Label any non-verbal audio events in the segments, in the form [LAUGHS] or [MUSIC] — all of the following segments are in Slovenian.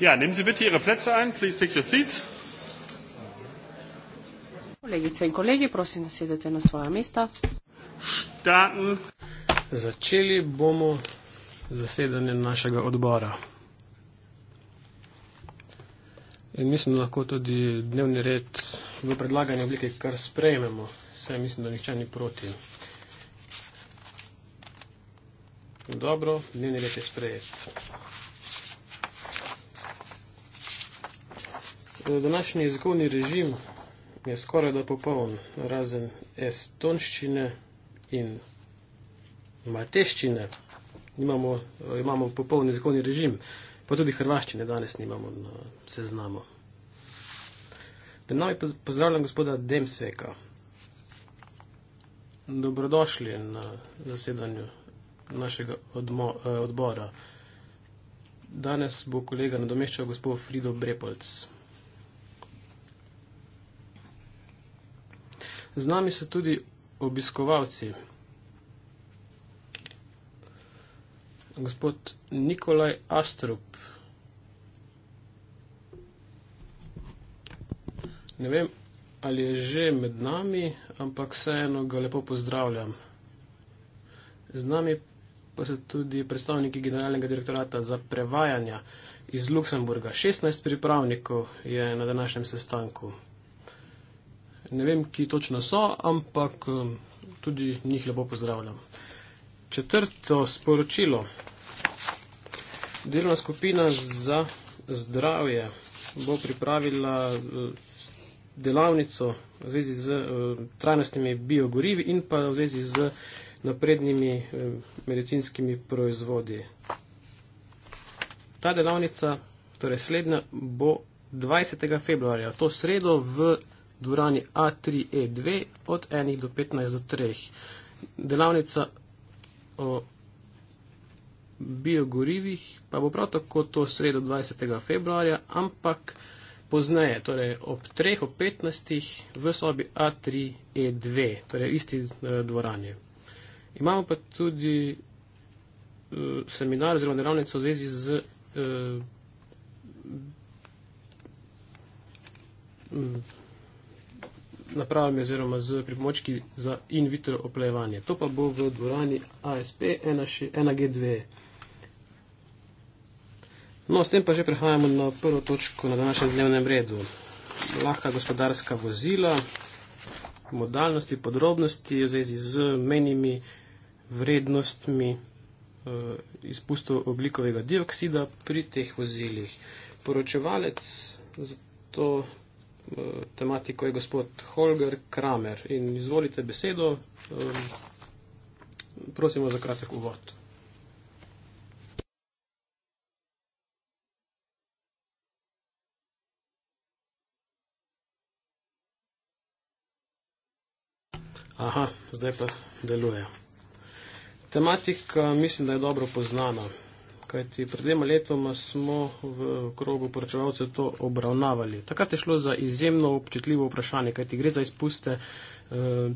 Ja, nehmen Sie bitte Ihre Plätze ein. Please take your seats. Kolegice in kolegi, prosim, da sedete na svoja mesta. Starten. Začeli bomo zasedanje našega odbora. In mislim, da lahko tudi dnevni red v predlagani obliki kar sprejmemo. Vse mislim, da nihče ni proti. Dobro, dnevni red je sprejet. današnji jezikovni režim je skoraj da popoln, razen estonščine in mateščine. Imamo, imamo popoln jezikovni režim, pa tudi hrvaščine danes nimamo na seznamu. Pred nami pozdravljam gospoda Demseka. Dobrodošli na zasedanju našega odmo, eh, odbora. Danes bo kolega nadomeščal gospod Frido Brepolc. Z nami so tudi obiskovalci. Gospod Nikolaj Astrup. Ne vem, ali je že med nami, ampak vseeno ga lepo pozdravljam. Z nami pa so tudi predstavniki generalnega direktorata za prevajanja iz Luksemburga. 16 pripravnikov je na današnjem sestanku ne vem, ki točno so, ampak um, tudi njih lepo pozdravljam. Četrto sporočilo. Delovna skupina za zdravje bo pripravila uh, delavnico v zvezi z uh, trajnostnimi biogorivi in pa v zvezi z naprednimi uh, medicinskimi proizvodi. Ta delavnica, torej slednja, bo 20. februarja, to sredo v dvorani A3E2 od 1 do 15 do 3. Delavnica o biogorivih pa bo prav tako to sredo 20. februarja, ampak pozneje, torej ob 3. ob 15. v sobi A3E2, torej isti eh, dvorani. Imamo pa tudi eh, seminar oziroma delavnico v zvezi z eh, napravami oziroma z pripomočki za in vitro oplejevanje. To pa bo v dvorani ASP 1G2. No, s tem pa že prehajamo na prvo točko na današnjem dnevnem redu. Lahka gospodarska vozila, modalnosti, podrobnosti v zvezi z menjimi vrednostmi eh, izpustov oblikovega dioksida pri teh vozilih. Poročevalec za to Eh, tematiko je gospod Holger Kramer. In izvolite besedo, prosimo za kratek uvod. Aha, zdaj pa deluje. Tematika mislim, da je dobro poznana kajti pred dvema letoma smo v krogu poročevalcev to obravnavali. Takrat je šlo za izjemno občutljivo vprašanje, kajti gre za izpuste eh,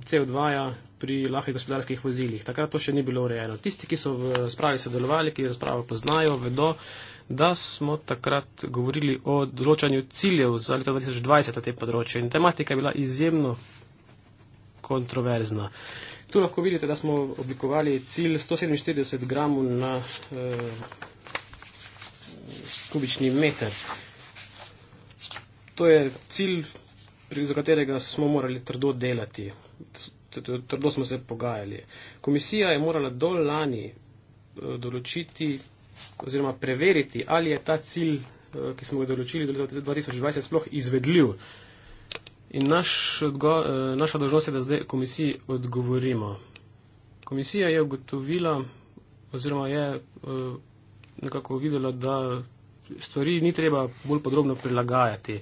CO2-ja pri lahkih gospodarskih vozilih. Takrat to še ni bilo urejeno. Tisti, ki so v spravi sodelovali, ki razpravo poznajo, vedo, da smo takrat govorili o določanju ciljev za leto 2020 na tem področju in tematika je bila izjemno kontroverzna. Tu lahko vidite, da smo oblikovali cilj 147 gramov na eh, kubični meter. To je cilj, za katerega smo morali trdo delati, trdo smo se pogajali. Komisija je morala do lani eh, določiti oziroma preveriti, ali je ta cilj, eh, ki smo ga določili do leta 2020, sploh izvedljiv. In naš odgo, eh, naša dožnost je, da zdaj komisiji odgovorimo. Komisija je ugotovila oziroma je eh, nekako videla, da stvari ni treba bolj podrobno prilagajati.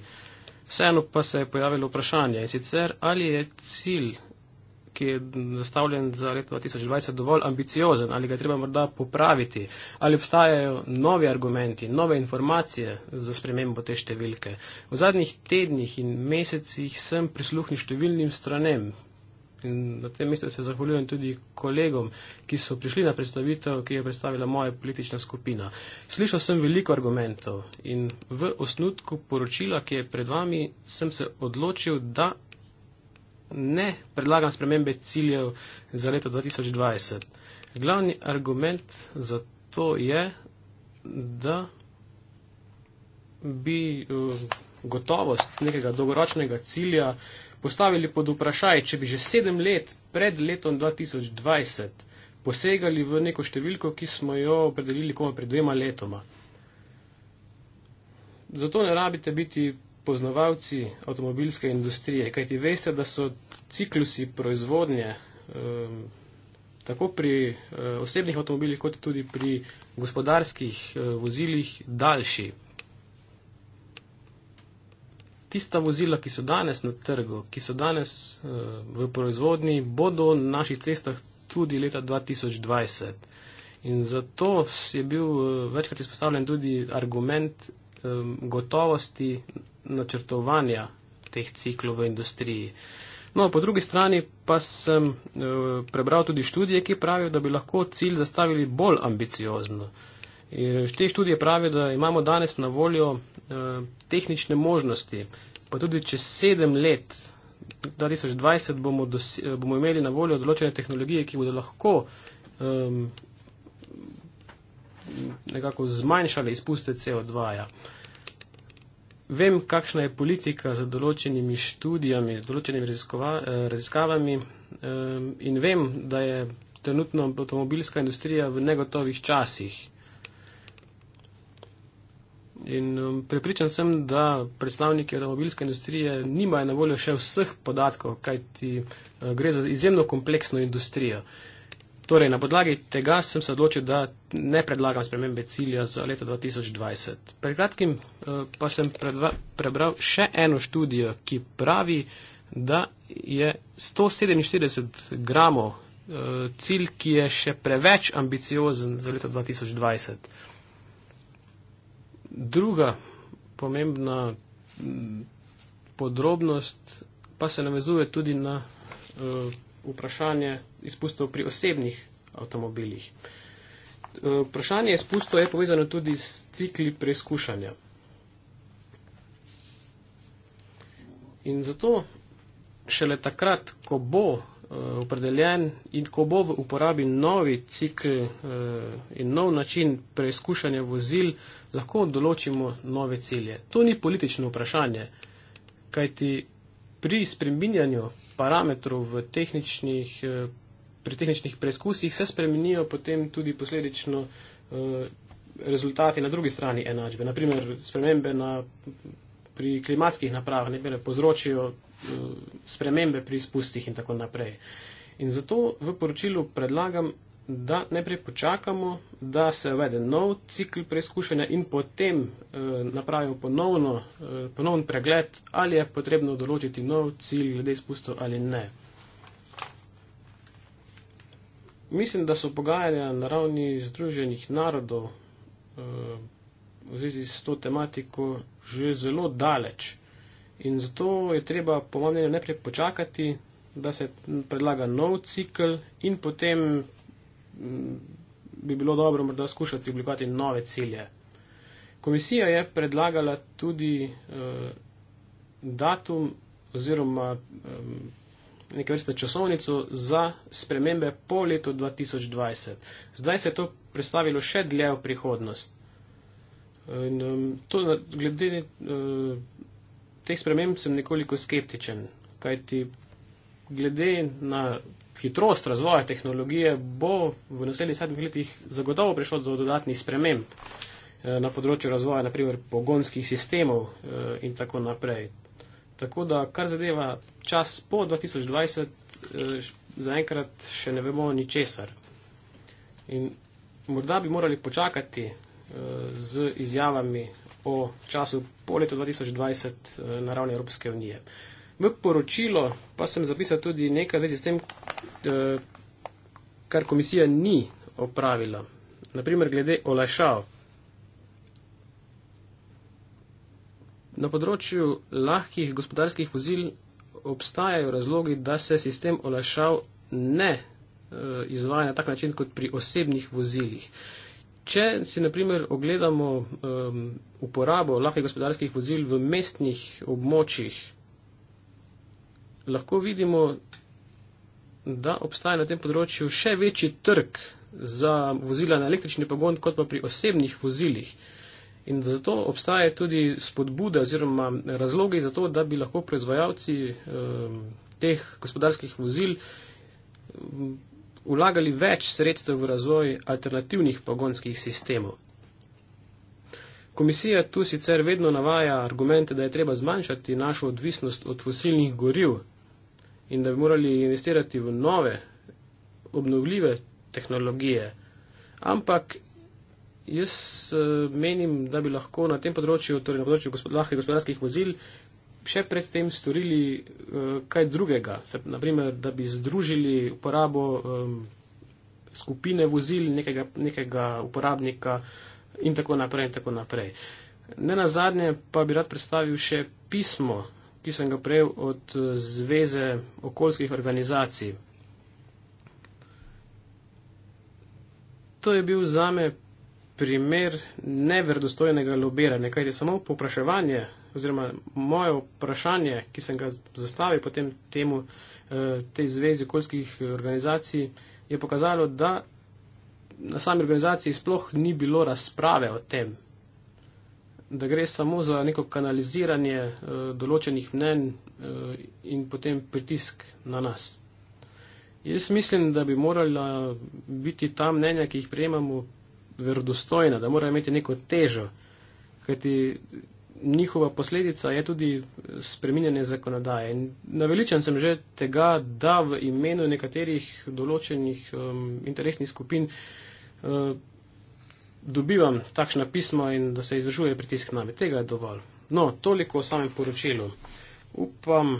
Vseeno pa se je pojavilo vprašanje, sicer ali je cilj ki je nastavljen za leto 2020, dovolj ambiciozen ali ga treba morda popraviti? Ali obstajajo novi argumenti, nove informacije za spremembo te številke? V zadnjih tednih in mesecih sem prisluhnil številnim stranem. In na tem mestu se zahvaljujem tudi kolegom, ki so prišli na predstavitev, ki je predstavila moja politična skupina. Slišal sem veliko argumentov in v osnutku poročila, ki je pred vami, sem se odločil, da ne predlagam spremembe ciljev za leto 2020. Glavni argument za to je, da bi eh, gotovost nekega dolgoročnega cilja postavili pod vprašaj, če bi že sedem let pred letom 2020 posegali v neko številko, ki smo jo opredelili komaj pred dvema letoma. Zato ne rabite biti poznavalci avtomobilske industrije, kajti veste, da so ciklusi proizvodnje tako pri eh, osebnih avtomobilih, kot tudi pri gospodarskih eh, vozilih daljši. Tista vozila, ki so danes na trgu, ki so danes eh, v proizvodni, bodo na naših cestah tudi leta 2020. In zato je bil večkrat izpostavljen tudi argument gotovosti načrtovanja teh ciklov v industriji. No, po drugi strani pa sem uh, prebral tudi študije, ki pravijo, da bi lahko cilj zastavili bolj ambiciozno. Te študije pravijo, da imamo danes na voljo uh, tehnične možnosti, pa tudi čez sedem let, 2020, bomo, dosi, eh, bomo imeli na voljo določene tehnologije, ki bodo lahko um, nekako zmanjšale izpuste CO2. -ja. Uh, Vem, kakšna je politika za določenimi študijami, z določenimi eh, raziskavami ehm, in vem, da je trenutno avtomobilska industrija v negotovih časih. In ehm, prepričan sem, da predstavniki avtomobilske industrije nimajo na voljo še vseh podatkov, kajti eh, gre za izjemno kompleksno industrijo. Torej, na podlagi tega sem se odločil, da ne predlagam spremembe cilja za leto 2020. Pred kratkim eh, pa sem predva, prebral še eno študijo, ki pravi, da je 147 gramov eh, cilj, ki je še preveč ambiciozen za leto 2020. Druga pomembna mm, podrobnost pa se navezuje tudi na. Eh, vprašanje izpustov pri osebnih avtomobilih. E, vprašanje izpustov je povezano tudi s cikli preizkušanja. In zato šele takrat, ko bo e, opredeljen in ko bo v uporabi novi cikl e, in nov način preizkušanja vozil, lahko določimo nove cilje. To ni politično vprašanje, kajti pri spreminjanju parametrov v tehničnih, eh, pri tehničnih preizkusih se spremenijo potem tudi posledično eh, rezultati na drugi strani enačbe. Naprimer, spremembe na, pri klimatskih napravah nekaj povzročijo eh, spremembe pri izpustih in tako naprej. In zato v poročilu predlagam da najprej počakamo, da se uvede nov cikl preizkušanja in potem eh, napravimo ponovno, eh, ponovno pregled, ali je potrebno določiti nov cilj glede izpustov ali ne. Mislim, da so pogajanja na ravni Združenih narodov eh, v zvezi s to tematiko že zelo daleč in zato je treba po mnenju najprej počakati, da se predlaga nov cikl in potem bi bilo dobro morda skušati oblikovati nove cilje. Komisija je predlagala tudi eh, datum oziroma eh, neke vrste časovnico za spremembe po letu 2020. Zdaj se je to predstavilo še dlje v prihodnost. In, eh, to, glede eh, teh sprememb sem nekoliko skeptičen, kajti glede na hitrost razvoja tehnologije bo v naslednjih sedmih letih zagotovo prišlo do dodatnih sprememb eh, na področju razvoja, naprimer pogonskih sistemov eh, in tako naprej. Tako da, kar zadeva čas po 2020, eh, zaenkrat še ne vemo ničesar. In morda bi morali počakati z izjavami o času po letu 2020 na ravni Evropske unije. V poročilo pa sem zapisal tudi nekaj vezi s tem, eh, kar komisija ni opravila. Naprimer, glede olajšav. Na področju lahkih gospodarskih vozil obstajajo razlogi, da se sistem olajšav ne eh, izvaja na tak način kot pri osebnih vozilih. Če si naprimer ogledamo um, uporabo lahkih gospodarskih vozil v mestnih območjih, lahko vidimo, da obstaja na tem področju še večji trg za vozila na električni pogon, kot pa pri osebnih vozilih. In zato obstaje tudi spodbude oziroma razloge za to, da bi lahko proizvajalci eh, teh gospodarskih vozil vlagali več sredstev v razvoj alternativnih pogonskih sistemov. Komisija tu sicer vedno navaja argumente, da je treba zmanjšati našo odvisnost od fosilnih goriv, in da bi morali investirati v nove, obnovljive tehnologije. Ampak jaz eh, menim, da bi lahko na tem področju, torej na področju lahkih gospodarskih vozil, še predtem storili eh, kaj drugega. Naprimer, da bi združili uporabo skupine vozil nekega, nekega uporabnika in tako naprej in tako naprej. Ne na zadnje pa bi rad predstavil še pismo ki sem ga prejel od eh, Zveze okoljskih organizacij. To je bil zame primer neverdostojnega lobiranja, kaj je samo popraševanje oziroma moje vprašanje, ki sem ga zastavil potem temu eh, tej zvezi okoljskih organizacij, je pokazalo, da na sami organizaciji sploh ni bilo razprave o tem, da gre samo za neko kanaliziranje eh, določenih mnen eh, in potem pritisk na nas. Jaz mislim, da bi morala biti ta mnenja, ki jih prejemamo, verodostojna, da morajo imeti neko težo, kajti njihova posledica je tudi spreminjanje zakonodaje. In naveličen sem že tega, da v imenu nekaterih določenih um, interesnih skupin uh, dobivam takšna pisma in da se izvršuje pritisk na me. Tega je dovolj. No, toliko o samem poročilu. Upam,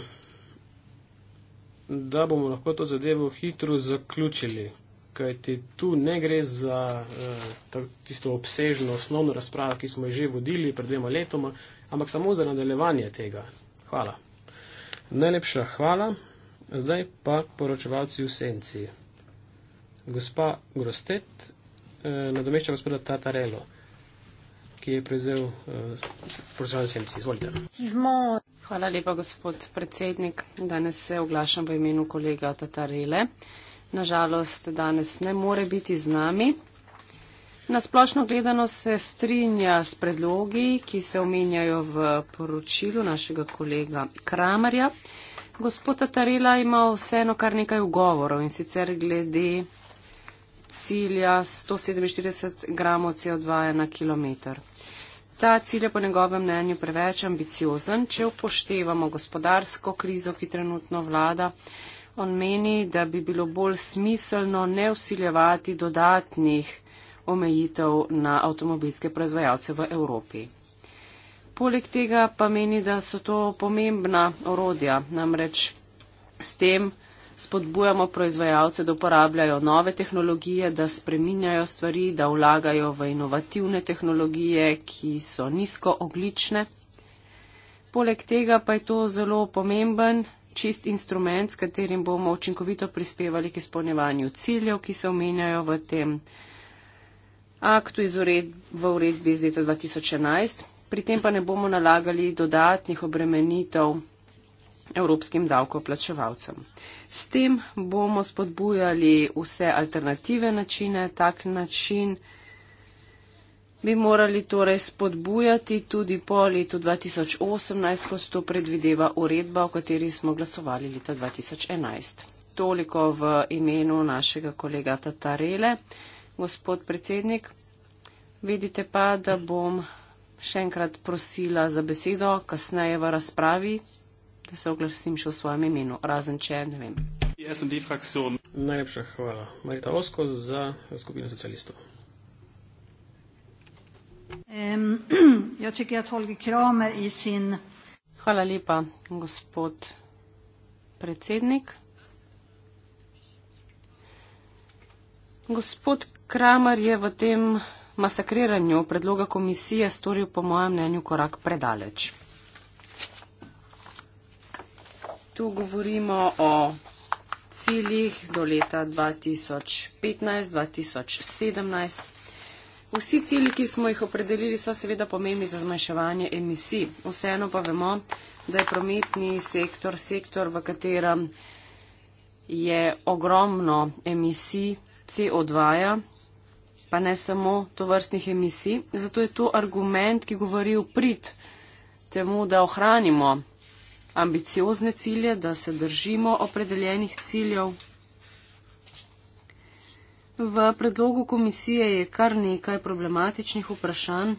da bomo lahko to zadevo hitro zaključili, kajti tu ne gre za eh, tisto obsežno osnovno razpravo, ki smo jo že vodili pred dvema letoma, ampak samo za nadaljevanje tega. Hvala. Najlepša hvala. Zdaj pa poročevalci v senci. Gospa Grostet eh, nadomešča gospoda Tatarello, ki je prevzel eh, poročevanje Semci. Izvolite. Hvala lepa, gospod predsednik. Danes se oglašam v imenu kolega Tatarele. Nažalost, danes ne more biti z nami. Nasplošno gledano se strinja s predlogi, ki se omenjajo v poročilu našega kolega Kramarja. Gospod Tatarela ima vseeno kar nekaj ugovorov in sicer glede cilja 147 gramov CO2 na kilometr. Ta cilj je po njegovem mnenju preveč ambiciozen, če upoštevamo gospodarsko krizo, ki trenutno vlada. On meni, da bi bilo bolj smiselno ne usiljevati dodatnih omejitev na avtomobilske proizvajalce v Evropi. Poleg tega pa meni, da so to pomembna orodja, namreč s tem, spodbujamo proizvajalce, da uporabljajo nove tehnologije, da spreminjajo stvari, da vlagajo v inovativne tehnologije, ki so nizkooglične. Poleg tega pa je to zelo pomemben čist instrument, s katerim bomo učinkovito prispevali k izpolnjevanju ciljev, ki se omenjajo v tem aktu iz ured, v uredbi iz leta 2011. Pri tem pa ne bomo nalagali dodatnih obremenitev evropskim davkoplačevalcem. S tem bomo spodbujali vse alternative načine, tak način bi morali torej spodbujati tudi po letu 2018, kot to predvideva uredba, o kateri smo glasovali leta 2011. Toliko v imenu našega kolega Tatarele. Gospod predsednik, vidite pa, da bom še enkrat prosila za besedo, kasneje v razpravi, da se oglasim še v svojem imenu, razen če ne vem. SND frakcion. Najlepša hvala. Marita Osko za skupino socialistov. [CLEARS THROAT] Hvala lepa, gospod predsednik. Gospod Kramer je v tem masakriranju predloga komisije storil, po mojem mnenju, korak predaleč. Tu govorimo o ciljih do leta 2015-2017. Vsi cilji, ki smo jih opredelili, so seveda pomembni za zmanjševanje emisij. Vseeno pa vemo, da je prometni sektor sektor, v katerem je ogromno emisij CO2, pa ne samo tovrstnih emisij. Zato je to argument, ki govori v prid temu, da ohranimo ambiciozne cilje, da se držimo opredeljenih ciljev. V predlogu komisije je kar nekaj problematičnih vprašanj.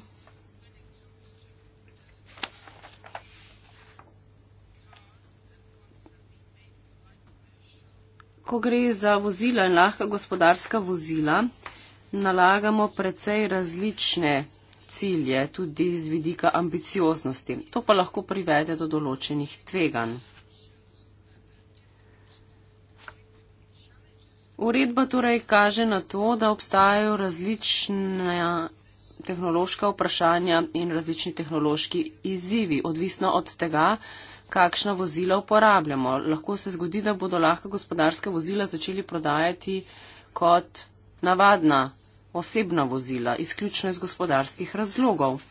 Ko gre za vozila in lahka gospodarska vozila, nalagamo precej različne cilje tudi z vidika ambicioznosti. To pa lahko privede do določenih tveganj. Uredba torej kaže na to, da obstajajo različna tehnološka vprašanja in različni tehnološki izzivi, odvisno od tega, kakšna vozila uporabljamo. Lahko se zgodi, da bodo lahko gospodarske vozila začeli prodajati kot navadna osebna vozila, izključno iz gospodarskih razlogov.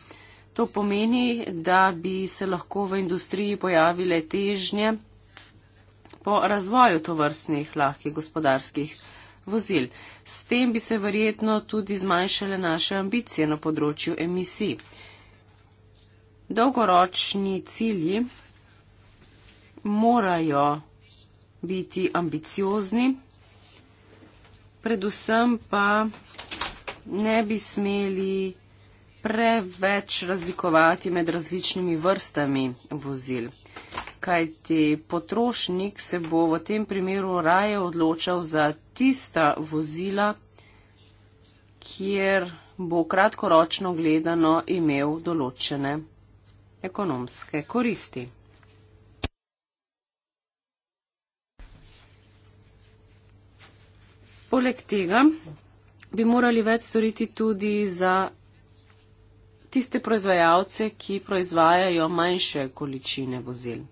To pomeni, da bi se lahko v industriji pojavile težnje po razvoju tovrstnih lahkih gospodarskih vozil. S tem bi se verjetno tudi zmanjšale naše ambicije na področju emisij. Dolgoročni cilji morajo biti ambiciozni, predvsem pa ne bi smeli preveč razlikovati med različnimi vrstami vozil. Kajti potrošnik se bo v tem primeru raje odločal za tista vozila, kjer bo kratkoročno gledano imel določene ekonomske koristi. Poleg tega bi morali več storiti tudi za tiste proizvajalce, ki proizvajajo manjše količine vozil.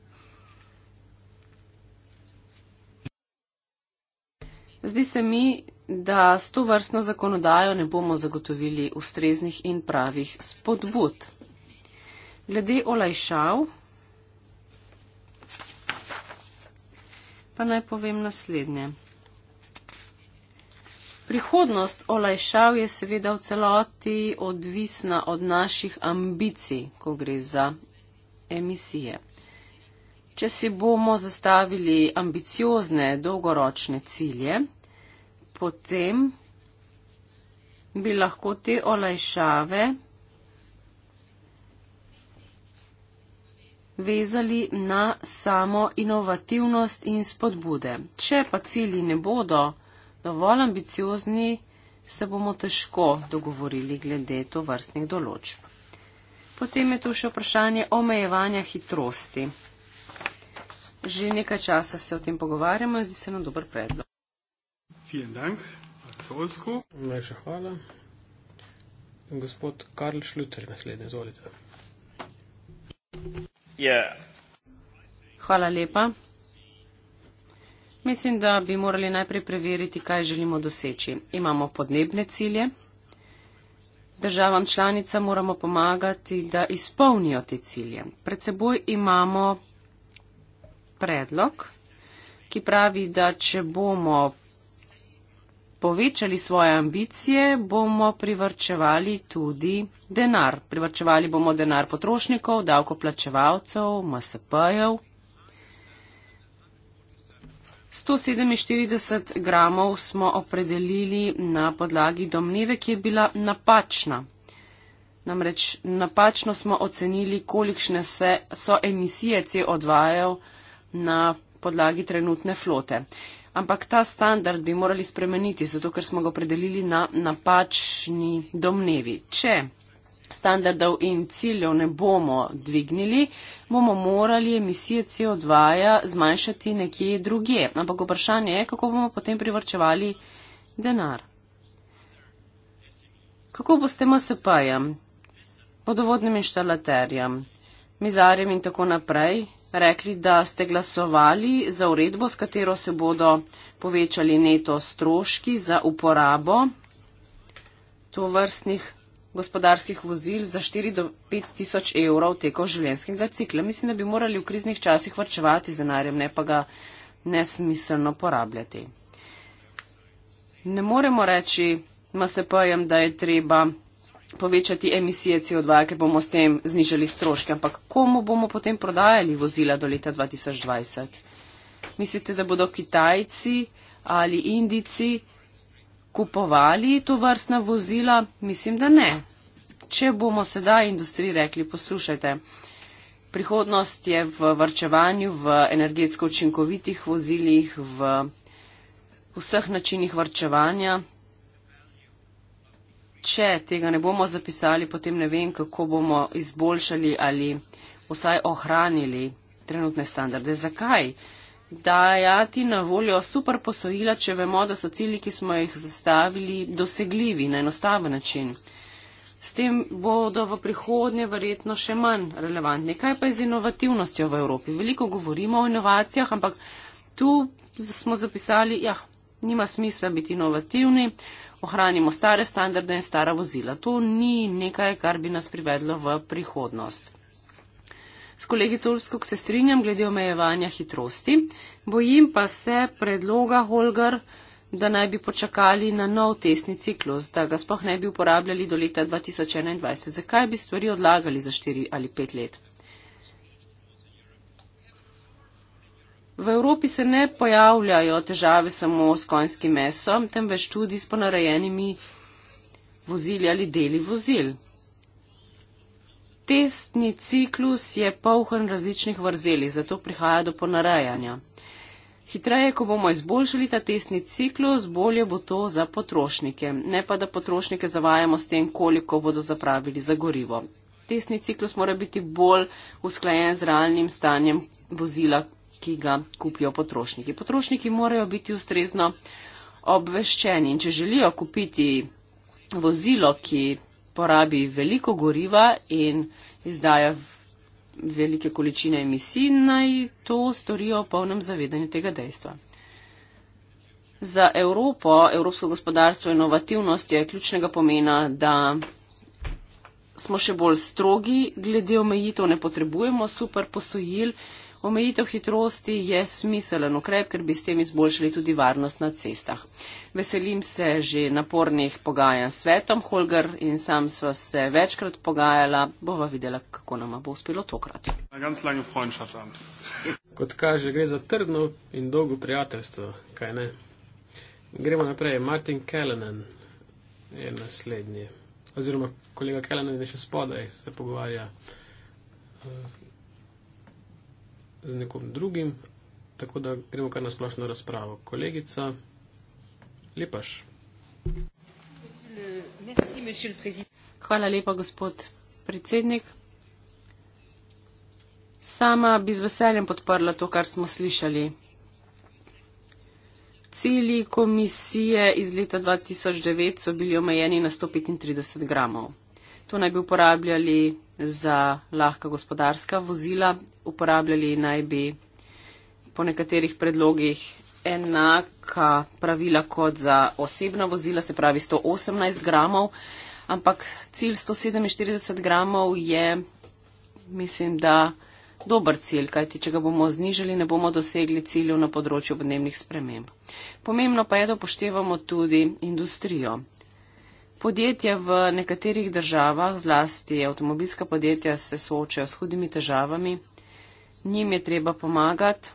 Zdi se mi, da s to vrstno zakonodajo ne bomo zagotovili ustreznih in pravih spodbud. Glede olajšav pa naj povem naslednje. Prihodnost olajšav je seveda v celoti odvisna od naših ambicij, ko gre za emisije. Če si bomo zastavili ambiciozne dolgoročne cilje, potem bi lahko te olajšave vezali na samo inovativnost in spodbude. Če pa cilji ne bodo dovolj ambiciozni, se bomo težko dogovorili glede to vrstnih določb. Potem je tu še vprašanje omejevanja hitrosti. Že nekaj časa se o tem pogovarjamo in zdi se nam dober predlog. Dank, Najlepša hvala. Gospod Karl Šluter, naslednji, izvolite. Yeah. Ja. Hvala lepa. Mislim, da bi morali najprej preveriti, kaj želimo doseči. Imamo podnebne cilje. Državam članica moramo pomagati, da izpolnijo te cilje. Pred seboj imamo predlog, ki pravi, da če bomo povečali svoje ambicije, bomo privrčevali tudi denar. Privrčevali bomo denar potrošnikov, davkoplačevalcev, MSP-jev. 147 gramov smo opredelili na podlagi domneve, ki je bila napačna. Namreč napačno smo ocenili, kolikšne so emisije CO2 na podlagi trenutne flote. Ampak ta standard bi morali spremeniti, zato ker smo ga opredelili na napačni domnevi. Če standardov in ciljev ne bomo dvignili, bomo morali emisije CO2 -ja zmanjšati nekje druge. Ampak vprašanje je, kako bomo potem privrčevali denar. Kako boste MSP-jem, vodovodnim inštalaterjem, mizarjem in tako naprej rekli, da ste glasovali za uredbo, s katero se bodo povečali neto stroški za uporabo to vrstnih gospodarskih vozil za 4 do 5 tisoč evrov tekov življenjskega cikla. Mislim, da bi morali v kriznih časih vrčevati z denarjem, ne pa ga nesmiselno porabljati. Ne moremo reči MSP-jem, da je treba povečati emisije CO2, ker bomo s tem znižali stroške, ampak komu bomo potem prodajali vozila do leta 2020? Mislite, da bodo Kitajci ali Indici kupovali to vrstna vozila? Mislim, da ne če bomo sedaj industriji rekli, poslušajte, prihodnost je v vrčevanju, v energetsko učinkovitih vozilih, v vseh načinih vrčevanja. Če tega ne bomo zapisali, potem ne vem, kako bomo izboljšali ali vsaj ohranili trenutne standarde. Zakaj? Dajati na voljo super posojila, če vemo, da so cilji, ki smo jih zastavili, dosegljivi na enostaven način. S tem bodo v prihodnje verjetno še manj relevantni. Kaj pa je z inovativnostjo v Evropi? Veliko govorimo o inovacijah, ampak tu smo zapisali, ja, nima smisla biti inovativni, ohranimo stare standarde in stara vozila. To ni nekaj, kar bi nas privedlo v prihodnost. S kolegico Ulsko se strinjam glede omejevanja hitrosti, bojim pa se predloga Holger da naj bi počakali na nov testni ciklus, da ga spoh ne bi uporabljali do leta 2021. Zakaj bi stvari odlagali za 4 ali 5 let? V Evropi se ne pojavljajo težave samo s konjskim mesom, temveč tudi s ponarejenimi vozili ali deli vozil. Testni ciklus je polhen različnih vrzeli, zato prihaja do ponarejanja. Hitreje, ko bomo izboljšali ta testni ciklus, bolje bo to za potrošnike, ne pa da potrošnike zavajamo s tem, koliko bodo zapravili za gorivo. Testni ciklus mora biti bolj usklajen z realnim stanjem vozila, ki ga kupijo potrošniki. Potrošniki morajo biti ustrezno obveščeni in če želijo kupiti vozilo, ki porabi veliko goriva in izdaja velike količine emisij, naj to storijo v polnem zavedanju tega dejstva. Za Evropo, evropsko gospodarstvo, inovativnost je ključnega pomena, da smo še bolj strogi glede omejitev, ne potrebujemo super posojil. Omejitev hitrosti je smiselen ukrep, ker bi s tem izboljšali tudi varnost na cestah. Veselim se že napornih pogajanj s svetom. Holger in sam sva se večkrat pogajala, bova videla, kako nama bo uspelo tokrat. Kot kaže, gre za trdno in dolgo prijateljstvo, kaj ne? Gremo naprej. Martin Kellenen je naslednji. Oziroma, kolega Kellenen je še spodaj, se pogovarja. Eh, z nekom drugim. Tako da gremo kar na splošno razpravo. Kolegica Lepaš. Hvala lepa, gospod predsednik. Sama bi z veseljem podprla to, kar smo slišali. Cilji komisije iz leta 2009 so bili omejeni na 135 gramov. To naj bi uporabljali za lahka gospodarska vozila, uporabljali naj bi po nekaterih predlogih enaka pravila kot za osebna vozila, se pravi 118 gramov, ampak cilj 147 gramov je, mislim, da dober cilj, kajti če ga bomo znižali, ne bomo dosegli ciljev na področju podnebnih sprememb. Pomembno pa je, da upoštevamo tudi industrijo. Podjetje v nekaterih državah, zlasti avtomobilska podjetja, se soočajo s hudimi težavami. Njim je treba pomagati,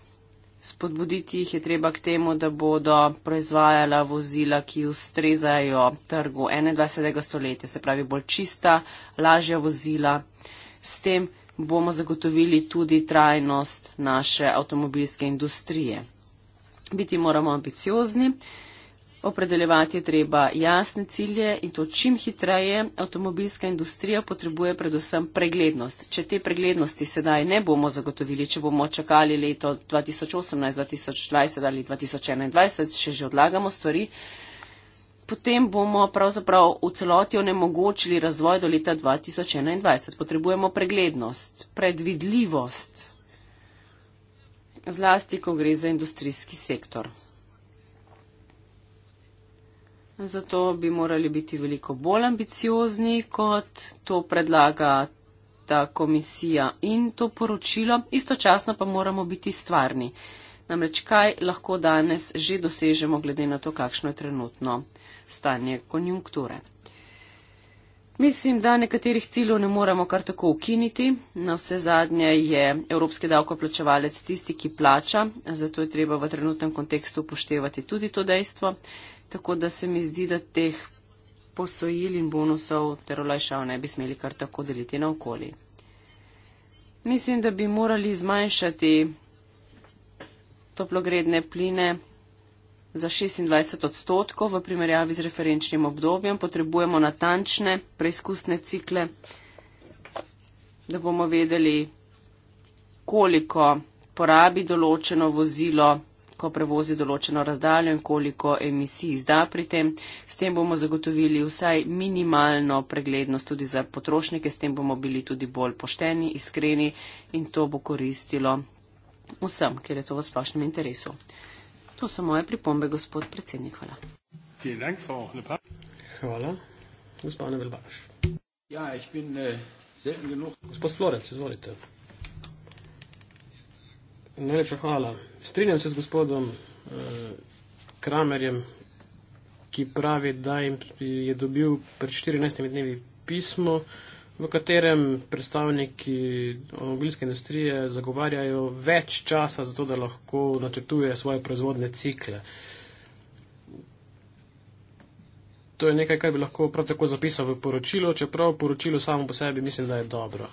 spodbuditi jih je treba k temu, da bodo proizvajala vozila, ki ustrezajo trgu 21. stoletja, se pravi bolj čista, lažja vozila. S tem bomo zagotovili tudi trajnost naše avtomobilske industrije. Biti moramo ambiciozni. Opredeljevati je treba jasne cilje in to čim hitreje. Avtomobilska industrija potrebuje predvsem preglednost. Če te preglednosti sedaj ne bomo zagotovili, če bomo čakali leto 2018, 2020 ali 2021, če že odlagamo stvari, potem bomo pravzaprav v celoti onemogočili razvoj do leta 2021. Potrebujemo preglednost, predvidljivost, zlasti, ko gre za industrijski sektor. Zato bi morali biti veliko bolj ambiciozni, kot to predlaga ta komisija in to poročilo. Istočasno pa moramo biti stvarni. Namreč kaj lahko danes že dosežemo, glede na to, kakšno je trenutno stanje konjunkture. Mislim, da nekaterih ciljev ne moremo kar tako ukiniti. Na vse zadnje je evropski davkoplačevalec tisti, ki plača, zato je treba v trenutnem kontekstu upoštevati tudi to dejstvo tako da se mi zdi, da teh posojil in bonusov ter olajšav ne bi smeli kar tako deliti na okoli. Mislim, da bi morali zmanjšati toplogredne pline za 26 odstotkov v primerjavi z referenčnim obdobjem. Potrebujemo natančne preizkusne cikle, da bomo vedeli, koliko porabi določeno vozilo lahko prevozi določeno razdaljo in koliko emisij izda pri tem. S tem bomo zagotovili vsaj minimalno preglednost tudi za potrošnike, s tem bomo bili tudi bolj pošteni, iskreni in to bo koristilo vsem, ker je to v splošnem interesu. To so moje pripombe, gospod predsednik. Hvala. Hvala, gospod Nevelbaš. Ja, ich bin äh, selten genug. Gospod Florenc, izvolite. Najlepša hvala. Strinjam se z gospodom eh, Kramerjem, ki pravi, da je dobil pred 14 dnevi pismo, v katerem predstavniki avtomobilske industrije zagovarjajo več časa za to, da lahko načrtuje svoje proizvodne cikle. To je nekaj, kar bi lahko prav tako zapisal v poročilo, čeprav poročilo samo po sebi mislim, da je dobro.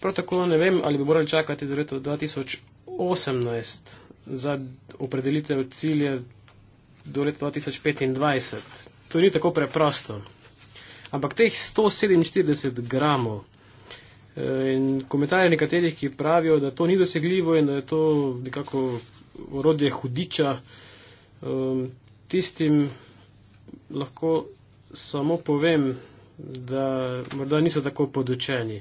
Prav tako ne vem, ali bi morali čakati do leta 2018 za opredelitev cilje do leta 2025. To ni tako preprosto. Ampak teh 147 gramov eh, in komentarje nekaterih, ki pravijo, da to ni dosegljivo in da je to nekako orodje hudiča, ehm, tistim lahko samo povem, da morda niso tako podučeni.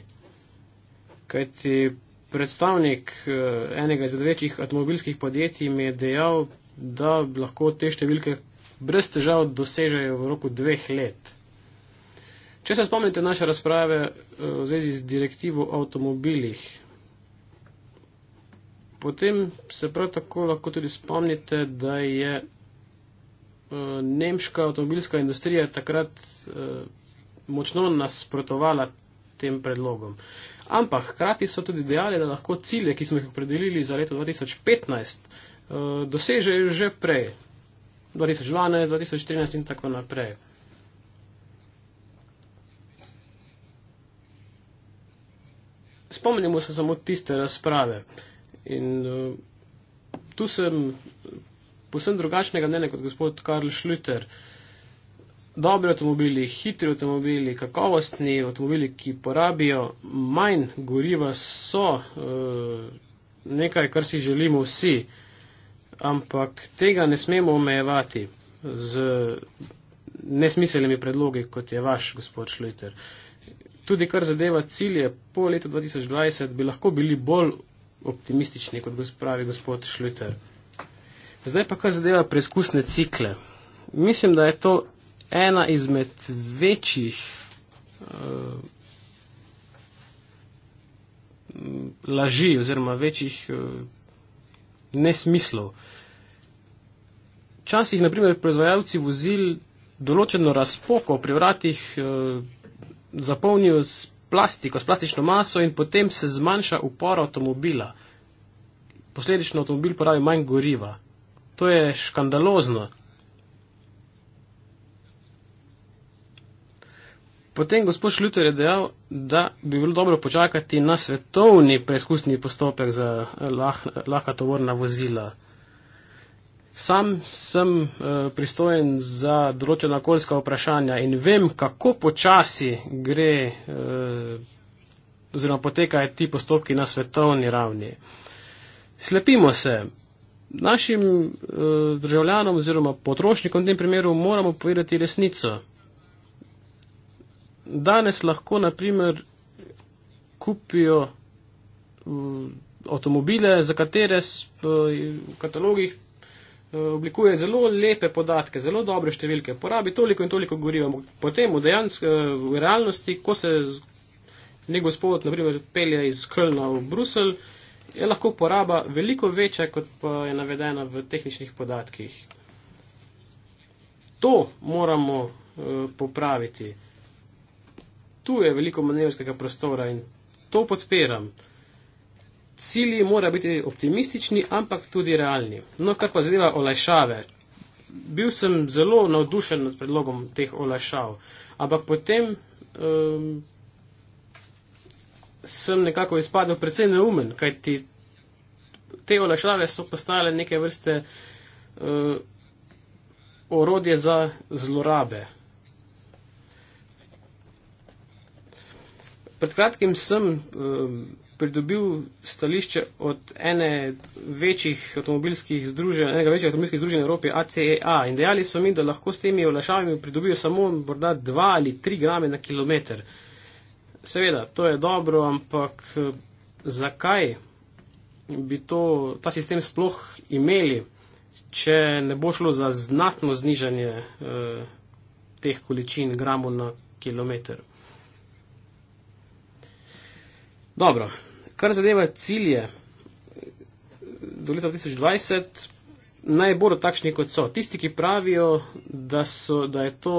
Kajti Predstavnik eh, enega izmed večjih avtomobilskih podjetij mi je dejal, da lahko te številke brez težav dosežejo v roku dveh let. Če se spomnite naše razprave eh, v zvezi z direktivo o avtomobilih, potem se prav tako lahko tudi spomnite, da je eh, nemška avtomobilska industrija takrat močno nasprotovala tem predlogom ampak hkrati so tudi dejali, da lahko cilje, ki smo jih opredelili za leto 2015, eh, dosežejo že prej, 2012, 2013 in tako naprej. Spomnimo se samo tiste razprave in eh, tu sem eh, posebno drugačnega mnenja kot gospod Karl Schlüter dobri avtomobili, hitri avtomobili, kakovostni avtomobili, ki porabijo manj goriva, so eh, nekaj, kar si želimo vsi. Ampak tega ne smemo omejevati z nesmiselnimi predlogi, kot je vaš gospod Šliter. Tudi kar zadeva cilje po letu 2020, bi lahko bili bolj optimistični, kot pravi gospod Šliter. Zdaj pa kar zadeva preizkusne cikle. Mislim, da je to ena izmed večjih uh, laži oziroma večjih uh, nesmislov. Včasih, naprimer, proizvajalci vozil določeno razpoko pri vratih uh, zapolnijo s plastiko, s plastično maso in potem se zmanjša upor avtomobila. Posledično avtomobil porabi manj goriva. To je škandalozno, Potem gospod Šluter je dejal, da bi bilo dobro počakati na svetovni preizkusni postopek za eh, lah, lahka tovorna vozila. Sam sem uh, pristojen za določena okoljska vprašanja in vem, kako počasi gre uh, oziroma potekajo ti postopki na svetovni ravni. Slepimo se. Našim uh, državljanom oziroma potrošnikom v tem primeru moramo povedati resnico danes lahko, naprimer, kupijo avtomobile, za katere v katalogih eh, oblikuje zelo lepe podatke, zelo dobre številke, porabi toliko in toliko goriva. Potem v, dejansk, eh, v realnosti, ko se nek gospod, naprimer, pelje iz Kölna v Brusel, je lahko poraba veliko večja, kot pa je navedena v tehničnih podatkih. To moramo eh, popraviti tu je veliko manevrskega prostora in to podpiram. Cilji mora biti optimistični, ampak tudi realni. No, kar pa zadeva olajšave. Bil sem zelo navdušen nad predlogom teh olajšav, ampak potem um, sem nekako izpadel precej neumen, kajti te olajšave so postale neke vrste uh, orodje za zlorabe. pred kratkim sem um, pridobil stališče od ene večjih avtomobilskih združenj, enega večjih avtomobilskih združenj v Evropi, ACEA. E in dejali so mi, da lahko s temi olašavami pridobijo samo morda 2 ali 3 grame na kilometr. Seveda, to je dobro, ampak eh, zakaj bi to, ta sistem sploh imeli, če ne bo šlo za znatno znižanje eh, teh količin gramov na kilometr? Dobro, kar zadeva cilje do leta 2020, naj bodo takšni, kot so. Tisti, ki pravijo, da, so, da je to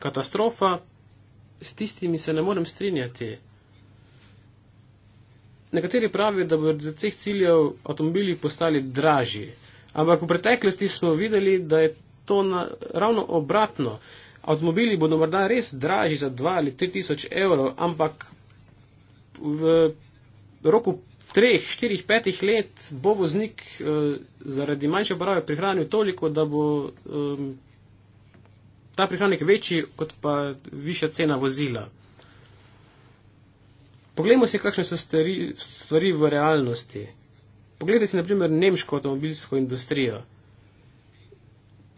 katastrofa, s tistimi se ne morem strinjati. Nekateri pravijo, da bodo za teh ciljev avtomobili postali dražji. Ampak v preteklosti smo videli, da je to na, ravno obratno. Avtomobili bodo morda res dražji za 2 ali 3 tisoč evrov, ampak v roku 3, 4, 5 let bo voznik uh, zaradi manjše uporabe prihranil toliko, da bo um, ta prihranek večji kot pa višja cena vozila. Poglejmo si, kakšne so stvari, stvari v realnosti. Poglejte si naprimer nemško avtomobilsko industrijo.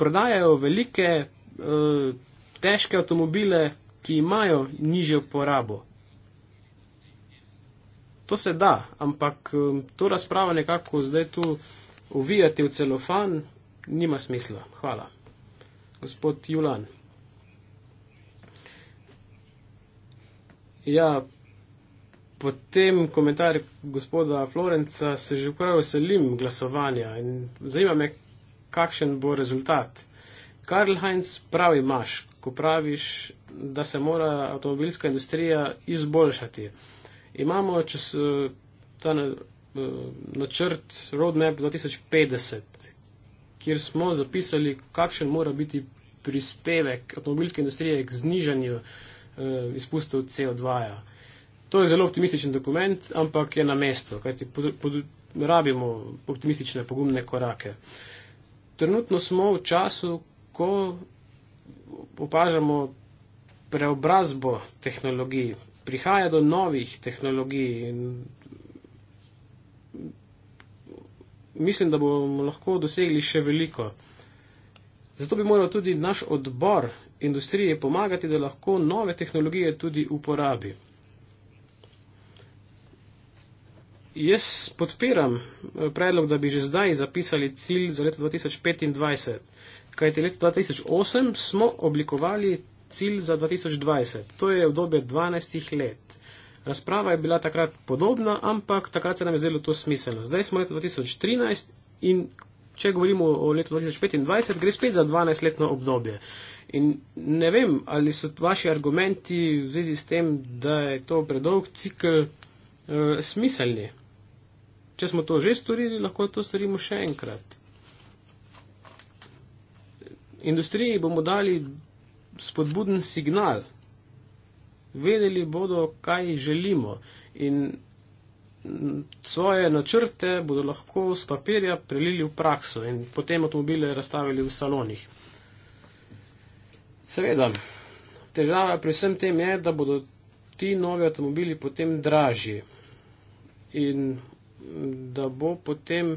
Prodajajo velike, eh, težke avtomobile, ki imajo nižjo porabo. To se da, ampak um, to razpravo nekako zdaj tu uvijati v celofan nima smisla. Hvala. Gospod Julan. Ja, potem komentar gospoda Florenca se že prav veselim glasovanja in zanima me, kakšen bo rezultat. Karl Heinz pravi imaš, ko praviš, da se mora avtomobilska industrija izboljšati imamo čez ta eh, načrt Roadmap 2050, kjer smo zapisali, kakšen mora biti prispevek avtomobilske industrije k znižanju eh, izpustov CO2. -ja. To je zelo optimističen dokument, ampak je na mesto, kajti rabimo optimistične, pogumne korake. Trenutno smo v času, ko opažamo preobrazbo tehnologij, prihaja do novih tehnologij in mislim, da bomo lahko dosegli še veliko. Zato bi moral tudi naš odbor industrije pomagati, da lahko nove tehnologije tudi uporabi. Jaz podpiram eh, predlog, da bi že zdaj zapisali cilj za leto 2025, kajti leto 2008 smo oblikovali cilj za 2020. To je obdobje 12 let. Razprava je bila takrat podobna, ampak takrat se nam je zdelo to smiselno. Zdaj smo leta 2013 in če govorimo o letu 2025, gre spet za 12-letno obdobje. In ne vem, ali so vaši argumenti v zvezi s tem, da je to predolg cikl e, eh, smiselni. Če smo to že storili, lahko to storimo še enkrat. Industriji bomo dali spodbuden signal. Vedeli bodo, kaj želimo in svoje načrte bodo lahko z papirja prelili v prakso in potem avtomobile razstavili v salonih. Seveda, težava pri vsem tem je, da bodo ti novi avtomobili potem dražji in da bo potem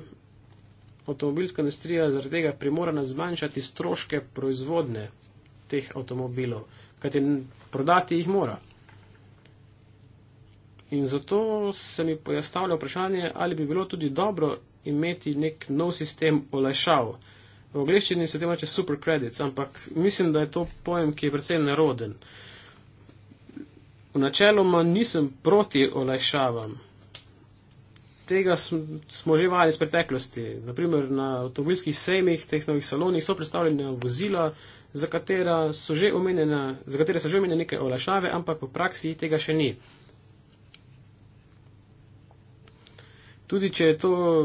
avtomobilska industrija zaradi tega primorana zmanjšati stroške proizvodne teh avtomobilov, kajti prodati jih mora. In zato se mi pojastavlja vprašanje, ali bi bilo tudi dobro imeti nek nov sistem olajšav. V angleščini se temače super credits, ampak mislim, da je to pojem, ki je predvsem neroden. V načeloma nisem proti olajšavam. Tega smo že vajeni iz preteklosti. Naprimer na avtomobilskih sejmih, teh novih salonih so predstavljena vozila, za, so že omenjena, za katere so že omenjene neke olajšave, ampak v praksi tega še ni. Tudi če,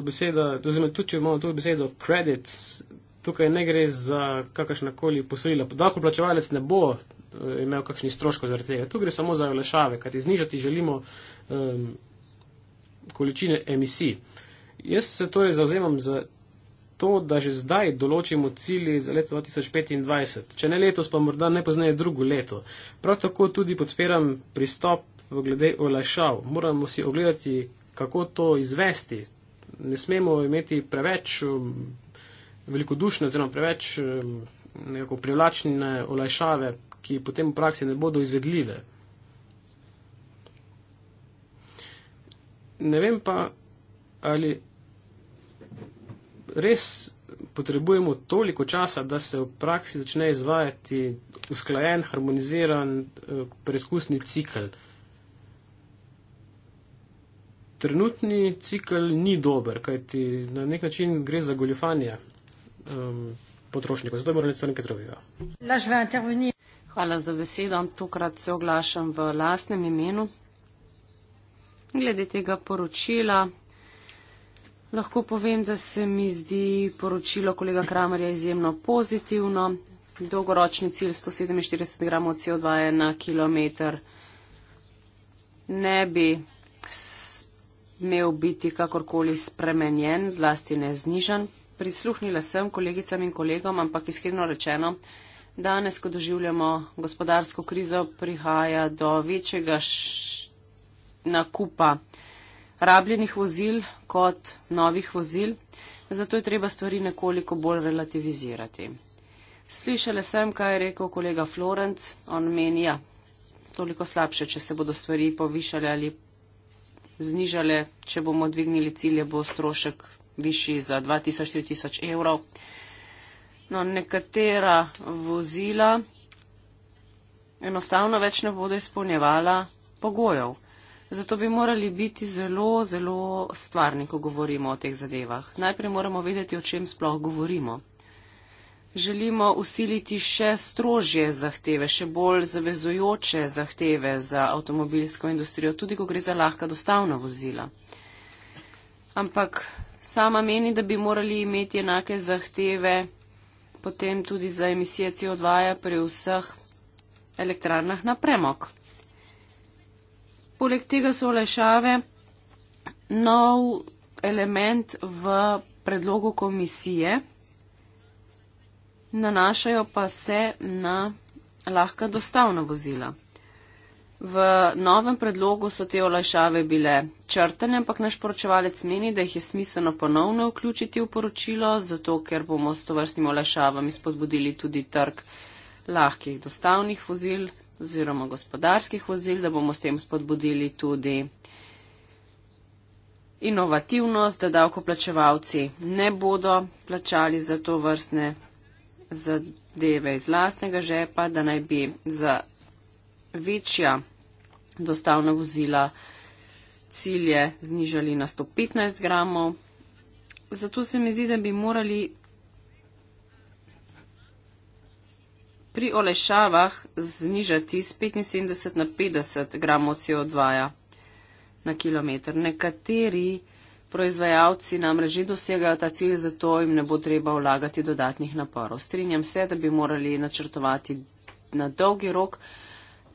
beseda, tudi, tudi če imamo to besedo credits, tukaj ne gre za kakršnakoli posojila. Davkoplačevalec ne bo eh, imel kakšnih stroškov zaradi tega. Tu gre samo za olajšave, kajti znižati želimo um, količine emisij. Jaz se torej zauzemam za to, da že zdaj določimo cilje za leto 2025, če ne letos, pa morda ne poznaje drugo leto. Prav tako tudi podpiram pristop v glede olajšav. Moramo si ogledati, kako to izvesti. Ne smemo imeti preveč um, velikodušne oziroma preveč um, nekako privlačne olajšave, ki potem v praksi ne bodo izvedljive. Ne vem pa, ali res potrebujemo toliko časa, da se v praksi začne izvajati usklajen, harmoniziran eh, preizkusni cikl. Trenutni cikl ni dober, kajti na nek način gre za goljufanje um, potrošnikov, zato moramo narediti nekaj drugega. Hvala za besedo. Tokrat se oglašam v lasnem imenu. Glede tega poročila Lahko povem, da se mi zdi poročilo kolega Kramerja izjemno pozitivno. Dolgoročni cilj 147 gramov CO2 na kilometr ne bi smel biti kakorkoli spremenjen, zlasti ne znižan. Prisluhnila sem kolegicam in kolegom, ampak iskreno rečeno, danes, ko doživljamo gospodarsko krizo, prihaja do večjega nakupa rabljenih vozil kot novih vozil, zato je treba stvari nekoliko bolj relativizirati. Slišali sem, kaj je rekel kolega Florenc, on meni, ja, toliko slabše, če se bodo stvari povišale ali znižale, če bomo dvignili cilje, bo strošek višji za 2000-3000 evrov. No, nekatera vozila enostavno več ne bodo izpolnjevala pogojev. Zato bi morali biti zelo, zelo stvarni, ko govorimo o teh zadevah. Najprej moramo vedeti, o čem sploh govorimo. Želimo usiliti še strožje zahteve, še bolj zavezujoče zahteve za avtomobilsko industrijo, tudi ko gre za lahka dostavna vozila. Ampak sama meni, da bi morali imeti enake zahteve potem tudi za emisije CO2 pri vseh elektrarnah na premog. Poleg tega so olajšave nov element v predlogu komisije, nanašajo pa se na lahka dostavna vozila. V novem predlogu so te olajšave bile črtene, ampak naš poročevalec meni, da jih je smiselno ponovno vključiti v poročilo, zato ker bomo s to vrstnimi olajšavami spodbudili tudi trg lahkih dostavnih vozil oziroma gospodarskih vozil, da bomo s tem spodbudili tudi inovativnost, da davkoplačevalci ne bodo plačali za to vrstne zadeve iz lastnega žepa, da naj bi za večja dostavna vozila cilje znižali na 115 gramov. Zato se mi zdi, da bi morali pri olajšavah znižati z 75 na 50 gramov CO2 -ja na kilometr. Nekateri proizvajalci namreč že dosegajo ta cilj, zato jim ne bo treba vlagati dodatnih naporov. Strinjam se, da bi morali načrtovati na dolgi rok.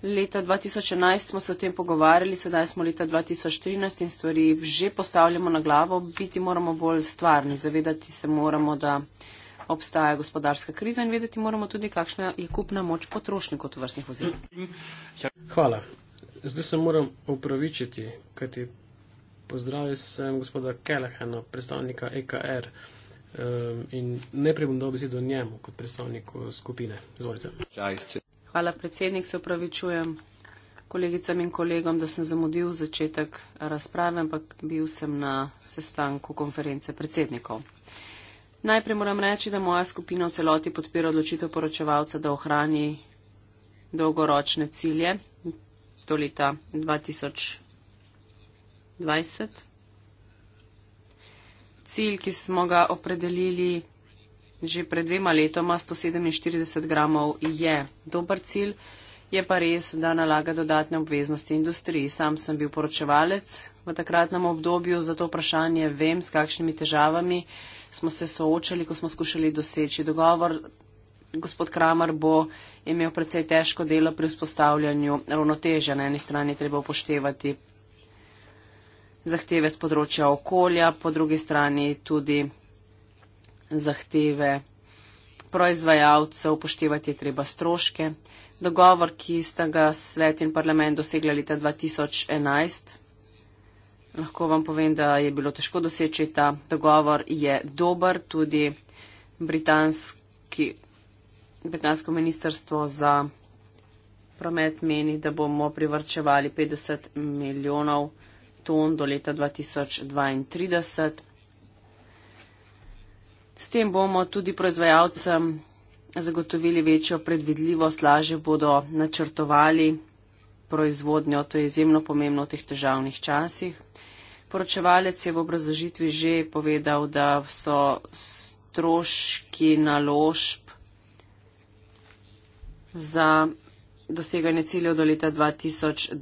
Leta 2011 smo se o tem pogovarjali, sedaj smo leta 2013 in stvari že postavljamo na glavo. Biti moramo bolj stvarni, zavedati se moramo, da obstaja gospodarska kriza in vedeti moramo tudi, kakšna je kupna moč potrošnikov tovrstnih vozil. Hvala. Zdaj se moram upravičiti, kajti pozdravljen sem gospoda Kelehena, predstavnika EKR. Ehm, in najprej bom dal besedo njemu, kot predstavniku skupine. Izvolite. Hvala, predsednik, se upravičujem kolegicam in kolegom, da sem zamudil začetek razprave, ampak bil sem na sestanku konference predsednikov. Najprej moram reči, da moja skupina v celoti podpira odločitev poročevalca, da ohrani dolgoročne cilje do leta 2020. Cilj, ki smo ga opredelili že pred dvema letoma, 147 gramov, je dober cilj, je pa res, da nalaga dodatne obveznosti industriji. Sam sem bil poročevalec, v takratnem obdobju za to vprašanje, vem, s kakšnimi težavami smo se soočali, ko smo skušali doseči dogovor. Gospod Kramer bo imel precej težko delo pri vzpostavljanju ravnotežja. Na eni strani treba upoštevati zahteve z področja okolja, po drugi strani tudi zahteve proizvajalcev, upoštevati je treba stroške. Dogovor, ki sta ga svet in parlament dosegli leta 2011, lahko vam povem, da je bilo težko doseči ta dogovor. Je dober tudi britanski, britansko ministrstvo za promet meni, da bomo privrčevali 50 milijonov ton do leta 2032. S tem bomo tudi proizvajalcem zagotovili večjo predvidljivost, lažje bodo načrtovali proizvodnjo. To je izjemno pomembno v teh težavnih časih poročevalec je v obrazložitvi že povedal, da so stroški naložb za doseganje ciljev do leta 2020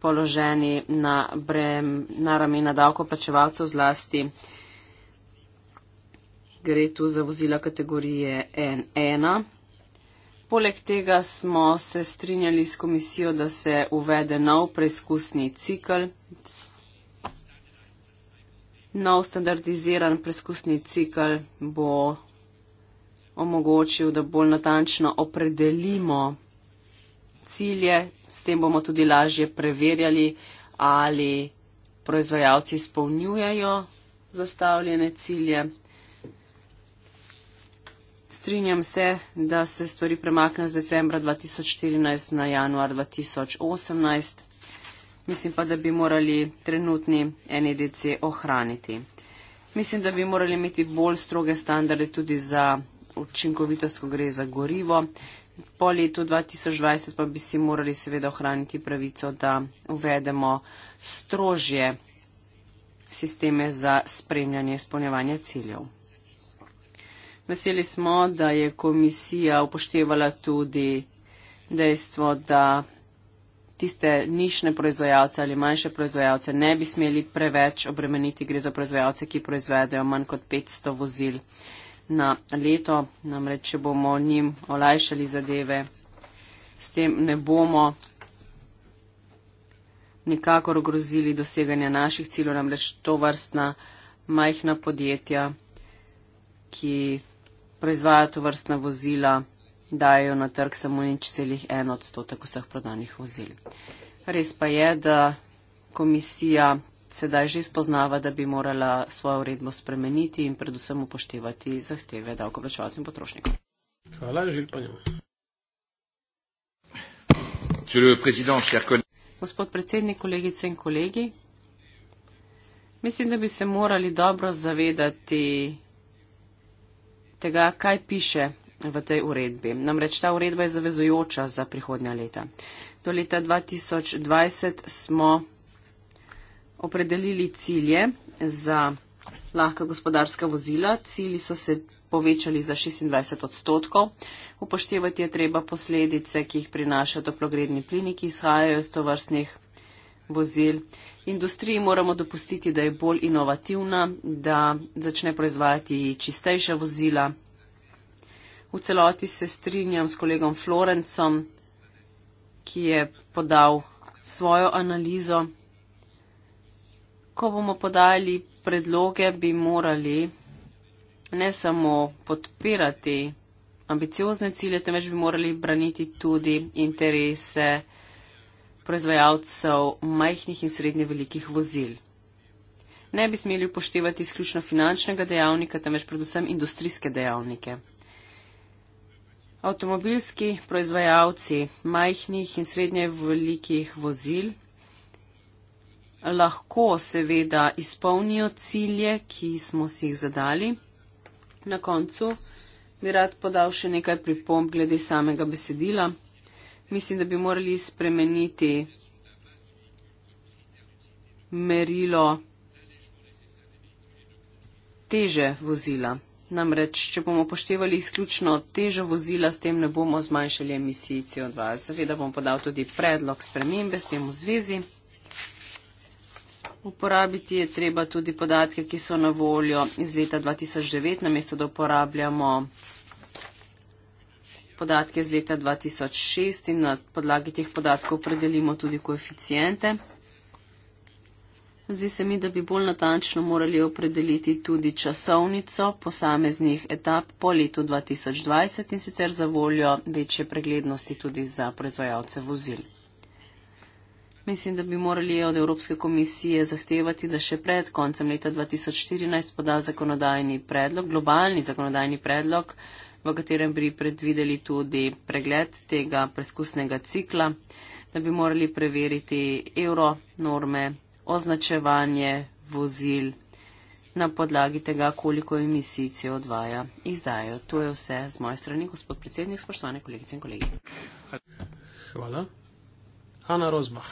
položeni na, brem, na ramena davkoplačevalcev zlasti. Gre tu za vozila kategorije N1. Poleg tega smo se strinjali s komisijo, da se uvede nov preizkusni cikl, nov standardiziran preskusni cikl bo omogočil, da bolj natančno opredelimo cilje, s tem bomo tudi lažje preverjali, ali proizvajalci izpolnjujejo zastavljene cilje. Strinjam se, da se stvari premaknejo z decembra 2014 na januar 2018 mislim pa, da bi morali trenutni NEDC ohraniti. Mislim, da bi morali imeti bolj stroge standarde tudi za učinkovitost, ko gre za gorivo. Po letu 2020 pa bi si morali seveda ohraniti pravico, da uvedemo strožje sisteme za spremljanje izpolnjevanja ciljev. Veseli smo, da je komisija upoštevala tudi dejstvo, da tiste nišne proizvajalce ali manjše proizvajalce ne bi smeli preveč obremeniti. Gre za proizvajalce, ki proizvedejo manj kot 500 vozil na leto. Namreč, če bomo njim olajšali zadeve, s tem ne bomo nikakor ogrozili doseganja naših ciljev, namreč to vrstna majhna podjetja, ki proizvajajo to vrstna vozila, dajo na trg samo nič celih en odstotek vseh prodanih vozil. Res pa je, da komisija sedaj že spoznava, da bi morala svojo uredbo spremeniti in predvsem upoštevati zahteve davkoplačevalcem potrošnikov. Hvala, Žil Panjo. Gospod predsednik, kolegice in kolegi, mislim, da bi se morali dobro zavedati tega, kaj piše v tej uredbi. Namreč ta uredba je zavezujoča za prihodnja leta. Do leta 2020 smo opredelili cilje za lahka gospodarska vozila. Cili so se povečali za 26 odstotkov. Upoštevati je treba posledice, ki jih prinaša toplogredni plini, ki izhajajo iz tovrstnih vozil. Industriji moramo dopustiti, da je bolj inovativna, da začne proizvajati čistejša vozila V celoti se strinjam s kolegom Florencom, ki je podal svojo analizo. Ko bomo podali predloge, bi morali ne samo podpirati ambiciozne cilje, temveč bi morali braniti tudi interese proizvajalcev majhnih in srednje velikih vozil. Ne bi smeli upoštevati izključno finančnega dejavnika, temveč predvsem industrijske dejavnike. Avtomobilski proizvajalci majhnih in srednje velikih vozil lahko seveda izpolnijo cilje, ki smo si jih zadali. Na koncu bi rad podal še nekaj pripomb glede samega besedila. Mislim, da bi morali spremeniti merilo teže vozila. Namreč, če bomo poštevali izključno težo vozila, s tem ne bomo zmanjšali emisij CO2. Seveda bom podal tudi predlog spremembe s tem v zvezi. Uporabiti je treba tudi podatke, ki so na voljo iz leta 2009, namesto da uporabljamo podatke iz leta 2006 in na podlagi teh podatkov predelimo tudi koeficijente. Zdi se mi, da bi bolj natančno morali opredeliti tudi časovnico posameznih etap po letu 2020 in sicer za voljo večje preglednosti tudi za proizvajalce vozil. Mislim, da bi morali od Evropske komisije zahtevati, da še pred koncem leta 2014 poda zakonodajni predlog, globalni zakonodajni predlog, v katerem bi predvideli tudi pregled tega preskusnega cikla, da bi morali preveriti euro norme označevanje vozil na podlagi tega, koliko emisij CO2 -ja izdajo. To je vse z moje strani, gospod predsednik, spoštovane kolegice in kolegi. Hvala. Ana Rozmah.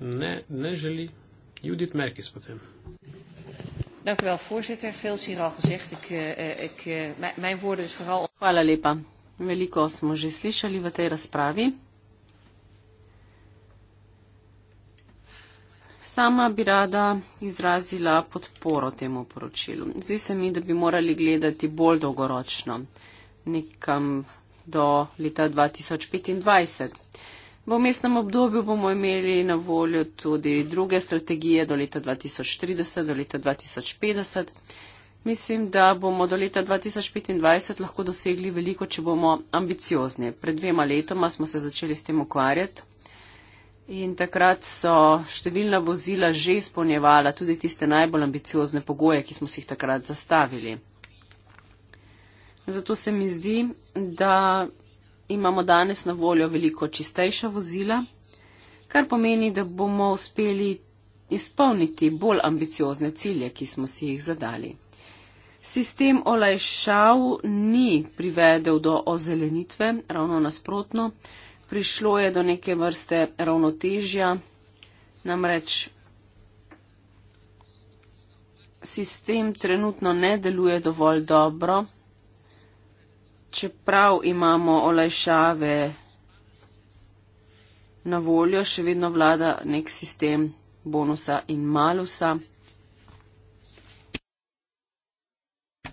Ne, ne želi. Judith Merkis potem. Dank u wel, voorzitter. Veel is hier al gezegd. Ik, uh, ik, uh, mijn woorden is vooral. Hvala lepa. Veliko smo že slišali v tej razpravi. Sama bi rada izrazila podporo temu poročilu. Zdi se mi, da bi morali gledati bolj dolgoročno, nekam do leta 2025. V mestnem obdobju bomo imeli na voljo tudi druge strategije do leta 2030, do leta 2050. Mislim, da bomo do leta 2025 lahko dosegli veliko, če bomo ambiciozni. Pred dvema letoma smo se začeli s tem ukvarjati in takrat so številna vozila že izpolnjevala tudi tiste najbolj ambiciozne pogoje, ki smo si jih takrat zastavili. Zato se mi zdi, da imamo danes na voljo veliko čistejša vozila, kar pomeni, da bomo uspeli izpolniti bolj ambiciozne cilje, ki smo si jih zadali. Sistem olajšav ni privedel do ozelenitve, ravno nasprotno, prišlo je do neke vrste ravnotežja, namreč sistem trenutno ne deluje dovolj dobro, čeprav imamo olajšave na voljo, še vedno vlada nek sistem bonusa in malusa.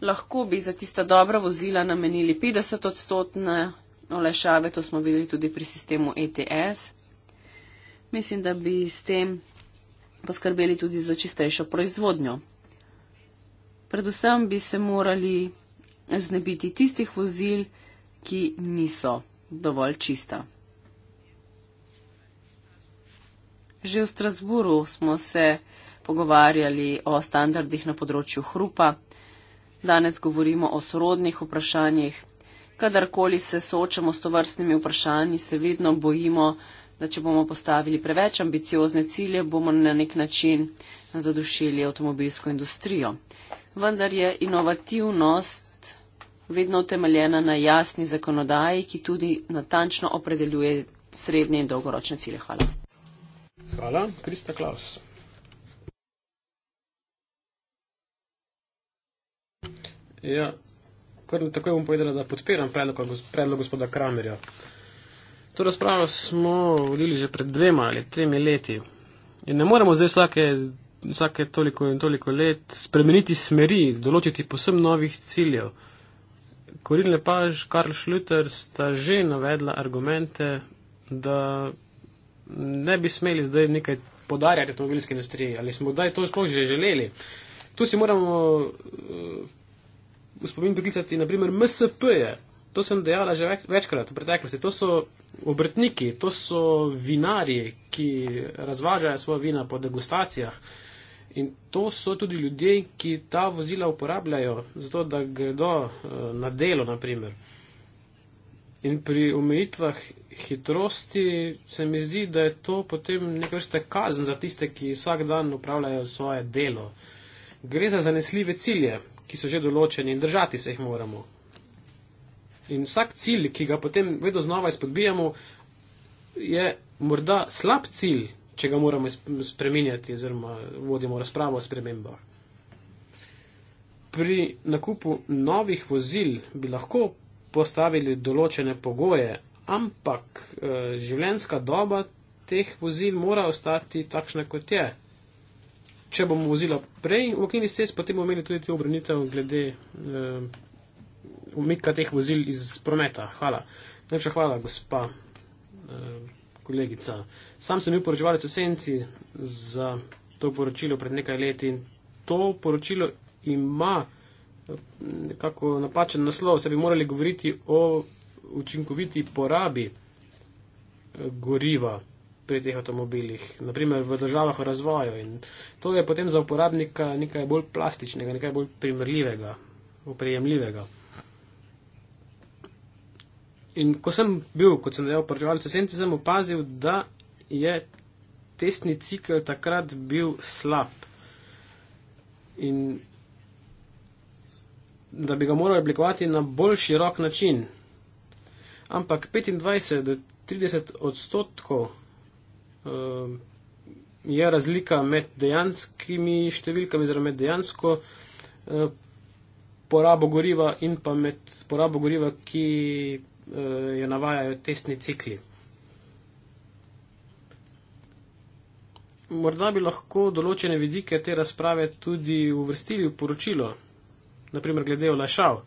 lahko bi za tista dobra vozila namenili 50 odstotne olešave, to smo videli tudi pri sistemu ETS. Mislim, da bi s tem poskrbeli tudi za čistejšo proizvodnjo. Predvsem bi se morali znebiti tistih vozil, ki niso dovolj čista. Že v Strasburu smo se pogovarjali o standardih na področju hrupa. Danes govorimo o sorodnih vprašanjih. Kadarkoli se soočamo s tovrstnimi vprašanji, se vedno bojimo, da če bomo postavili preveč ambiciozne cilje, bomo na nek način zadušili avtomobilsko industrijo. Vendar je inovativnost vedno utemeljena na jasni zakonodaji, ki tudi natančno opredeljuje srednje in dolgoročne cilje. Hvala. Hvala, Krista Klaus. Ja, kar ne takoj bom povedala, da podpiram predlog, predlog gospoda Kramerja. To razpravo smo vodili že pred dvema ali tremi leti. In ne moremo zdaj vsake, vsake toliko in toliko let spremeniti smeri, določiti posebno novih ciljev. Koril Lepaž, Karl Schlüter sta že navedla argumente, da ne bi smeli zdaj nekaj podarjati avtomobilski industriji. Ali smo kdaj to sploh že želeli? Uh, Tu si moramo uh, v spomin priklicati, naprimer, MSP-je. To sem dejala že večkrat v preteklosti. To so obrtniki, to so vinarji, ki razvažajo svoje vina po degustacijah. In to so tudi ljudje, ki ta vozila uporabljajo, zato da gredo uh, na delo, naprimer. In pri omejitvah hitrosti se mi zdi, da je to potem nekaj vrste kazen za tiste, ki vsak dan upravljajo svoje delo. Uh, Gre za zanesljive cilje, ki so že določeni in držati se jih moramo. In vsak cilj, ki ga potem vedno znova izpodbijamo, je morda slab cilj, če ga moramo spreminjati oziroma vodimo razpravo o spremembah. Pri nakupu novih vozil bi lahko postavili določene pogoje, ampak eh, življenska doba teh vozil mora ostati takšna, kot je če bomo vozila prej v okviru cest, potem bomo imeli tudi to obrnitev glede eh, umika teh vozil iz prometa. Hvala. Najlepša hvala, gospa eh, kolegica. Sam sem bil poročevalec v Senci za to poročilo pred nekaj leti in to poročilo ima eh, nekako napačen naslov. Se bi morali govoriti o učinkoviti porabi goriva pri teh avtomobilih, naprimer v državah v razvoju. In to je potem za uporabnika nekaj bolj plastičnega, nekaj bolj primerljivega, uprejemljivega. In ko sem bil, kot sem dejal, poročevalce senci, sem opazil, da je testni cikl takrat bil slab. In da bi ga morali oblikovati na bolj širok način. Ampak 25 do 30 odstotkov Ehm, je razlika med dejanskimi številkami oziroma med dejansko eh, porabo goriva in pa med porabo goriva, ki eh, jo navajajo testni cikli. Morda bi lahko določene vidike te razprave tudi uvrstili v poročilo, naprimer glede olajšav.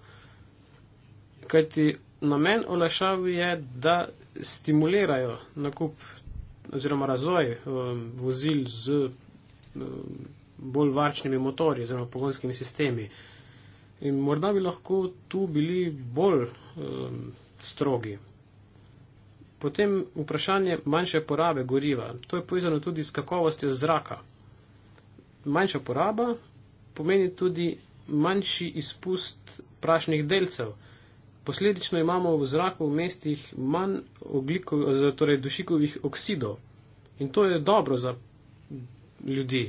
Kajti namen olajšav je, da stimulirajo nakup oziroma razvoj um, vozil z um, bolj varčnimi motori oziroma pogonskimi sistemi. In morda bi lahko tu bili bolj um, strogi. Potem vprašanje manjše porabe goriva. To je povezano tudi s kakovostjo zraka. Manjša poraba pomeni tudi manjši izpust prašnih delcev. Posledično imamo v zraku v mestih manj ogljikov, eh, torej dušikovih oksidov in to je dobro za ljudi.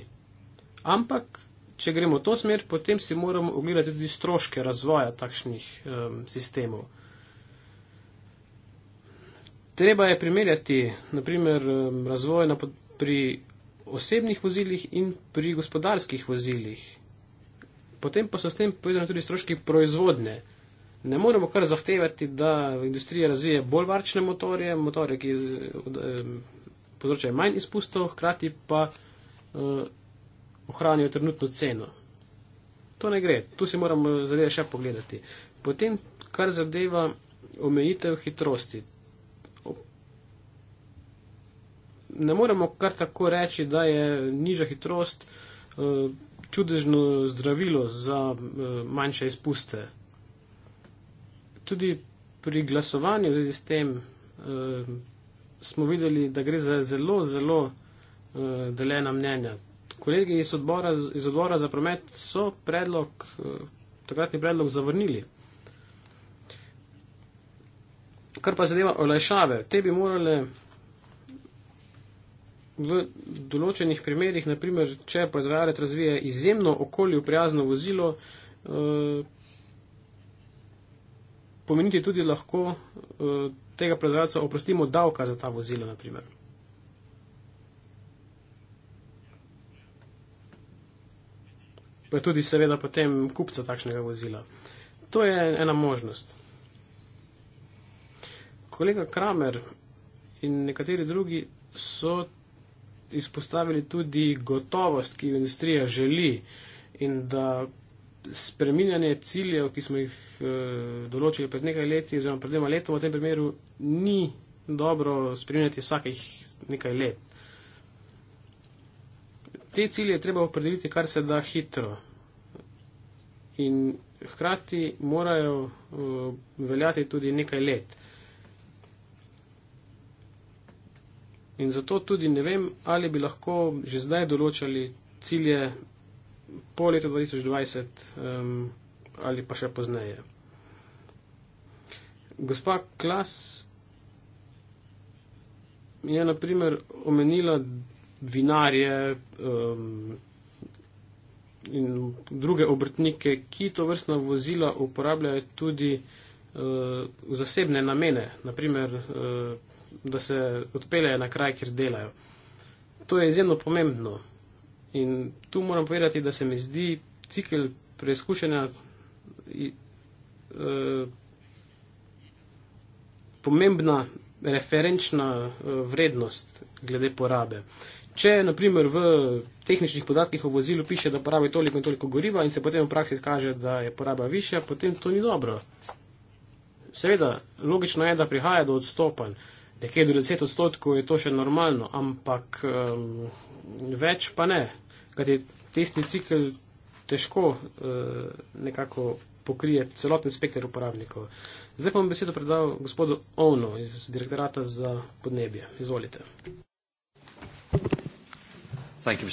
Ampak, če gremo v to smer, potem si moramo ogledati tudi stroške razvoja takšnih um, sistemov. Treba je primerjati, naprimer, razvoj na, pri osebnih vozilih in pri gospodarskih vozilih. Potem pa so s tem povezani tudi stroški proizvodnje ne moremo kar zahtevati, da industrija razvije bolj varčne motorje, motorje, ki eh, povzročajo manj izpustov, hkrati pa uh, ohranijo trenutno ceno. To ne gre, tu si moramo zadeve še pogledati. Potem, kar zadeva omejitev hitrosti. Ne moremo kar tako reči, da je niža hitrost uh, čudežno zdravilo za uh, manjše izpuste tudi pri glasovanju v zvezi s tem uh, smo videli, da gre za zelo, zelo uh, deljena mnenja. Kolegi iz odbora, iz odbora za promet so predlog, uh, takratni predlog zavrnili. Kar pa zadeva olajšave, te bi morale v določenih primerjih, naprimer, če proizvajalec razvije izjemno okolju prijazno vozilo, uh, pomeniti tudi lahko eh, tega proizvajalca oprostimo davka za ta vozila, naprimer. Pa tudi seveda potem kupca takšnega vozila. To je ena možnost. Kolega Kramer in nekateri drugi so izpostavili tudi gotovost, ki jo industrija želi in da spreminjanje ciljev, ki smo jih e, določili pred nekaj leti, oziroma pred dvema letoma, v tem primeru ni dobro spreminjati vsakih nekaj let. Te cilje je treba opredeliti kar se da hitro. In hkrati morajo e, veljati tudi nekaj let. In zato tudi ne vem, ali bi lahko že zdaj določali cilje po letu 2020 um, ehm, ali pa še pozneje. Gospa Klas je naprimer omenila vinarje um, in druge obrtnike, ki to vrstna vozila uporabljajo tudi uh, v zasebne namene, naprimer, uh, eh, da se odpeljajo na kraj, kjer delajo. To je izjemno pomembno. In tu moram povedati, da se mi zdi cikl preizkušanja e, pomembna referenčna e, vrednost glede porabe. Če naprimer v tehničnih podatkih o vozilu piše, da porabi toliko in toliko goriva in se potem v praksi kaže, da je poraba višja, potem to ni dobro. Seveda, logično je, da prihaja do odstopanj. Nekje do 10 odstotkov je to še normalno, ampak um, več pa ne. Kajti testni cikl težko uh, nekako pokrije celoten spekter uporabnikov. Zdaj pa bom besedo predal gospodu Ono iz Direktorata za podnebje. Izvolite. Thank you,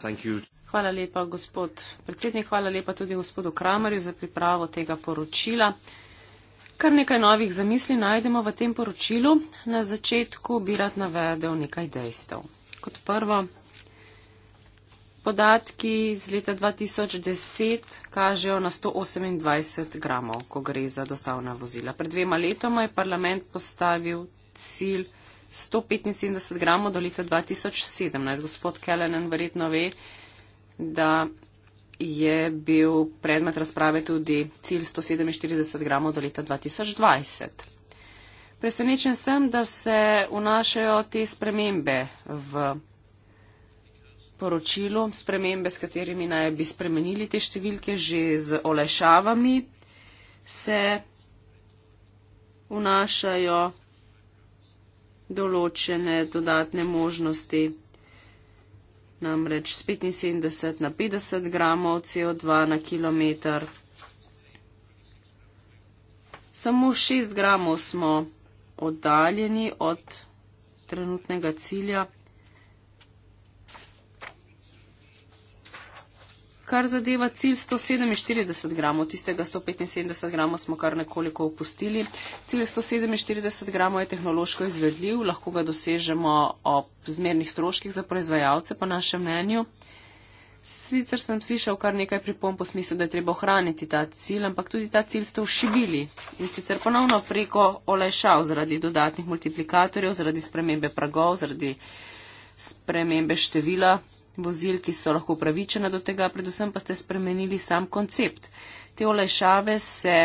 thank you... Hvala lepa, gospod predsednik. Hvala lepa tudi gospodu Kramarju za pripravo tega poročila. Kar nekaj novih zamisli najdemo v tem poročilu. Na začetku bi rad navedel nekaj dejstev kot prvo. Podatki iz leta 2010 kažejo na 128 gramov, ko gre za dostavna vozila. Pred dvema letoma je parlament postavil cilj 175 gramov do leta 2017. Gospod Kellenen verjetno ve, da je bil predmet razprave tudi cilj 147 gramov do leta 2020. Presenečen sem, da se vnašajo te spremembe v poročilu, spremembe, s katerimi naj bi spremenili te številke, že z olajšavami se vnašajo določene dodatne možnosti, namreč z 75 na 50 gramov CO2 na kilometr. Samo 6 gramov smo oddaljeni od trenutnega cilja. Kar zadeva cilj 147 gramov, tistega 175 gramov smo kar nekoliko opustili. Cilj 147 gramov je tehnološko izvedljiv, lahko ga dosežemo ob zmernih stroških za proizvajalce po našem mnenju. Sicer sem slišal kar nekaj pripomp v smislu, da je treba ohraniti ta cilj, ampak tudi ta cilj ste ušibili in sicer ponovno preko olajšav zaradi dodatnih multiplikatorjev, zaradi spremembe pragov, zaradi spremembe števila vozil, ki so lahko upravičena do tega, predvsem pa ste spremenili sam koncept. Te olajšave se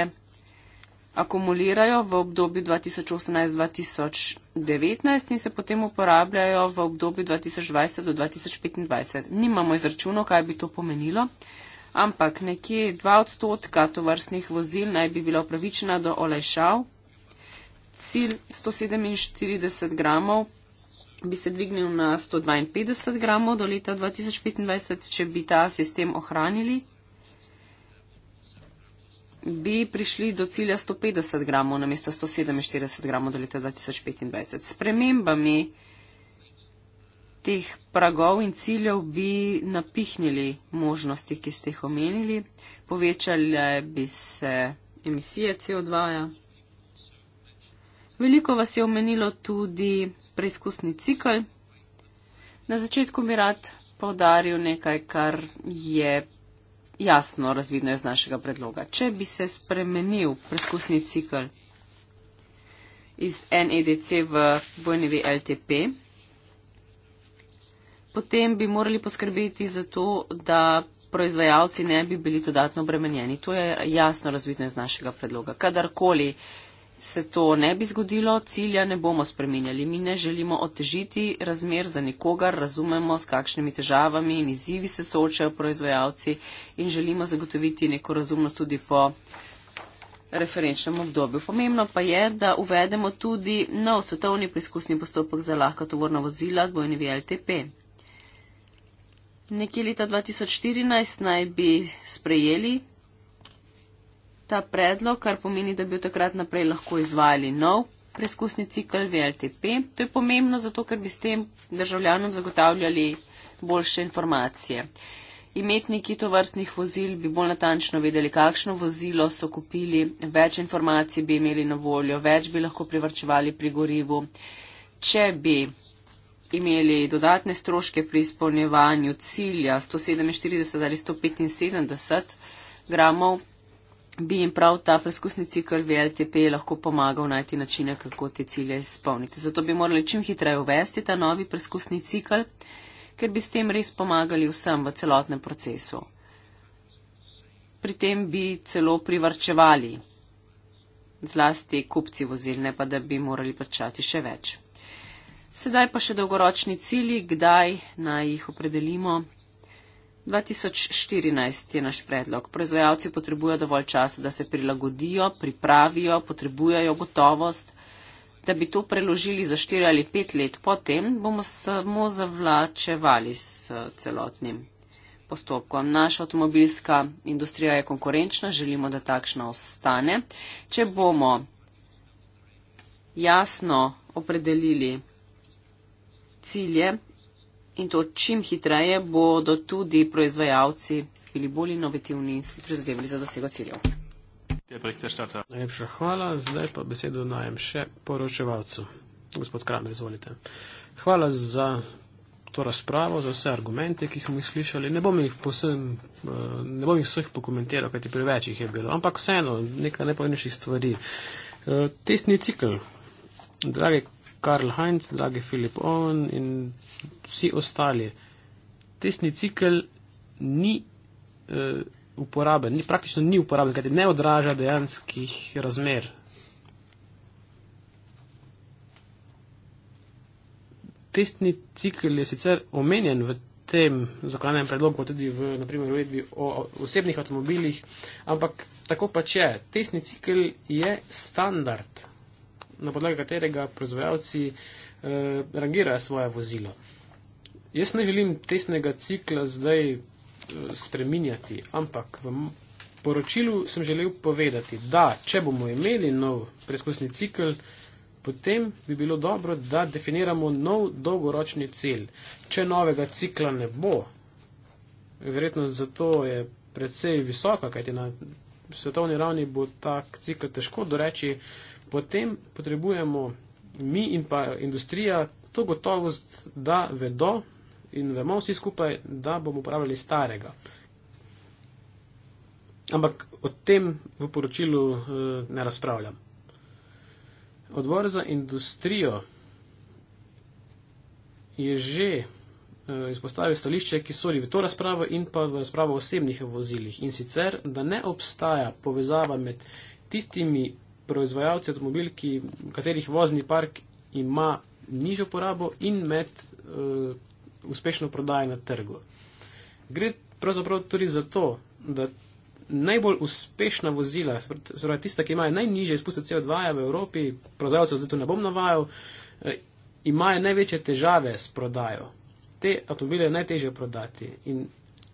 akumulirajo v obdobju 2018-2019 in se potem uporabljajo v obdobju 2020-2025. Nimamo izračuno, kaj bi to pomenilo, ampak nekje 2 odstotka tovrstnih vozil naj bi bila upravičena do olajšav. Cilj 147 gramov bi se dvignil na 152 gramov do leta 2025, če bi ta sistem ohranili bi prišli do cilja 150 gramov namesto 147 gramov do leta 2025. S premembami teh pragov in ciljev bi napihnili možnosti, ki ste jih omenili, povečale bi se emisije CO2. -ja. Veliko vas je omenilo tudi preizkusni cikl. Na začetku bi rad podaril nekaj, kar je jasno razvidno iz našega predloga. Če bi se spremenil preskusni cikl iz NEDC v VNV LTP, potem bi morali poskrbeti za to, da proizvajalci ne bi bili dodatno obremenjeni. To je jasno razvidno iz našega predloga. Kadarkoli se to ne bi zgodilo, cilja ne bomo spreminjali. Mi ne želimo otežiti razmer za nikogar, razumemo, s kakšnimi težavami in izzivi se soočajo proizvajalci in želimo zagotoviti neko razumnost tudi po referenčnem obdobju. Pomembno pa je, da uvedemo tudi nov svetovni preizkusni postopek za lahka tovorna vozila, dvojni VLTP. Nekje leta 2014 naj bi sprejeli ta predlog, kar pomeni, da bi od takrat naprej lahko izvajali nov preizkusni cikl VLTP. To je pomembno zato, ker bi s tem državljanom zagotavljali boljše informacije. Imetniki to vrstnih vozil bi bolj natančno vedeli, kakšno vozilo so kupili, več informacij bi imeli na voljo, več bi lahko privrčevali pri gorivu. Če bi imeli dodatne stroške pri izpolnjevanju cilja 147 ali 175 gramov bi jim prav ta preskusni cikl VLTP lahko pomagal najti načine, kako te cilje izpolniti. Zato bi morali čim hitreje uvesti ta novi preskusni cikl, ker bi s tem res pomagali vsem v celotnem procesu. Pri tem bi celo privrčevali zlasti kupci vozil, ne pa da bi morali plačati še več. Sedaj pa še dolgoročni cilji, kdaj naj jih opredelimo. 2014 je naš predlog. Proizvajalci potrebujejo dovolj časa, da se prilagodijo, pripravijo, potrebujejo gotovost. Da bi to preložili za 4 ali 5 let potem, bomo samo zavlačevali s celotnim postopkom. Naša avtomobilska industrija je konkurenčna, želimo, da takšna ostane. Če bomo jasno opredelili cilje in to čim hitreje bodo tudi proizvajalci bili bolj inovativni in si prizadevali za dosego ciljev. Najlepša hvala, zdaj pa besedo najem še poročevalcu. Gospod Kramer, izvolite. Hvala za to razpravo, za vse argumente, ki smo jih slišali. Ne bom jih, posem, eh, ne bom jih vseh pokomentiral, kajti preveč jih je bilo, ampak vseeno nekaj najpomembnejših stvari. Eh, testni cikl, dragi Karl Heinz, Lage Filip Owen in vsi ostali. Testni cikl ni uh, uporaben, ni, praktično ni uporaben, kajti ne odraža dejanskih razmer. Testni cikl je sicer omenjen v tem zakonodajnem predlogu, tudi v uredbi o osebnih avtomobilih, ampak tako pa če. Testni cikl je standard na podlagi katerega proizvajalci eh, rangirajo svoje vozilo. Jaz ne želim tesnega cikla zdaj eh, spreminjati, ampak v poročilu sem želel povedati, da če bomo imeli nov preizkusni cikl, potem bi bilo dobro, da definiramo nov dolgoročni cilj. Če novega cikla ne bo, verjetno zato je predvsej visoka, kajti na. V svetovni ravni bo tak cikl težko doreči, uh, potem potrebujemo mi in pa industrija to gotovost, da vedo in vemo vsi skupaj, da bomo uporabljali starega. Ampak o tem v poročilu eh, ne razpravljam. Odbor za industrijo je že eh, izpostavil stališče, ki sodi v to razpravo in pa v razpravo o osebnih vozilih. In sicer, da ne obstaja povezava med tistimi proizvajalci avtomobilov, katerih vozni park ima nižjo porabo in med uh, uspešno prodajo na trgu. Gre pravzaprav tudi za to, da najbolj uspešna vozila, torej tista, ki imajo najniže izpuste CO2 v Evropi, proizvajalcev zato ne bom navajal, uh, imajo največje težave s prodajo. Te avtomobile je najtežje prodati in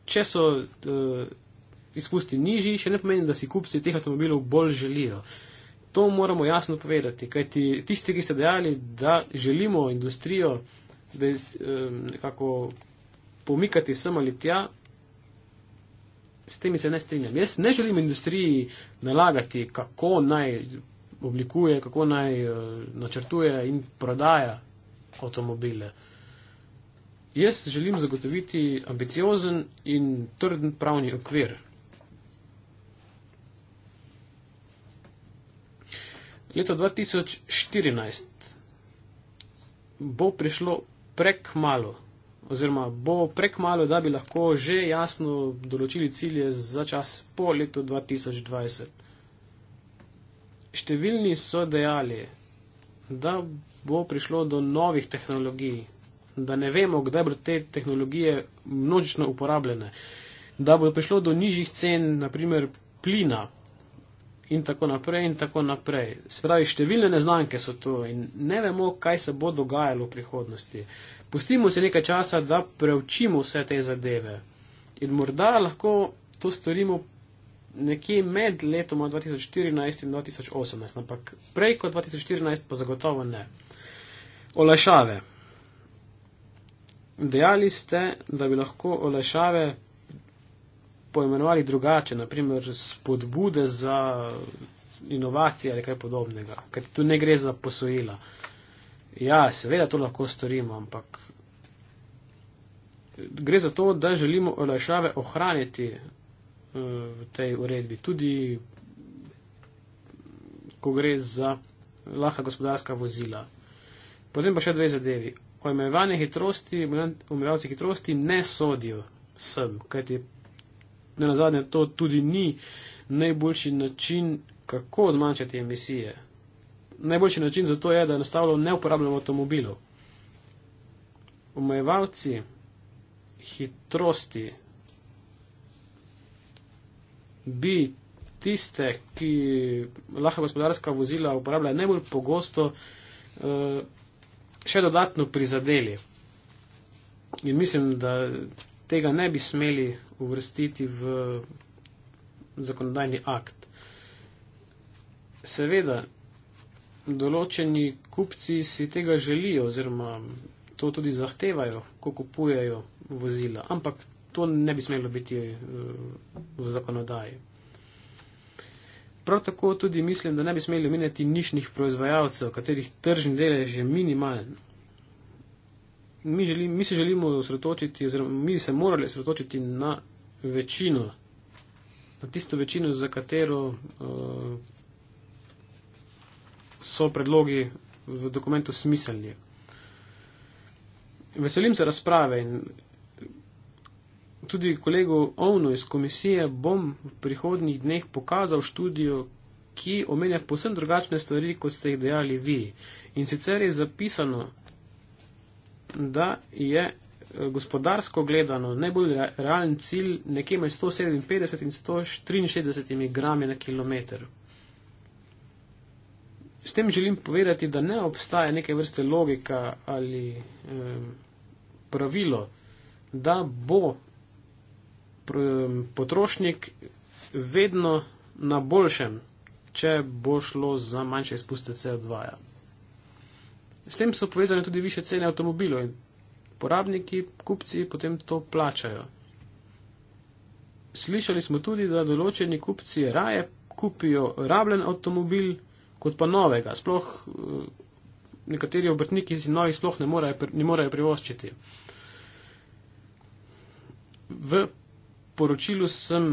če so uh, izpusti nižji, še ne pomeni, da si kupci teh avtomobilov bolj želijo. Uh, to moramo jasno povedati, kajti tisti, ki ste dejali, da želimo industrijo da eh, nekako pomikati sem ali tja, s temi se ne strinjam. Jaz ne želim industriji nalagati, kako naj oblikuje, kako naj eh, načrtuje in prodaja avtomobile. Jaz želim zagotoviti ambiciozen in trden pravni okvir. leto 2014 bo prišlo prek malo, oziroma bo prek malo, da bi lahko že jasno določili cilje za čas po letu 2020. Številni so dejali, da bo prišlo do novih tehnologij, da ne vemo, kdaj bodo te tehnologije množično uporabljene, da bo prišlo do nižjih cen, naprimer plina, in tako naprej, in tako naprej. Spravi, številne neznanke so tu in ne vemo, kaj se bo dogajalo v prihodnosti. Pustimo se nekaj časa, da preučimo vse te zadeve. In morda lahko to storimo nekje med letoma 2014 in 2018, ampak prej kot 2014 pa zagotovo ne. Olajšave. Dejali ste, da bi lahko olajšave poimenovali drugače, naprimer spodbude za inovacije ali kaj podobnega, ker tu ne gre za posojila. Ja, seveda to lahko storimo, ampak gre za to, da želimo olajšave ohraniti eh, v tej uredbi, tudi ko gre za lahka gospodarska vozila. Potem pa še dve zadevi. Omejevanje hitrosti, omejevalci hitrosti ne sodijo sem, kajti ne na zadnje, to tudi ni najboljši način, kako zmanjšati emisije. Najboljši način za to je, da enostavno ne uporabljamo avtomobilov. Omejevalci hitrosti bi tiste, ki lahko gospodarska vozila uporabljajo najbolj pogosto, eh, še dodatno prizadeli. In mislim, da tega ne bi smeli uvrstiti v zakonodajni akt. Seveda, določeni kupci si tega želijo oziroma to tudi zahtevajo, ko kupujejo vozila, ampak to ne bi smelo biti eh, v zakonodaji. Prav tako tudi mislim, da ne bi smeli omenjati nišnih proizvajalcev, katerih tržni delež je minimalen mi, želi, mi se želimo osredotočiti, oziroma mi se morali osredotočiti na večino, na tisto večino, za katero uh, so predlogi v dokumentu smiselni. Veselim se razprave in tudi kolegu Ovnu iz komisije bom v prihodnjih dneh pokazal študijo, ki omenja posebno drugačne stvari, kot ste jih dejali vi. In sicer je zapisano, da je eh, gospodarsko gledano najbolj realen cilj nekje med 157 in 163 grami na kilometr. S tem želim povedati, da ne obstaja neke vrste logika ali eh, pravilo, da bo pr, eh, potrošnik vedno na boljšem, če bo šlo za manjše izpuste CO2. -ja. S tem so povezane tudi više cene avtomobilov in porabniki, kupci potem to plačajo. Slišali smo tudi, da določeni kupci raje kupijo rabljen avtomobil kot pa novega. Sploh eh, nekateri obrtniki si novih sploh ne morejo, ne morejo privoščiti. V poročilu sem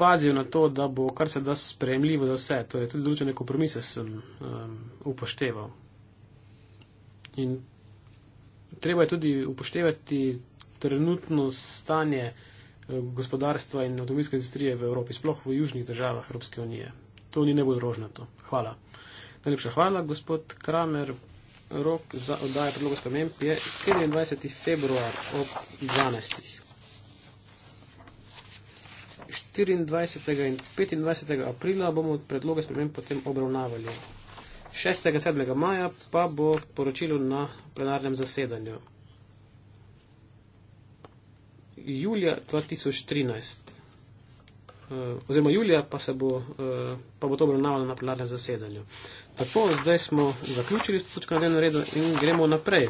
pazil na to, da bo kar se da sprejemljivo za vse, torej tudi določene kompromise sem um, upošteval. In treba je tudi upoštevati trenutno stanje eh, gospodarstva in avtomobilske industrije v Evropi, sploh v južnih državah Evropske unije. To ni najbolj rožnato. Hvala. Najlepša hvala, gospod Kramer. Rok za oddajo predloga sprememb je 27. februar ob 12. 24. in 25. aprila bomo predloge sprememb potem obravnavali. 6. in 7. maja pa bo poročilo na plenarnem zasedanju. Julija 2013, uh, eh, oziroma julija pa, bo, uh, pa bo to obravnavano na plenarnem zasedanju. Tako, zdaj smo zaključili s točko na dnevnem redu in gremo naprej.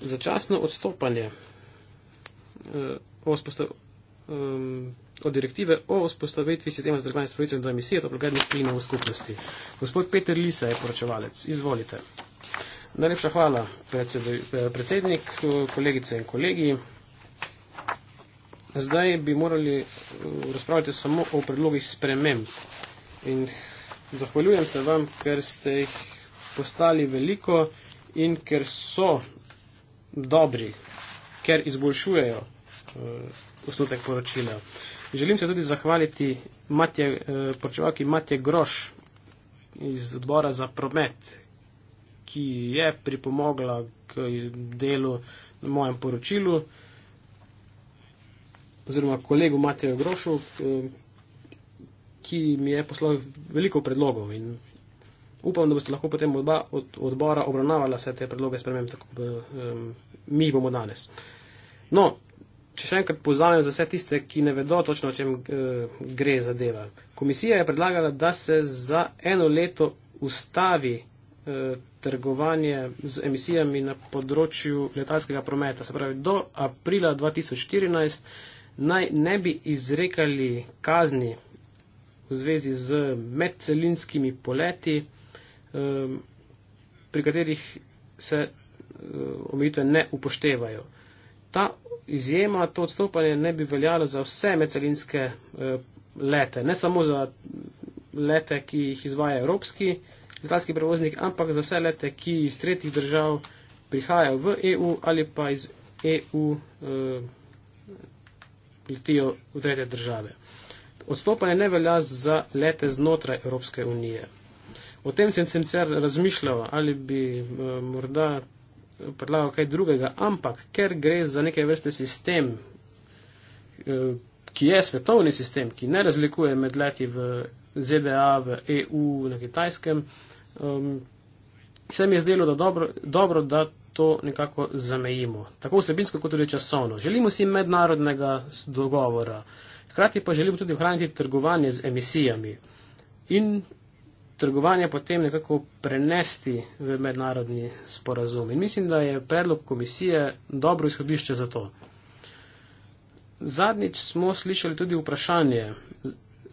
Začasno odstopanje. Uh, um, od direktive o vzpostavitvi sistema za trgovanje s pravicami do emisije toplogrednih plinov v skupnosti. Gospod Peter Lisa je poročevalec. Izvolite. Najlepša hvala, eh, predsednik, kolegice in kolegi. Zdaj bi morali eh, razpravljati samo o predlogih sprememb. In zahvaljujem se vam, ker ste jih postali veliko in ker so dobri, ker izboljšujejo Eh, osnutek poročila. Želim se tudi zahvaliti Matje, eh, poročevalki Matje Groš iz odbora za promet, ki je pripomogla k delu na mojem poročilu, oziroma kolegu Matjeju Grošu, eh, ki mi je poslal veliko predlogov in upam, da boste lahko potem odba, od odbora obravnavala vse te predloge spremem, tako da um, mi jih bomo danes. No, Če še enkrat povzamem za vse tiste, ki ne vedo točno, o čem eh, gre zadeva. Komisija je predlagala, da se za eno leto ustavi eh, trgovanje z emisijami na področju letalskega prometa. Se pravi, do aprila 2014 naj ne bi izrekali kazni v zvezi z medcelinskimi poleti, ehm, pri katerih se eh, omejitve ne upoštevajo. Ta izjema, to odstopanje ne bi veljalo za vse medcelinske eh, lete, ne samo za lete, ki jih izvaja evropski letalski prevoznik, ampak za vse lete, ki iz tretjih držav prihajajo v EU ali pa iz EU eh, letijo v tretje države. Odstopanje ne velja za lete znotraj Evropske unije. O tem sem sicer razmišljal, ali bi eh, morda predlagal kaj drugega, ampak ker gre za neke vrste sistem, eh, ki je svetovni sistem, ki ne razlikuje med leti v ZDA, v EU, na kitajskem, ehm, se mi je zdelo, da dobro, dobro, da to nekako zamejimo, tako vsebinsko kot tudi časovno. Želimo si mednarodnega dogovora, hkrati pa želimo tudi ohraniti trgovanje z emisijami. In trgovanja potem nekako prenesti v mednarodni sporazum. In mislim, da je predlog komisije dobro izhodišče za to. Zadnjič smo slišali tudi vprašanje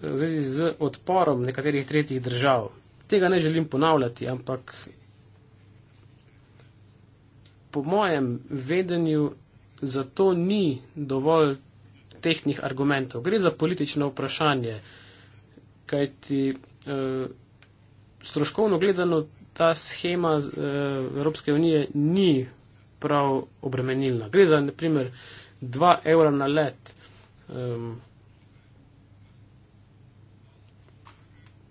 v zvezi z odporom nekaterih tretjih držav. Tega ne želim ponavljati, ampak po mojem vedenju zato ni dovolj tehnih argumentov. Gre za politično vprašanje, kajti. Uh, stroškovno gledano ta schema eh, Evropske unije ni prav obremenilna. Gre za naprimer 2 evra na let. Um, ehm,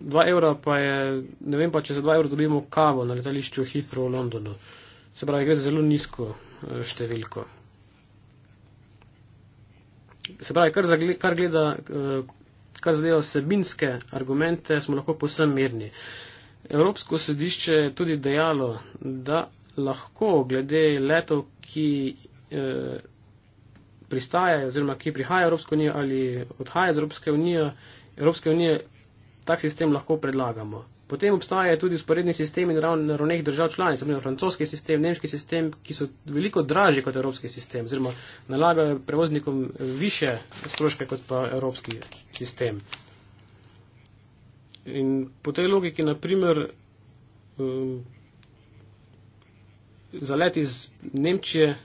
2 evra pa je, ne vem pa, če za 2 evra dobimo kavo na letališču Heathrow v Londonu. Se pravi, gre za zelo nizko eh, številko. Se pravi, kar, zagle, kar, gleda, eh, kar zadeva sebinske argumente, smo lahko posem mirni. Uh, Evropsko sodišče je tudi dejalo, da lahko glede letov, ki e, pristajajo oziroma ki prihajajo Evropsko unijo ali odhajajo z Evropske unije, Evropske unije, tak sistem lahko predlagamo. Potem obstajajo tudi usporedni sistemi na ravneh držav članic, naprimer francoski sistem, nemški sistem, ki so veliko dražji kot evropski sistem, oziroma nalagajo prevoznikom više stroške kot pa evropski sistem. In po tej logiki, na primer, um, zalet iz Nemčije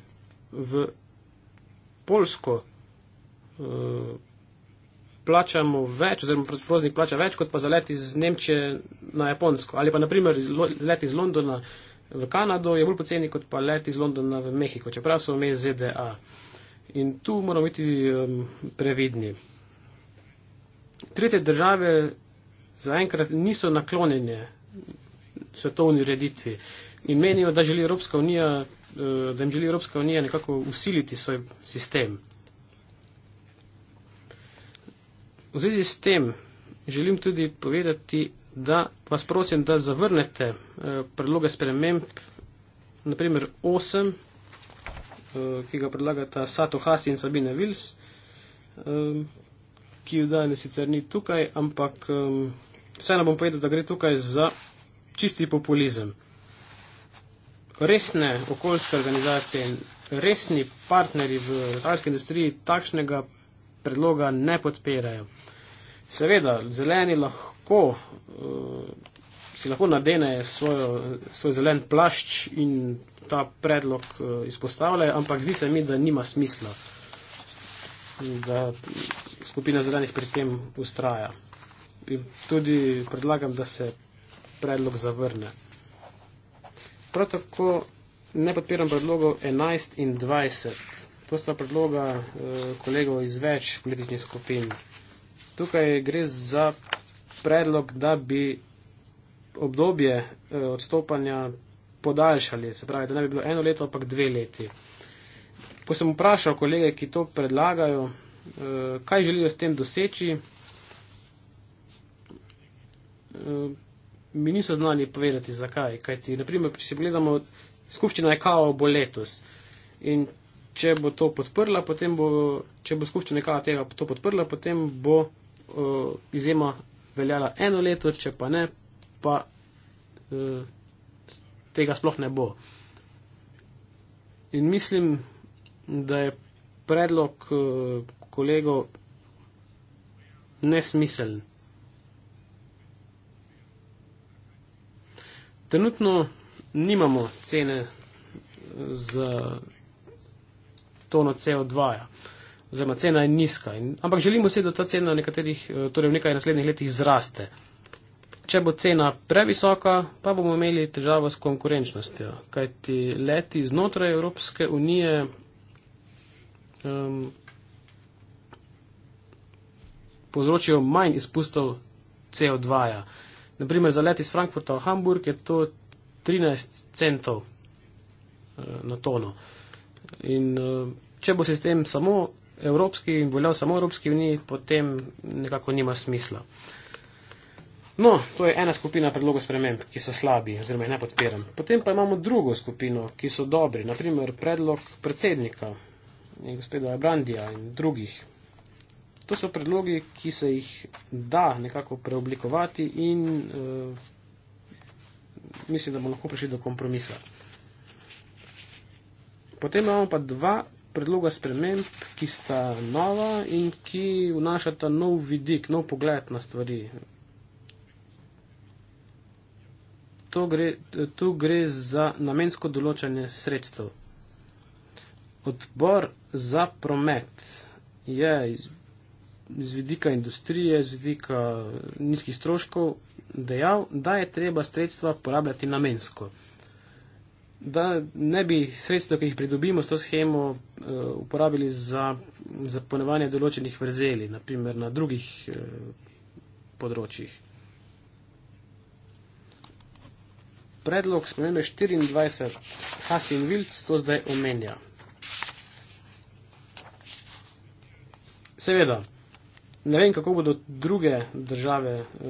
v Polsko um, uh, plačamo več, oziroma prevoznik plača več, kot pa zalet iz Nemčije na Japonsko. Ali pa, na primer, let iz Londona v Kanado je bolj poceni, kot pa let iz Londona v Mehiko, čeprav so omej ZDA. In tu moramo biti um, previdni. Tretje države zaenkrat niso naklonjene svetovni ureditvi in menijo, da, želi unija, eh, da jim želi Evropska unija nekako usiliti svoj sistem. V zvezi s tem želim tudi povedati, da vas prosim, da zavrnete eh, predloge sprememb, naprimer 8, eh, ki ga predlagata Sato Hasi in Sabine Vils, ki jo danes sicer ni tukaj, ampak vseeno bom povedal, da gre tukaj za čisti populizem. Resne okoljske organizacije in resni partnerji v letalski industriji takšnega predloga ne podpirajo. Seveda, zeleni lahko, uh, si lahko nadene svojo, svoj zelen plašč in ta predlog uh, izpostavljajo, ampak zdi se mi, da nima smisla, da skupina zelenih pri tem ustraja in tudi predlagam, da se predlog zavrne. Prav tako ne podpiram predlogov 11 in 20. To sta predloga eh, kolegov iz več političnih skupin. Tukaj gre za predlog, da bi obdobje eh, odstopanja podaljšali, se pravi, da ne bi bilo eno leto, ampak dve leti. Ko sem vprašal kolege, ki to predlagajo, eh, kaj želijo s tem doseči, Eh, mi niso znali povedati, zakaj. Kaj ti, naprimer, če se gledamo, skupščina je kao bo letos. In če bo to podprla, potem bo, če bo skupščina kao tega to podprla, potem bo uh, izjema veljala eno leto, če pa ne, pa uh, tega sploh ne bo. In mislim, da je predlog uh, kolegov nesmiseln. trenutno nimamo cene za tono CO2. -ja. Oziroma, cena je nizka. In, ampak želimo se, da ta cena eh, torej v nekaj naslednjih letih zraste. Če bo cena previsoka, pa bomo imeli težavo s konkurenčnostjo, kajti leti znotraj Evropske unije um, povzročijo manj izpustov CO2. -ja. Uh, naprimer za let iz Frankfurta v Hamburg je to 13 centov eh, na tono. In eh, če bo sistem samo evropski in voljal samo Evropski uniji, potem nekako nima smisla. No, to je ena skupina predlogov sprememb, ki so slabi oziroma ne podpiram. Potem pa imamo drugo skupino, ki so dobri, naprimer predlog predsednika in gospeda Brandija in drugih To so predlogi, ki se jih da nekako preoblikovati in uh, mislim, da bomo lahko prišli do kompromisa. Potem imamo pa dva predloga sprememb, ki sta nova in ki vnašata nov vidik, nov pogled na stvari. To gre, tu gre za namensko določanje sredstev. Odbor za promet je z vidika industrije, z vidika eh, nizkih stroškov, dejal, da je treba sredstva porabljati namensko. Da ne bi sredstva, ki jih pridobimo s to schemo, eh, uporabili za zaponevanje določenih vrzeli, naprimer na drugih eh, področjih. Predlog spremembe 24 Hasin Wilds to zdaj omenja. Seveda, ne vem, kako bodo druge države uh,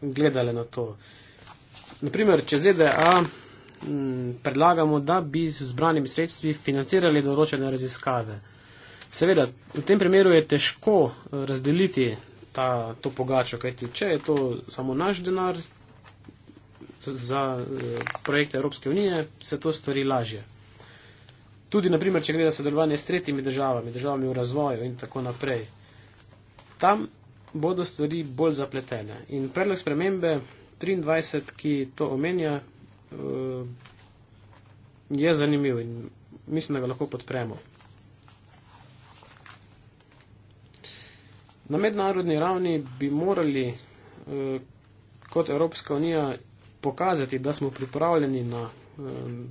gledale na to. Naprimer, če ZDA m, mm, predlagamo, da bi z zbranimi sredstvi financirali določene raziskave. Seveda, v tem primeru je težko eh, razdeliti ta, to pogačo, kajti če je to samo naš denar za eh, projekte Evropske unije, se to stori lažje. Tudi, naprimer, če gre za sodelovanje s tretjimi državami, državami v razvoju in tako naprej tam bodo stvari bolj zapletene. In predlog spremembe 23, ki to omenja, eh, je zanimiv in mislim, da ga lahko podpremo. Na mednarodni ravni bi morali eh, kot Evropska unija pokazati, da smo pripravljeni na eh,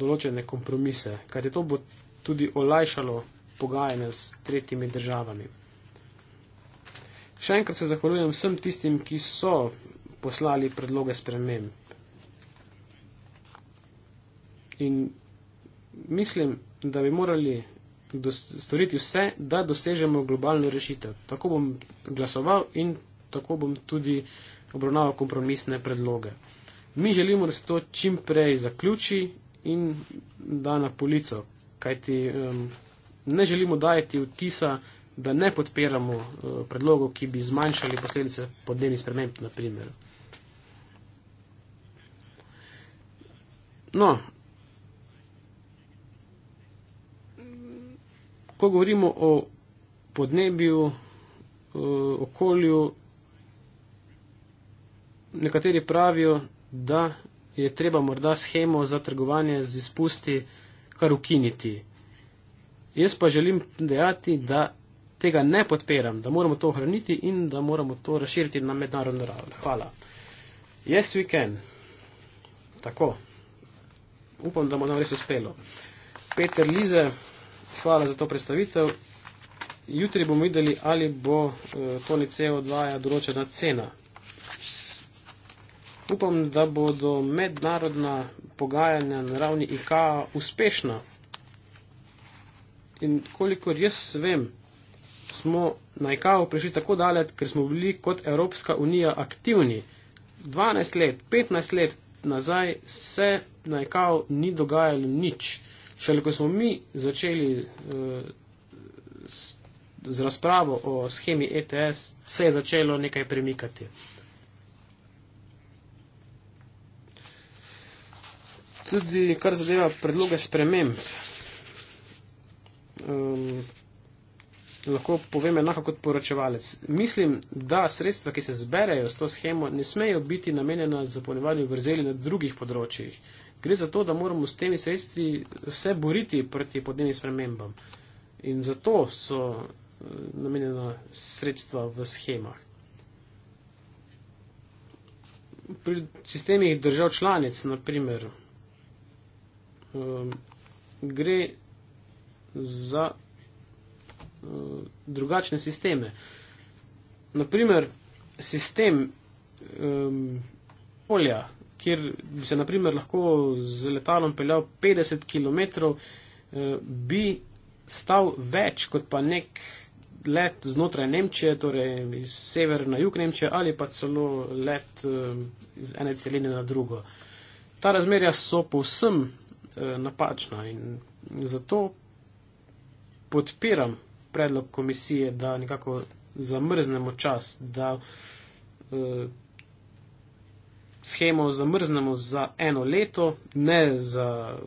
določene kompromise, kajti to bo tudi olajšalo pogajanje s tretjimi državami. Še enkrat se zahvaljujem vsem tistim, ki so poslali predloge sprememb. In mislim, da bi morali storiti vse, da dosežemo globalno rešitev. Tako bom glasoval in tako bom tudi obravnaval kompromisne predloge. Mi želimo, da se to čim prej zaključi in da na polico, kajti um, ne želimo dajeti vtisa, da ne podpiramo eh, predlogov, ki bi zmanjšali posledice podnebnih sprememb, naprimer. No, ko govorimo o podnebju, eh, okolju, nekateri pravijo, da je treba morda schemo za trgovanje z izpusti kar ukiniti. Jaz pa želim dejati, da tega ne podpiram, da moramo to ohraniti in da moramo to razširiti na mednarodno raven. Hvala. Yes, we can. Tako. Upam, da bo nam res uspelo. Peter Lize, hvala za to predstavitev. Jutri bomo videli, ali bo eh, toni CO2 ja določena cena. Upam, da bodo mednarodna pogajanja na ravni IKA uspešna. In kolikor jaz vem, smo na ICAO prišli tako daleč, ker smo bili kot Evropska unija aktivni. 12 let, 15 let nazaj se na ICAO ni dogajalo nič. Šele ko smo mi začeli uh, s, z razpravo o schemi ETS, se je začelo nekaj premikati. Tudi kar zadeva predloge sprememb. Um, lahko povem enako kot poročevalec. Mislim, da sredstva, ki se zberejo s to schemo, ne smejo biti namenjena za ponevanje vrzeli na drugih področjih. Gre za to, da moramo s temi sredstvi vse boriti proti podnebnim spremembam. In zato so eh, namenjena sredstva v schemah. Pri sistemih držav članic, naprimer, ehm, gre za Eh, drugačne sisteme. Naprimer, sistem um, polja, kjer bi se naprimer, lahko z letalom peljal 50 km, eh, bi stal več kot pa nek let znotraj Nemčije, torej iz sever na jug Nemčije ali pa celo let um, iz ene celine na drugo. Ta razmerja so povsem uh, napačna in zato podpiram predlog komisije, da nekako zamrznemo čas, da eh, schemo zamrznemo za eno leto, ne za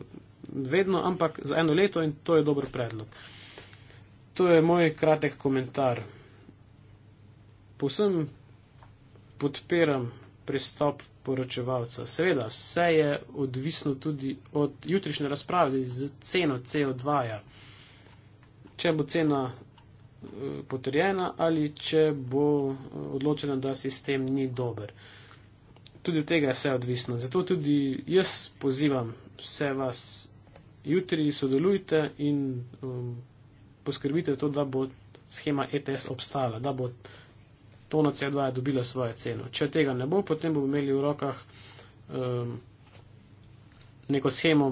vedno, ampak za eno leto in to je dober predlog. To je moj kratek komentar. Povsem podpiram pristop poročevalca. Seveda, vse je odvisno tudi od jutrišnje razprave z ceno CO2. -ja če bo cena eh, potrjena ali če bo eh, odločena, da sistem ni dober. Tudi od tega je vse odvisno. Zato tudi jaz pozivam vse vas jutri sodelujte in um, poskrbite za to, da bo schema ETS obstala, da bo tona CO2 dobila svojo ceno. Če tega ne bo, potem bomo imeli v rokah um, neko schemo,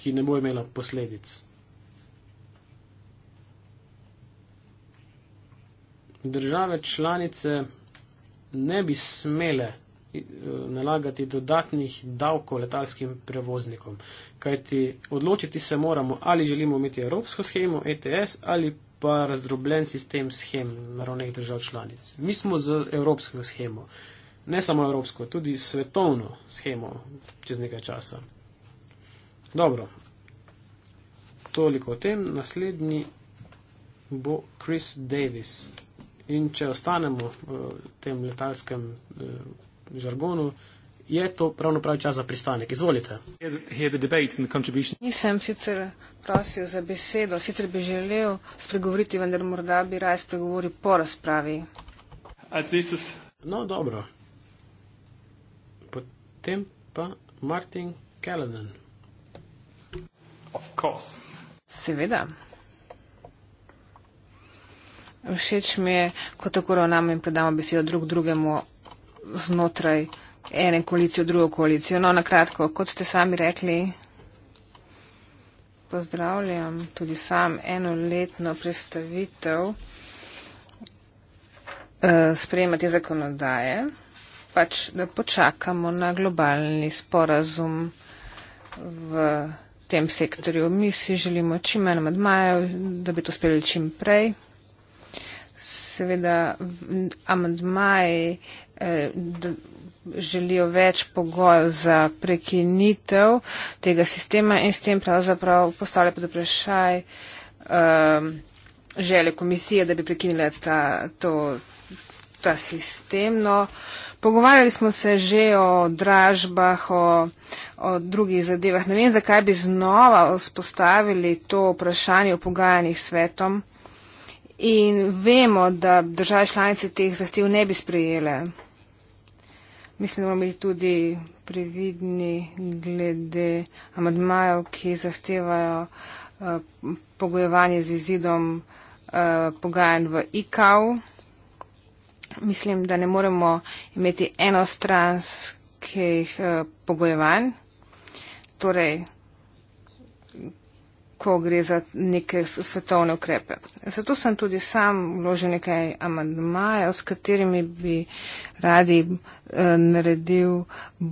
ki ne bo imela posledic. države članice ne bi smele eh, nalagati dodatnih davkov letalskim prevoznikom. Kajti odločiti se moramo, ali želimo imeti evropsko schemo ETS ali pa razdrobljen sistem schem naravnih držav članic. Mi smo z evropsko schemo, ne samo evropsko, tudi svetovno schemo čez nekaj časa. Dobro, toliko o tem. Naslednji bo Chris Davis. In če ostanemo v tem letalskem eh, žargonu, je to pravno pravi čas za pristanek. Izvolite. Nisem sicer prosil za besedo, sicer bi želel spregovoriti, vendar morda bi raje spregovoril po razpravi. No, dobro. Potem pa Martin Kellenen. Seveda. Všeč mi je, ko tako ravnamo in predamo besedo drug drugemu znotraj ene koalicije v drugo koalicijo. No, na kratko, kot ste sami rekli, pozdravljam tudi sam enoletno prestavitev eh, sprejema te zakonodaje. Pač, da počakamo na globalni sporazum v tem sektorju. Mi si želimo čim manj amandmajev, da bi to sprejeli čim prej seveda amandmaji eh, želijo več pogojev za prekinitev tega sistema in s tem pravzaprav postavlja pod vprašaj um, želje komisije, da bi prekinila ta, to, ta sistem. No, pogovarjali smo se že o dražbah, o, o drugih zadevah. Ne vem, zakaj bi znova vzpostavili to vprašanje o pogajanjih svetom in vemo, da države članice teh zahtev ne bi sprejele. Mislim, da bomo biti tudi previdni glede amadmajev, ki zahtevajo uh, pogojevanje z izidom uh, pogajanj v IKAV. Mislim, da ne moremo imeti enostranskih uh, pogojevanj. Torej, ko gre za neke svetovne ukrepe. Zato sem tudi sam vložil nekaj amandmajev, s katerimi bi radi eh, naredil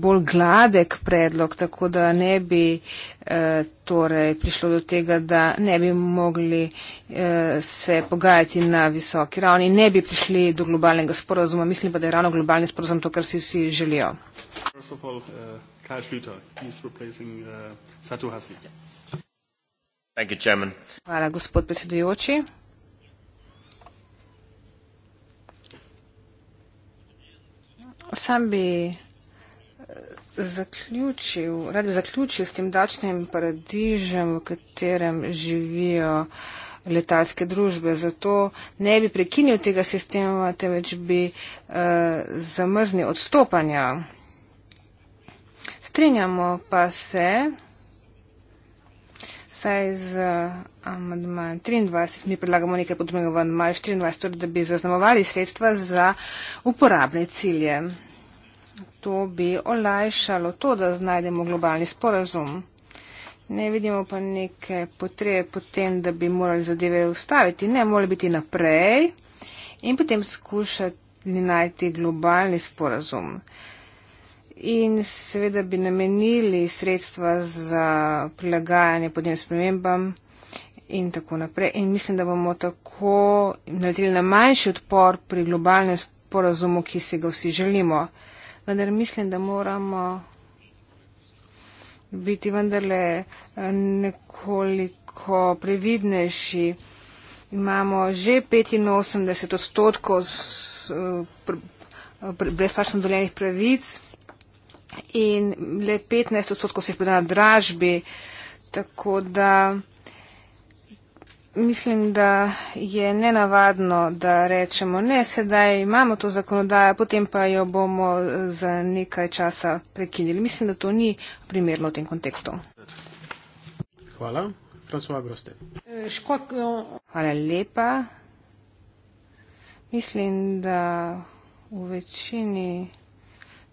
bolj gladek predlog, tako da ne bi eh, torej prišlo do tega, da ne bi mogli eh, se pogajati na visoki ravni, ne bi prišli do globalnega sporozuma. Mislim pa, da je ravno globalni sporozum to, kar si vsi želijo. Kaj je Šljuter? Je replacing uh, Satu Hasi. Yeah. Hvala, gospod predsedujoči. Sam bi eh, zaključil, rad bi zaključil s tem davčnim paradižem, v katerem živijo letalske družbe. Zato ne bi prekinil tega sistema, temveč bi uh, zamrznil odstopanja. Strinjamo pa se, saj z amandman 23, mi predlagamo nekaj podobnega v amandmaju 24, torej da bi zaznamovali sredstva za uporabne cilje. To bi olajšalo to, da najdemo globalni sporazum. Ne vidimo pa neke potrebe potem, da bi morali zadeve ustaviti. Ne, morali biti naprej in potem skušati najti globalni sporazum. Uh, in seveda bi namenili sredstva za prilagajanje podnebnim spremembam in tako naprej. In mislim, da bomo tako naredili na manjši odpor pri globalnem sporazumu, ki si ga vsi želimo. Vendar mislim, da moramo biti vendarle eh, nekoliko previdnejši. Imamo že 85 odstotkov eh, brezplačno doljenih pravic in le 15 odstotkov se jih poda na dražbi. Tako da mislim, da je nenavadno, da rečemo, ne, sedaj imamo to zakonodajo, potem pa jo bomo eh, za nekaj časa prekinili. Mislim, da to ni primerno v tem kontekstu. Hvala. Francova Groste. Eh, Hvala lepa. Mislim, da v večini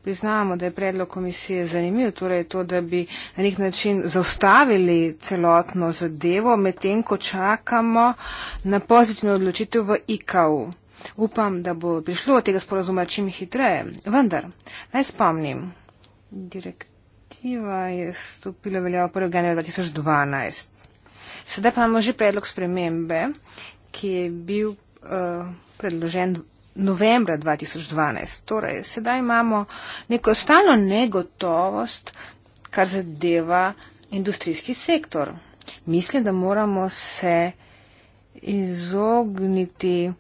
priznamo, da je predlog komisije zanimiv, torej to, da bi na nek način zaustavili celotno zadevo, medtem ko čakamo na pozitivno odločitev v IKV. Upam, da bo prišlo od tega sporozuma čim hitreje. Vendar, naj spomnim, direktiva je stopila veljavo 1. januarja 2012. Sedaj pa imamo že predlog spremembe, ki je bil uh, predložen novembra 2012. Torej, sedaj imamo neko stalno negotovost, kar zadeva industrijski sektor. Mislim, da moramo se izogniti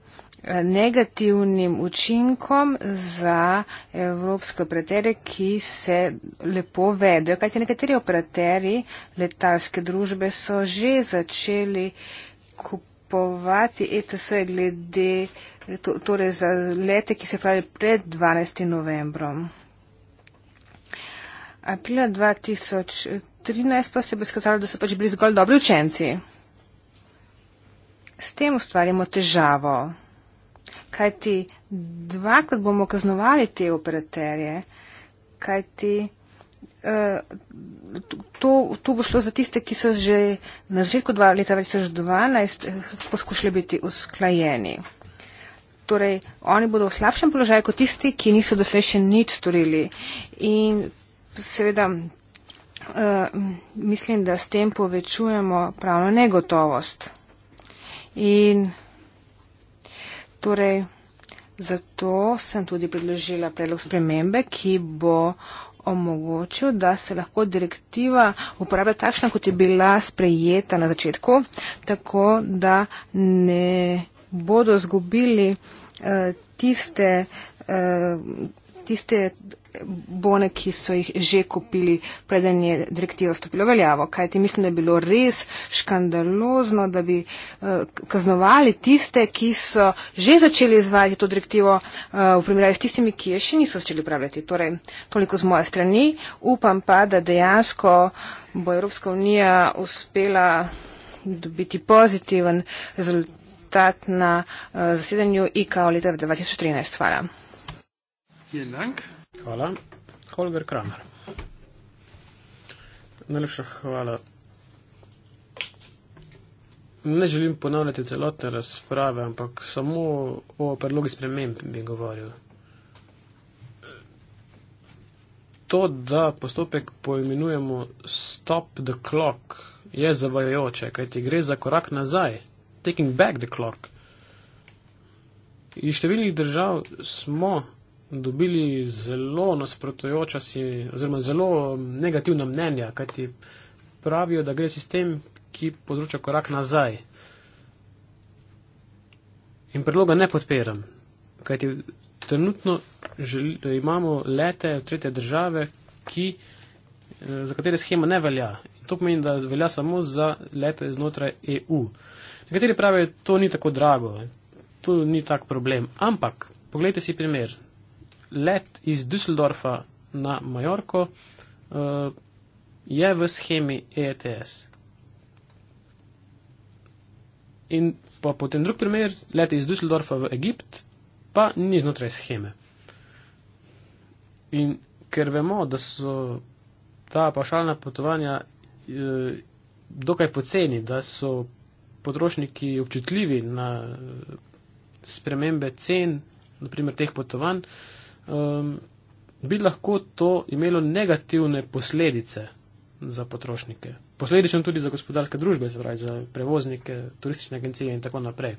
eh, negativnim učinkom za evropske operaterje, ki se lepo vedo. Kajte nekateri operaterji letalske družbe so že začeli uh, kupovati ETS glede, to, torej za lete, ki se pravi pred 12. novembrom. Aprila 2013 pa se bo skazalo, da so pač bili zgolj dobri učenci. S tem ustvarjamo težavo, kajti dvakrat bomo kaznovali te operaterje, kajti. Eh, to, to bo šlo za tiste, ki so že na začetku dva, leta 2012 eh, poskušali biti usklajeni. Torej, oni bodo v slabšem položaju kot tisti, ki niso doslej še nič storili. In seveda, Uh, mislim, da s tem povečujemo pravno negotovost. In torej, zato sem tudi predložila predlog spremembe, ki bo omogočil, da se lahko direktiva uporablja takšna, kot je bila sprejeta na začetku, tako da ne bodo zgubili uh, eh, tiste, uh, tiste bone, ki so jih že kupili, preden je direktiva stopila veljavo. Kaj ti mislim, da je bilo res škandalozno, da bi eh, kaznovali tiste, ki so že začeli izvajati to direktivo eh, v primerjavi s tistimi, ki je še niso začeli upravljati. Torej, toliko z moje strani. Upam pa, da dejansko bo Evropska unija uspela dobiti pozitiven rezultat na eh, zasedanju IKO leta 2013. Hvala. Vielen Dank. Hvala. Holger Kramer. Najlepša hvala. Ne želim ponavljati celotne razprave, ampak samo o predlogi sprememb bi govoril. To, da postopek poimenujemo stop the clock, je zavajajoče, kajti gre za korak nazaj, taking back the clock. Iz številnih držav smo dobili zelo nasprotujoča si, oziroma zelo negativna mnenja, kajti pravijo, da gre sistem, ki področa korak nazaj. In predloga ne podpiram, kajti trenutno želi, imamo lete v tretje države, ki, eh, za katere schema ne velja. In to pomeni, da velja samo za lete znotraj EU. Nekateri pravijo, da to ni tako drago, to ni tak problem. Ampak, poglejte si primer let iz Düsseldorfa na Majorko uh, je v schemi ETS. In pa potem drug primer, let iz Düsseldorfa v Egipt, pa ni znotraj scheme. In ker vemo, da so ta pašalna potovanja uh, dokaj poceni, da so potrošniki občutljivi na eh, spremembe cen, naprimer teh potovanj, uh, um, bi lahko to imelo negativne posledice za potrošnike. Posledično tudi za gospodarske družbe, se pravi za prevoznike, turistične agencije in tako naprej.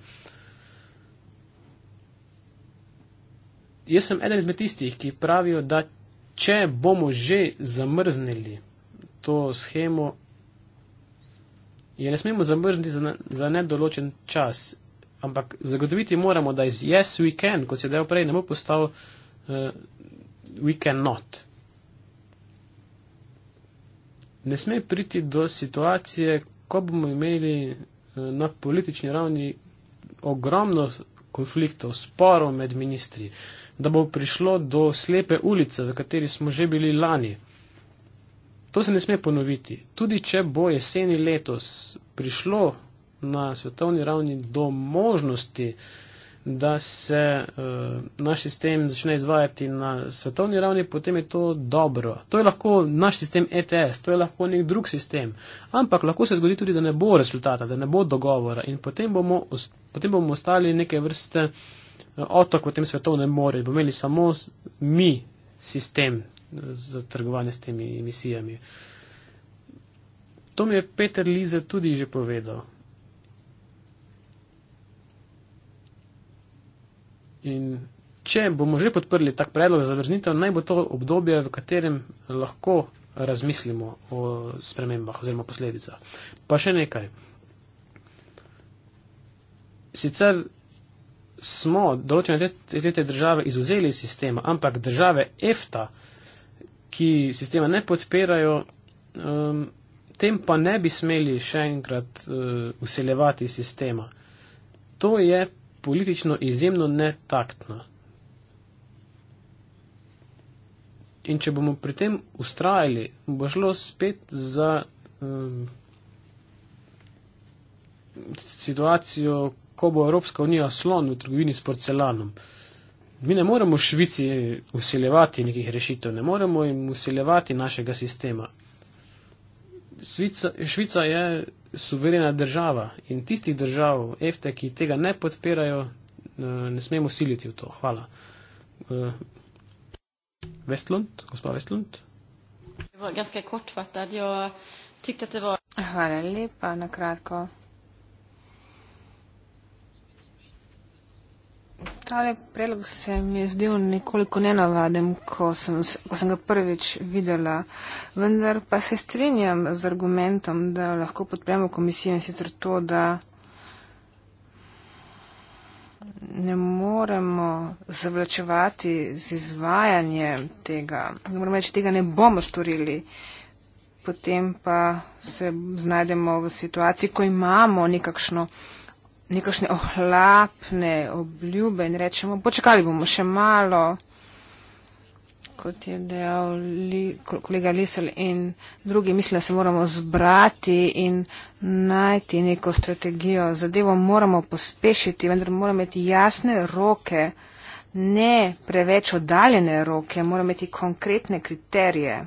Jaz sem eden izmed tistih, ki pravijo, da če bomo že zamrznili to schemo, je ne smemo zamrzniti za, ne, za nedoločen čas, ampak zagotoviti moramo, da iz yes we can, kot se je dejal prej, ne bo postal uh, uh, we cannot. Ne sme priti do situacije, ko bomo imeli uh, na politični ravni ogromno konfliktov, sporov med ministri, da bo prišlo do slepe ulice, v kateri smo že bili lani. To se ne sme ponoviti. Tudi če bo jeseni letos prišlo na svetovni ravni do možnosti uh, da se uh, naš sistem začne izvajati na svetovni ravni, potem je to dobro. To je lahko naš sistem ETS, to je lahko nek drug sistem. Ampak lahko se zgodi tudi, da ne bo rezultata, da ne bo dogovora in potem bomo, potem bomo ostali neke vrste eh, otok v tem svetovnem morju. Bomo imeli samo mi sistem eh, za trgovanje s temi emisijami. To mi je Peter Lize tudi že povedal. In če bomo že podprli tak predlog za vrznitev, naj bo to obdobje, v katerem lahko razmislimo o spremembah oziroma posledicah. Pa še nekaj. Sicer smo določene te, te, te države izuzeli iz sistema, ampak države EFTA, ki sistema ne podpirajo, um, tem pa ne bi smeli še enkrat uh, useljevati sistema. To je politično izjemno netaktno. In če bomo pri tem ustrajali, bo šlo spet za um, situacijo, ko bo Evropska unija slon v trgovini s porcelanom. Mi ne moremo Švici usiljevati nekih rešitev, ne moremo jim usiljevati našega sistema. Švica, švica je suverena država in tistih držav EFTE, ki tega ne podpirajo, eh, ne smemo siliti v to. Hvala. Eh, Vestlund, gospod Vestlund. Hvala lepa, na kratko. Tale predlog se mi je zdel nekoliko nenavaden, ko sem, ko sem ga prvič videla, vendar pa se strinjam z argumentom, da lahko podpremo komisijo in sicer to, da ne moremo zavlačevati z izvajanjem tega. Ne moremo reči, tega ne bomo storili. Potem pa se znajdemo v situaciji, ko imamo nekakšno nekakšne ohlapne obljube in rečemo, počakali bomo še malo, kot je dejal li, kolega Lisel in drugi, mislim, da se moramo zbrati in najti neko strategijo. Zadevo moramo pospešiti, vendar moramo imeti jasne roke, ne preveč oddaljene roke, moramo imeti konkretne kriterije.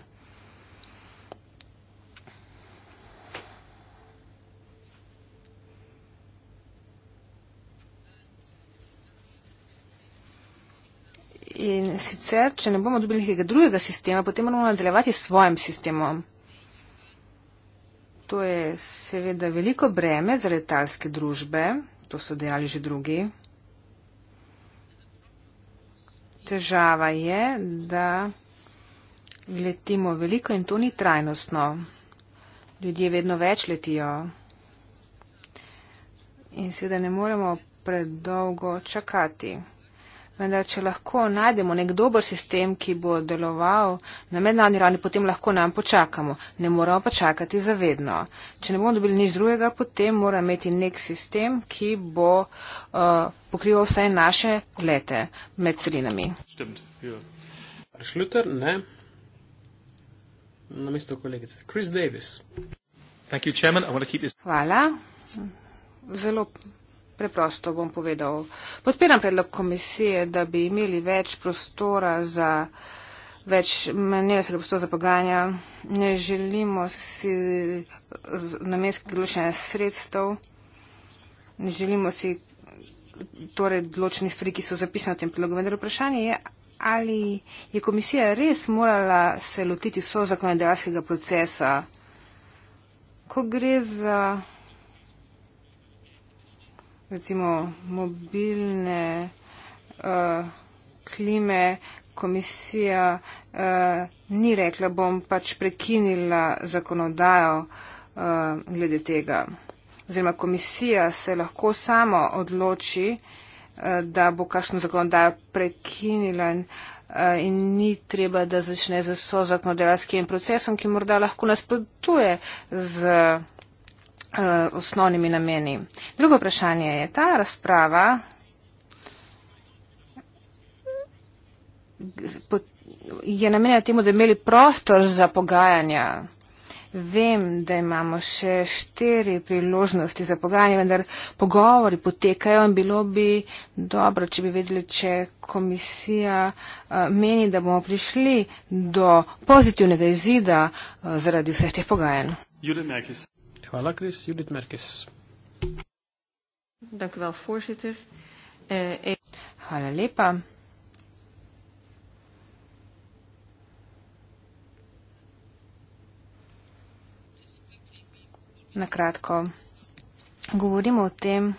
In sicer, če ne bomo dobili nekega drugega sistema, potem moramo nadaljevati s svojim sistemom. To je seveda veliko breme za letalske družbe, to so dejali že drugi. Težava je, da letimo veliko in to ni trajnostno. Ljudje vedno več letijo. In seveda ne moremo predolgo čakati. Vendar, če lahko najdemo nek dober sistem, ki bo deloval na mednarodni ravni, potem lahko nam počakamo. Ne moramo pa čakati zavedno. Če ne bomo dobili nič drugega, potem moramo imeti nek sistem, ki bo uh, pokrival vsaj naše lete med celinami. Šluter, ja. ne. Na mesto kolegice. Chris Davis. Hvala. Zelo preprosto bom povedal. Podpiram predlog komisije, da bi imeli več prostora za več mnenjega prostora za poganja. Ne želimo si namenskih določenja sredstev, ne želimo si torej določenih stvari, ki so zapisane v tem predlogu. Vendar vprašanje je, ali je komisija res morala se lotiti so zakonodajalskega procesa, ko gre za recimo mobilne uh, klime, komisija uh, ni rekla, bom pač prekinila zakonodajo uh, glede tega. Oziroma komisija se lahko samo odloči, uh, da bo kakšno zakonodajo prekinila in, uh, in ni treba, da začne z vso zakonodajalskim procesom, ki morda lahko nasprotuje z. Uh, uh, osnovnimi nameni. Drugo vprašanje je ta razprava. Je namenjena temu, da bi imeli prostor za pogajanja. Vem, da imamo še štiri priložnosti za pogajanje, vendar pogovori potekajo in bilo bi dobro, če bi vedeli, če komisija uh, meni, da bomo prišli do pozitivnega izida uh, zaradi vseh teh pogajanj. Judith, Hvala, Chris. Judith Merkis. Dank u wel, voorzitter. Uh, e lepa. Na kratko, govorimo o tem,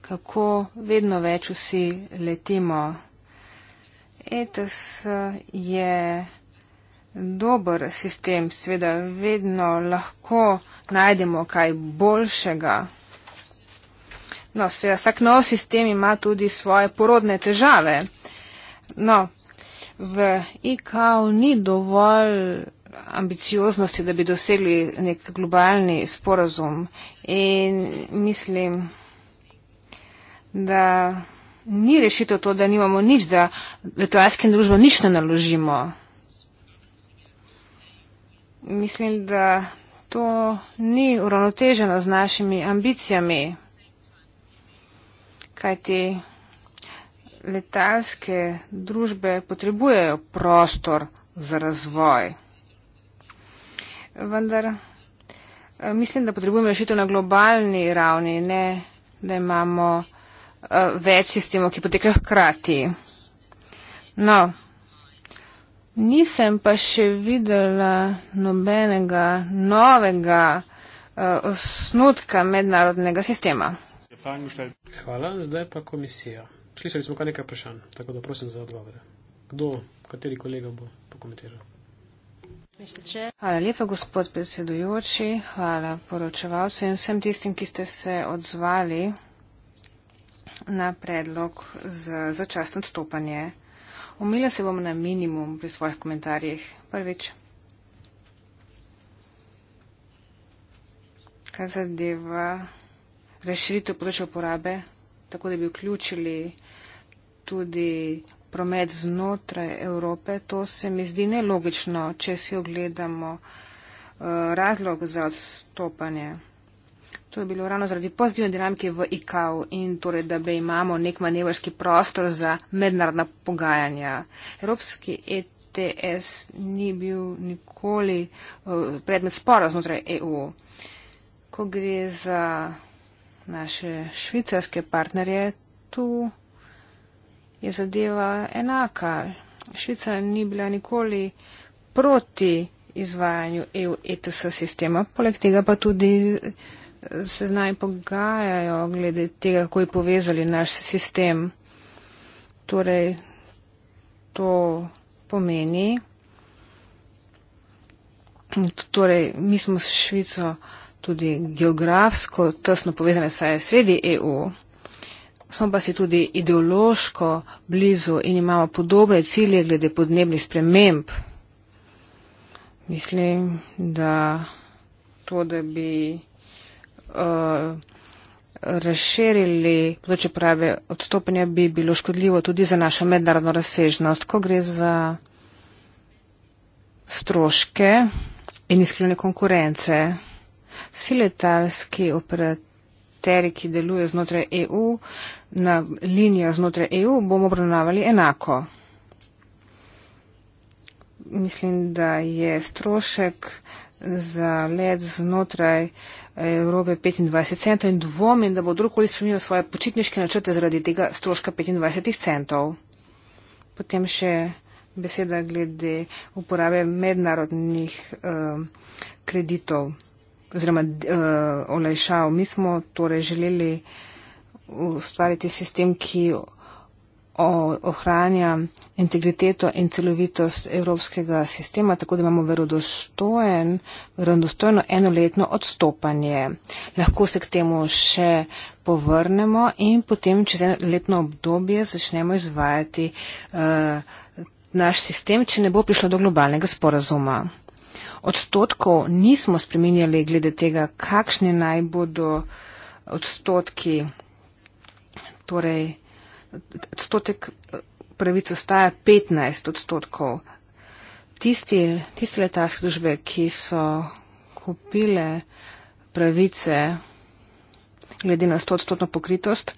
kako vedno več vsi letimo. ETS je dober sistem, seveda vedno lahko najdemo kaj boljšega. No, seveda vsak nov sistem ima tudi svoje porodne težave. No, v IKV ni dovolj ambicioznosti, da bi dosegli nek globalni sporazum in mislim, da ni rešitev to, da nimamo nič, da letalskim družbam nič ne naložimo mislim, da to ni uravnoteženo z našimi ambicijami, kajti letalske družbe potrebujejo prostor za razvoj. Vendar eh, mislim, da potrebujemo rešitev na globalni ravni, ne da imamo eh, več sistemov, ki potekajo hkrati. No, Nisem pa še videla nobenega novega uh, osnutka mednarodnega sistema. Hvala, zdaj pa komisija. Slišali smo kar nekaj vprašanj, tako da prosim za odgovore. Kdo, kateri kolega bo pokomentiral? Hvala lepa, gospod predsedujoči, hvala poročevalcem in vsem tistim, ki ste se odzvali na predlog za začasno odstopanje. Omila se bom na minimum pri svojih komentarjih. Prvič, kar zadeva razširitev področja uporabe, tako da bi vključili tudi promet znotraj Evrope, to se mi zdi nelogično, če si ogledamo eh, razlog za odstopanje. To je bilo ravno zaradi pozitivne dinamike v IKAV in torej, da bi imamo nek manevrski prostor za mednarodna pogajanja. Evropski ETS ni bil nikoli eh, predmet spora znotraj EU. Ko gre za naše švicarske partnerje, tu je zadeva enaka. Švica ni bila nikoli proti izvajanju EU ETS sistema, poleg tega pa tudi se z nami pogajajo glede tega, kako je povezali naš sistem. Torej, to pomeni, torej, mi smo s Švico tudi geografsko tesno povezane, saj je sredi EU, smo pa si tudi ideološko blizu in imamo podobne cilje glede podnebnih sprememb. Mislim, da to, da bi. Eh, razširili, če pravi odstopanje, bi bilo škodljivo tudi za našo mednarodno razsežnost, ko gre za stroške in iskrene konkurence. Vsi letalski operateri, ki deluje znotraj EU, na linijo znotraj EU, bomo obravnavali enako. Mislim, da je strošek za let znotraj eh, Evrope 25 centov in dvomim, da bo drugoli spremenil svoje počitniške načrte zaradi tega stroška 25 centov. Potem še beseda glede uporabe mednarodnih uh, kreditov oziroma uh, olajšav. Mi smo torej želeli ustvariti sistem, ki ohranja integriteto in celovitost evropskega sistema, tako da imamo verodostojen, verodostojno enoletno odstopanje. Lahko se k temu še povrnemo in potem čez enoletno obdobje začnemo izvajati uh, naš sistem, če ne bo prišlo do globalnega sporazuma. Odstotkov nismo spreminjali glede tega, kakšni naj bodo odstotki. Torej, odstotek eh, pravic ostaja 15 odstotkov. Tisti, tiste letalske družbe, ki so kupile pravice glede na 100 odstotno pokritost,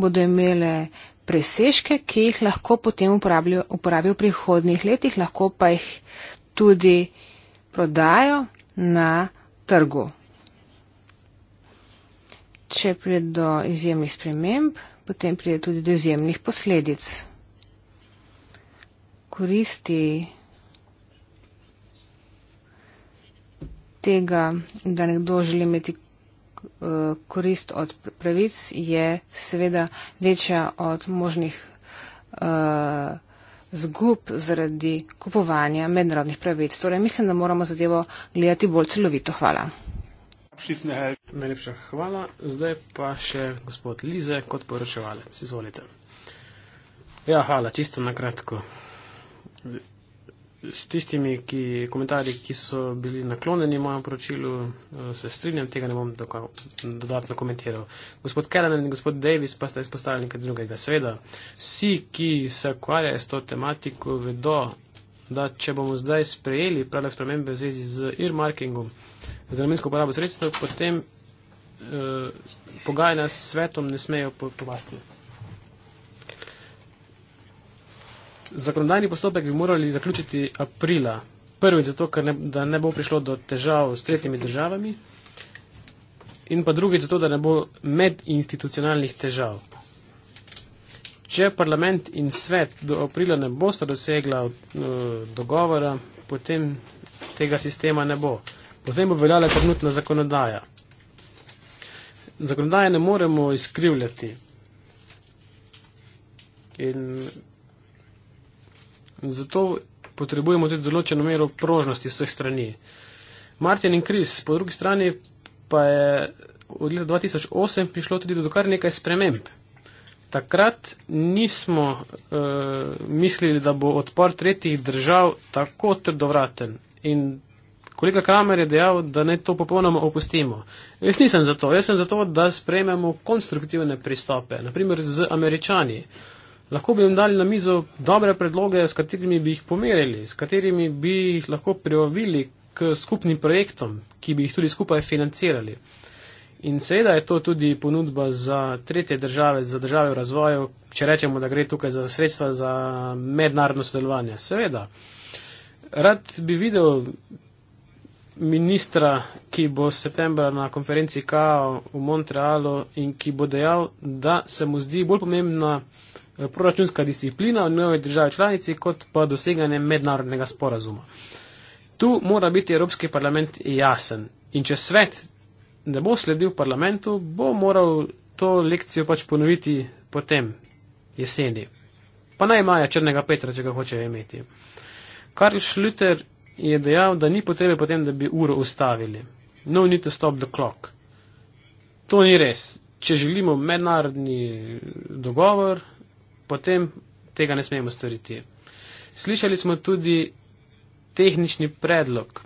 bodo imele presežke, ki jih lahko potem uporabijo v prihodnih letih, lahko pa jih tudi prodajo na trgu. Če pride do izjemnih sprememb, potem pride tudi do izjemnih posledic. Koristi tega, da nekdo želi imeti eh, korist od pravic, je seveda večja od možnih eh, zgub zaradi kupovanja mednarodnih pravic. Torej, mislim, da moramo zadevo gledati bolj celovito. Hvala prisne hel. Najlepša hvala. Zdaj pa še gospod Lize kot poročevalec. Izvolite. Ja, hvala, čisto na kratko. S tistimi ki, komentarji, ki so bili naklonjeni mojemu poročilu, eh, se strinjam, tega ne bom dodatno komentiral. Gospod Kellen in gospod Davis pa sta izpostavili nekaj drugega. Seveda, vsi, ki se ukvarjajo s to tematiko, vedo, da če bomo zdaj sprejeli predlog spremembe v zvezi z earmarkingom, za namensko uporabo sredstva, potem eh, pogajanja s svetom ne smejo povasti. Zakonodajni postopek bi morali zaključiti aprila. Prvi zato, ker ne, da ne bo prišlo do težav s tretjimi državami in pa drugi zato, da ne bo medinstitucionalnih težav. Če parlament in svet do aprila ne bosta dosegla uh, dogovora, potem tega sistema ne bo. Uh, potem bo veljala trenutna zakonodaja. Zakonodaje ne moremo izkrivljati. In zato potrebujemo tudi določeno mero prožnosti vseh strani. Martin in Kris, po drugi strani pa je od leta 2008 prišlo tudi do kar nekaj sprememb. Takrat nismo uh, mislili, da bo odpor tretjih držav tako trdovraten in Kolega Kramer je dejal, da ne to popolnoma opustimo. Jaz nisem za to. Jaz sem za to, da sprejmemo konstruktivne pristope. Naprimer z američani. Lahko bi jim dali na mizo dobre predloge, s katerimi bi jih pomerili, s katerimi bi jih lahko privabili k skupnim projektom, ki bi jih tudi skupaj financirali. In seveda je to tudi ponudba za tretje države, za države v razvoju, če rečemo, da gre tukaj za sredstva za mednarodno sodelovanje. Seveda. Rad bi videl ministra, ki bo septembra na konferenci KAO v Montrealu in ki bo dejal, da se mu zdi bolj pomembna eh, proračunska disciplina v njegovi državi članici, kot pa doseganje mednarodnega sporazuma. Tu mora biti Evropski parlament jasen in če svet ne bo sledil parlamentu, bo moral to lekcijo pač ponoviti potem jeseni. Pa naj maja črnega Petra, če ga hoče imeti. Karl Schlüter je dejal, da ni potrebe potem, da bi uro ustavili. No need to stop the clock. To ni res. Če želimo mednarodni dogovor, potem tega ne smemo storiti. Slišali smo tudi tehnični predlog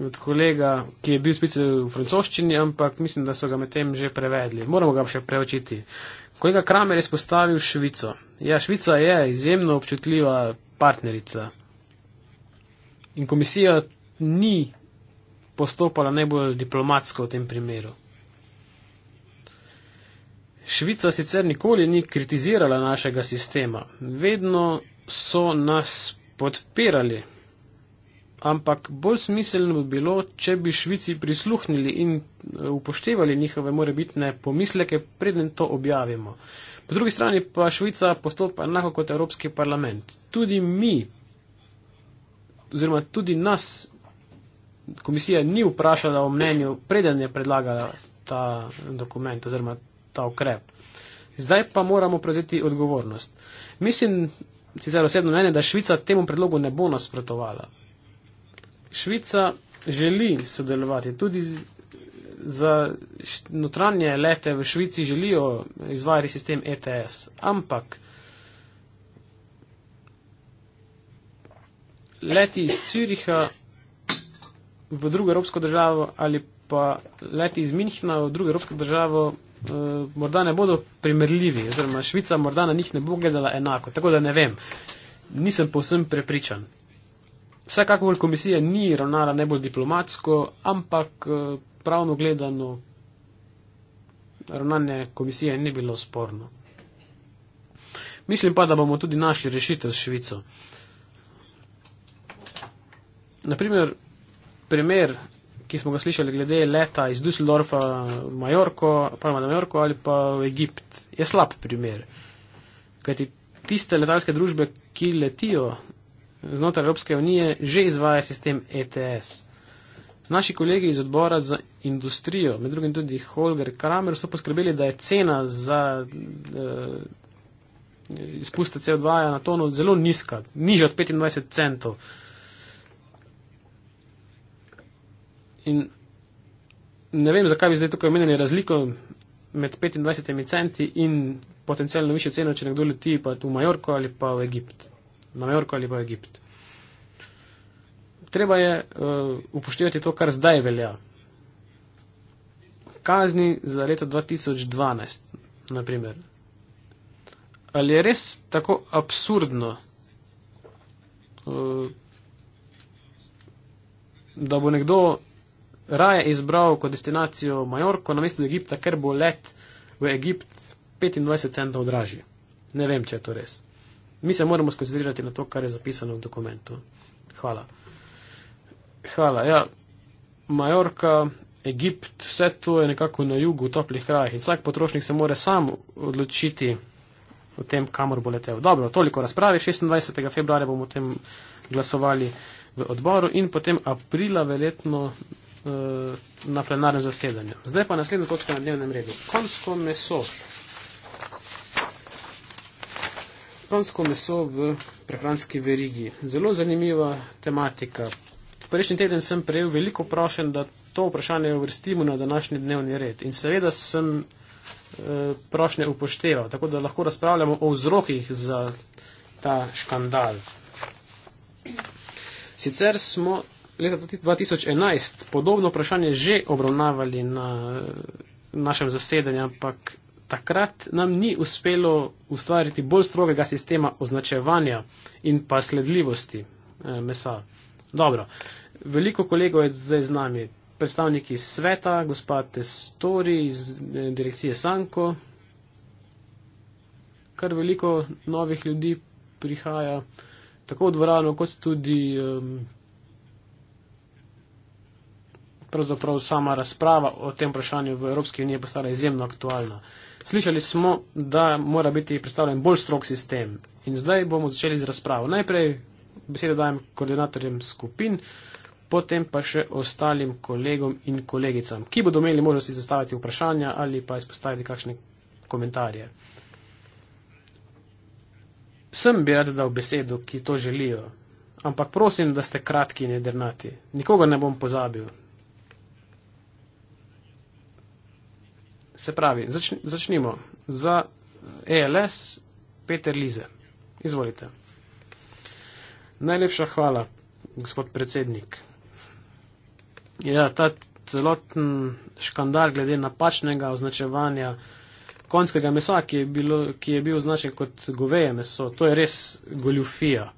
od kolega, ki je bil spice v francoščini, ampak mislim, da so ga med tem že prevedli. Moramo ga še preočiti. Kolega Kramer je spostavil Švico. Ja, Švica je izjemno občutljiva partnerica. In komisija ni postopala najbolj diplomatsko v tem primeru. Švica sicer nikoli ni kritizirala našega sistema, vedno so nas podpirali. Ampak bolj smiselno bi bilo, če bi Švici prisluhnili in eh, upoštevali njihove morebitne pomisleke, preden to objavimo. Po drugi strani pa Švica postopa enako kot Evropski parlament. Tudi mi oziroma tudi nas komisija ni vprašala o mnenju, preden je predlagala ta dokument oziroma ta ukrep. Zdaj pa moramo prevzeti odgovornost. Mislim, sicer osebno mnenje, da Švica temu predlogu ne bo nasprotovala. Švica želi sodelovati tudi za notranje lete v Švici želijo izvajati sistem ETS, ampak leti iz Züricha v drugo evropsko državo ali pa leti iz Minhna v drugo evropsko državo, uh, morda ne bodo primerljivi, oziroma Švica morda na njih ne bo gledala enako, tako da ne vem, nisem povsem prepričan. Vsekakor komisija ni ravnala najbolj diplomatsko, ampak eh, pravno gledano ravnanje komisije ni bilo sporno. Mislim pa, da bomo tudi našli rešitev s Švico naprimer, primer, ki smo ga slišali glede leta iz Düsseldorfa v Majorko, Palma na Majorko ali pa v Egipt, je slab primer. Kajti tiste letalske družbe, ki letijo znotraj Evropske unije, že izvaja sistem ETS. Naši kolegi iz odbora za industrijo, med drugim tudi Holger Kramer, so poskrbeli, da je cena za eh, izpuste CO2 na tono zelo nizka, nižja od 25 centov. In ne vem, zakaj bi zdaj tukaj omenili razliko med 25 centi in potencijalno više ceno, če nekdo leti pa v Majorko ali pa v Egipt. Na Majorko ali pa v Egipt. Treba je uh, upoštevati to, kar zdaj velja. Kazni za leto 2012, naprimer. Ali je res tako absurdno, uh, da bo nekdo raje izbral kot destinacijo Majorko na mestu Egipta, ker bo let v Egipt 25 centov dražji. Ne vem, če je to res. Mi se moramo skoncentrirati na to, kar je zapisano v dokumentu. Hvala. Hvala. Ja, Majorka, Egipt, vse to je nekako na jugu, v toplih krajih. In vsak potrošnik se more sam odločiti o tem, kamor bo letel. Dobro, toliko razprave. 26. februarja bomo o tem glasovali v odboru in potem aprila verjetno Eh, na plenarnem zasedanju. Zdaj pa naslednja točka na dnevnem redu. Konsko meso. Konsko meso v prehranski verigi. Zelo zanimiva tematika. Prejšnji teden sem prejel veliko prošen, da to vprašanje uvrstimo na današnji dnevni red. In seveda sem eh, prošnje upošteval, tako da lahko razpravljamo o vzrokih za ta škandal. Sicer smo leta 2011 podobno vprašanje že obravnavali na našem zasedanju, ampak takrat nam ni uspelo ustvariti bolj strogega sistema označevanja in pa sledljivosti eh, mesa. Dobro, veliko kolegov je zdaj z nami, predstavniki sveta, gospa Testori iz eh, direkcije Sanko, kar veliko novih ljudi prihaja, tako v dvorano, kot tudi. Eh, pravzaprav sama razprava o tem vprašanju v Evropski uniji postala izjemno aktualna. Slišali smo, da mora biti predstavljen bolj strok sistem in zdaj bomo začeli z razpravo. Najprej besedo dajem koordinatorjem skupin, potem pa še ostalim kolegom in kolegicam, ki bodo imeli možnosti zastaviti vprašanja ali pa izpostaviti kakšne komentarje. Sem bi rad dal besedo, ki to želijo, ampak prosim, da ste kratki in jedrnati. Nikoga ne bom pozabil, Se pravi, zač, začnimo. Za ELS Peter Lize. Izvolite. Najlepša hvala, gospod predsednik. Ja, ta celoten škandal glede napačnega označevanja konjskega mesa, ki je, bilo, ki je bil označen kot goveje meso, to je res goljufija.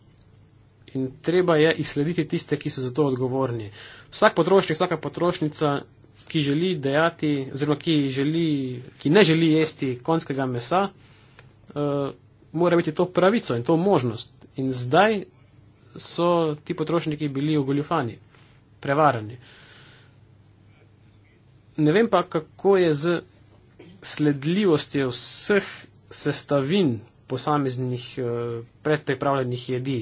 In treba je izslediti tiste, ki so za to odgovorni. Vsak potrošnik, vsaka potrošnica ki želi dejati, oziroma ki, želi, ki ne želi jesti konjskega mesa, uh, mora biti to pravico in to možnost. In zdaj so ti potrošniki bili ogoljufani, prevarani. Ne vem pa, kako je z sledljivostjo vseh sestavin posameznih uh, predpripravljenih jedi.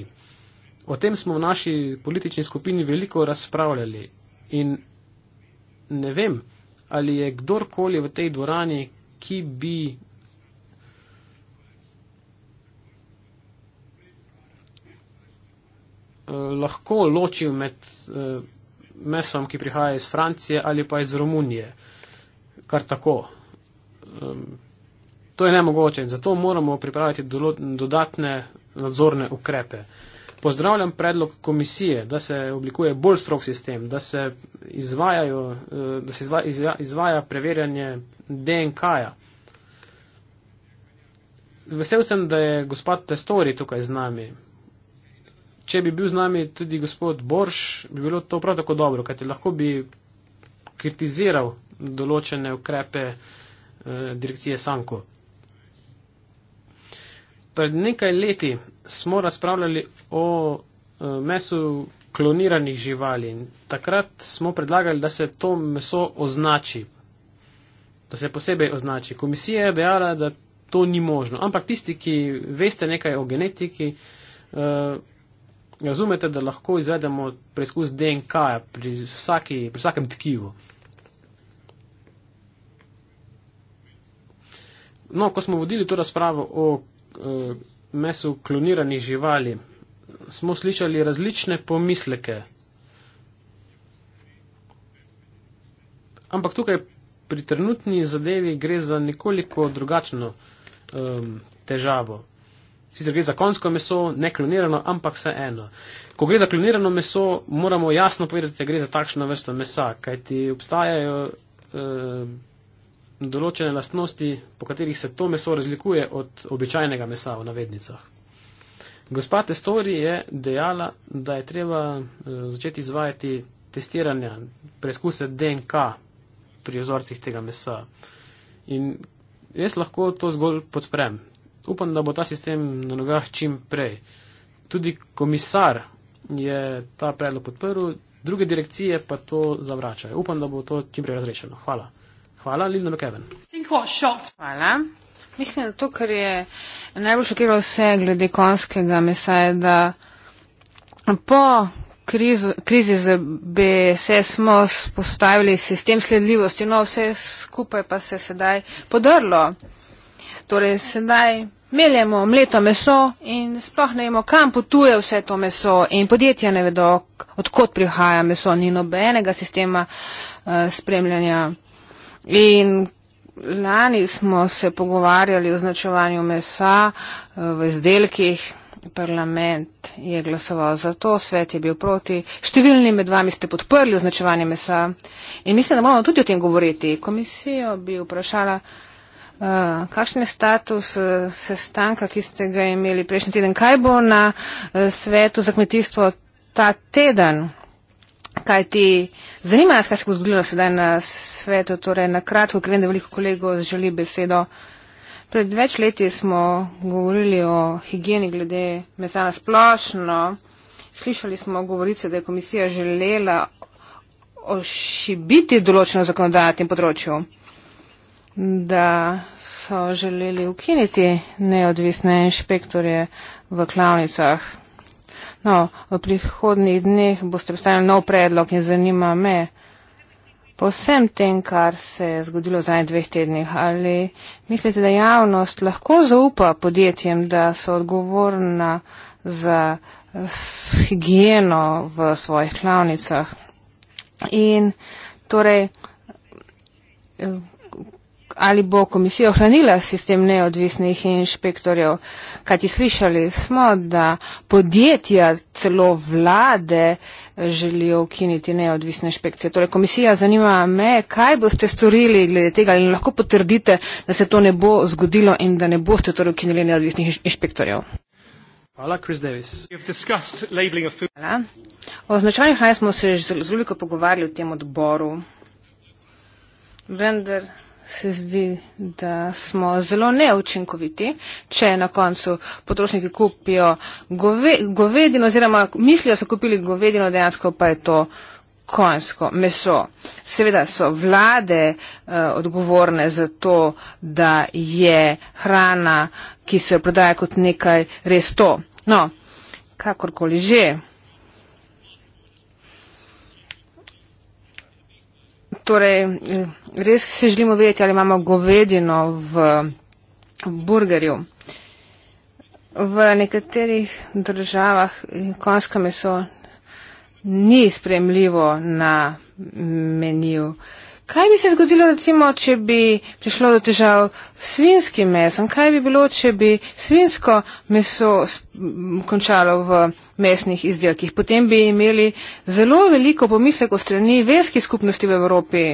O tem smo v naši politični skupini veliko razpravljali in ne vem, ali je kdorkoli v tej dvorani, ki bi eh, lahko ločil med eh, mesom, ki prihaja iz Francije ali pa iz Romunije. Kar tako. To je nemogoče in zato moramo pripraviti dodatne nadzorne ukrepe pozdravljam predlog komisije, da se oblikuje bolj strok sistem, da se, eh, da se izva, izva, izvaja preverjanje DNK-ja. Vesel sem, da je gospod Testori tukaj z nami. Če bi bil z nami tudi gospod Borš, bi bilo to prav tako dobro, kajte lahko bi kritiziral določene ukrepe eh, direkcije Sanko. Pred nekaj leti smo razpravljali o eh, mesu kloniranih živali in takrat smo predlagali, da se to meso označi, da se posebej označi. Komisija je dejala, da to ni možno, ampak tisti, ki veste nekaj o genetiki, eh, razumete, da lahko izvedemo preizkus DNK pri, vsaki, pri vsakem tkivu. No, ko smo vodili to razpravo o uh, eh, mesu kloniranih živali, smo slišali različne pomisleke. Ampak tukaj pri trenutni zadevi gre za nekoliko drugačno um, težavo. Sicer gre za konsko meso, ne klonirano, ampak vse eno. Ko gre za klonirano meso, moramo jasno povedati, da gre za takšno vrsto mesa, kajti obstajajo. Uh, določene lastnosti, po katerih se to meso razlikuje od običajnega mesa v navednicah. Gospa Testori je dejala, da je treba eh, začeti izvajati testiranja, preizkuse DNK pri vzorcih tega mesa. In jaz lahko to zgolj podprem. Upam, da bo ta sistem na nogah čim prej. Tudi komisar je ta predlog podprl, druge direkcije pa to zavračajo. Upam, da bo to čim prej razrešeno. Hvala. Hvala, Linda Lukeven. Mislim, da to, kar je najbolj šokiralo vse glede konskega mesa, je, da po kriz, krizi z BS smo spostavili sistem sledljivosti, no vse skupaj pa se sedaj podrlo. Torej, sedaj meljemo mleto meso in sploh ne vemo, kam potuje vse to meso in podjetja ne vedo, odkot prihaja meso, ni nobenega sistema uh, spremljanja. In lani smo se pogovarjali o značevanju mesa eh, v izdelkih. Parlament je glasoval za to, svet je bil proti. Številni med vami ste podprli označevanje mesa in mislim, da moramo tudi o tem govoriti. Komisijo bi vprašala, uh, kakšen je status uh, sestanka, ki ste ga imeli prejšnji teden. Kaj bo na uh, svetu za kmetijstvo ta teden? kaj ti zanima, nas, kaj se bo zgodilo sedaj na svetu. Torej, na kratko, ker vem, da veliko kolegov želi besedo. Pred več leti smo govorili o higieni glede mesa na splošno. Slišali smo govorice, da je komisija želela ošibiti določeno zakonodajo na tem področju, da so želeli ukiniti neodvisne inšpektorje v klavnicah. No, v prihodnih dneh boste postavili nov predlog in zanima me, po vsem tem, kar se je zgodilo v zadnjih dveh tednih, ali mislite, da javnost lahko zaupa podjetjem, da so odgovorna za higieno v svojih klavnicah? In torej ali bo komisija ohranila sistem neodvisnih inšpektorjev, kajti slišali smo, da podjetja, celo vlade želijo ukiniti neodvisne inšpekcije. Torej, komisija zanima me, kaj boste storili glede tega in lahko potrdite, da se to ne bo zgodilo in da ne boste torej ukinili neodvisnih inšpektorjev. Hvala, Chris Davis. Hvala. O označanju hrane smo se že zelo veliko pogovarjali v tem odboru. Vendar. Render se zdi, da smo zelo neučinkoviti, če na koncu potrošniki kupijo gove, govedino oziroma mislijo, da so kupili govedino, dejansko pa je to konjsko meso. Seveda so vlade uh, odgovorne za to, da je hrana, ki se jo prodaja kot nekaj res to. No, kakorkoli že. Torej, res se želimo vedeti, ali imamo govedino v burgerju. V nekaterih državah konjsko meso ni spremljivo na meniju. Kaj bi se zgodilo, recimo, če bi prišlo do težav s svinskim mesom? Kaj bi bilo, če bi svinsko meso končalo v mesnih izdelkih? Potem bi imeli zelo veliko pomislek o strani verskih skupnosti v Evropi.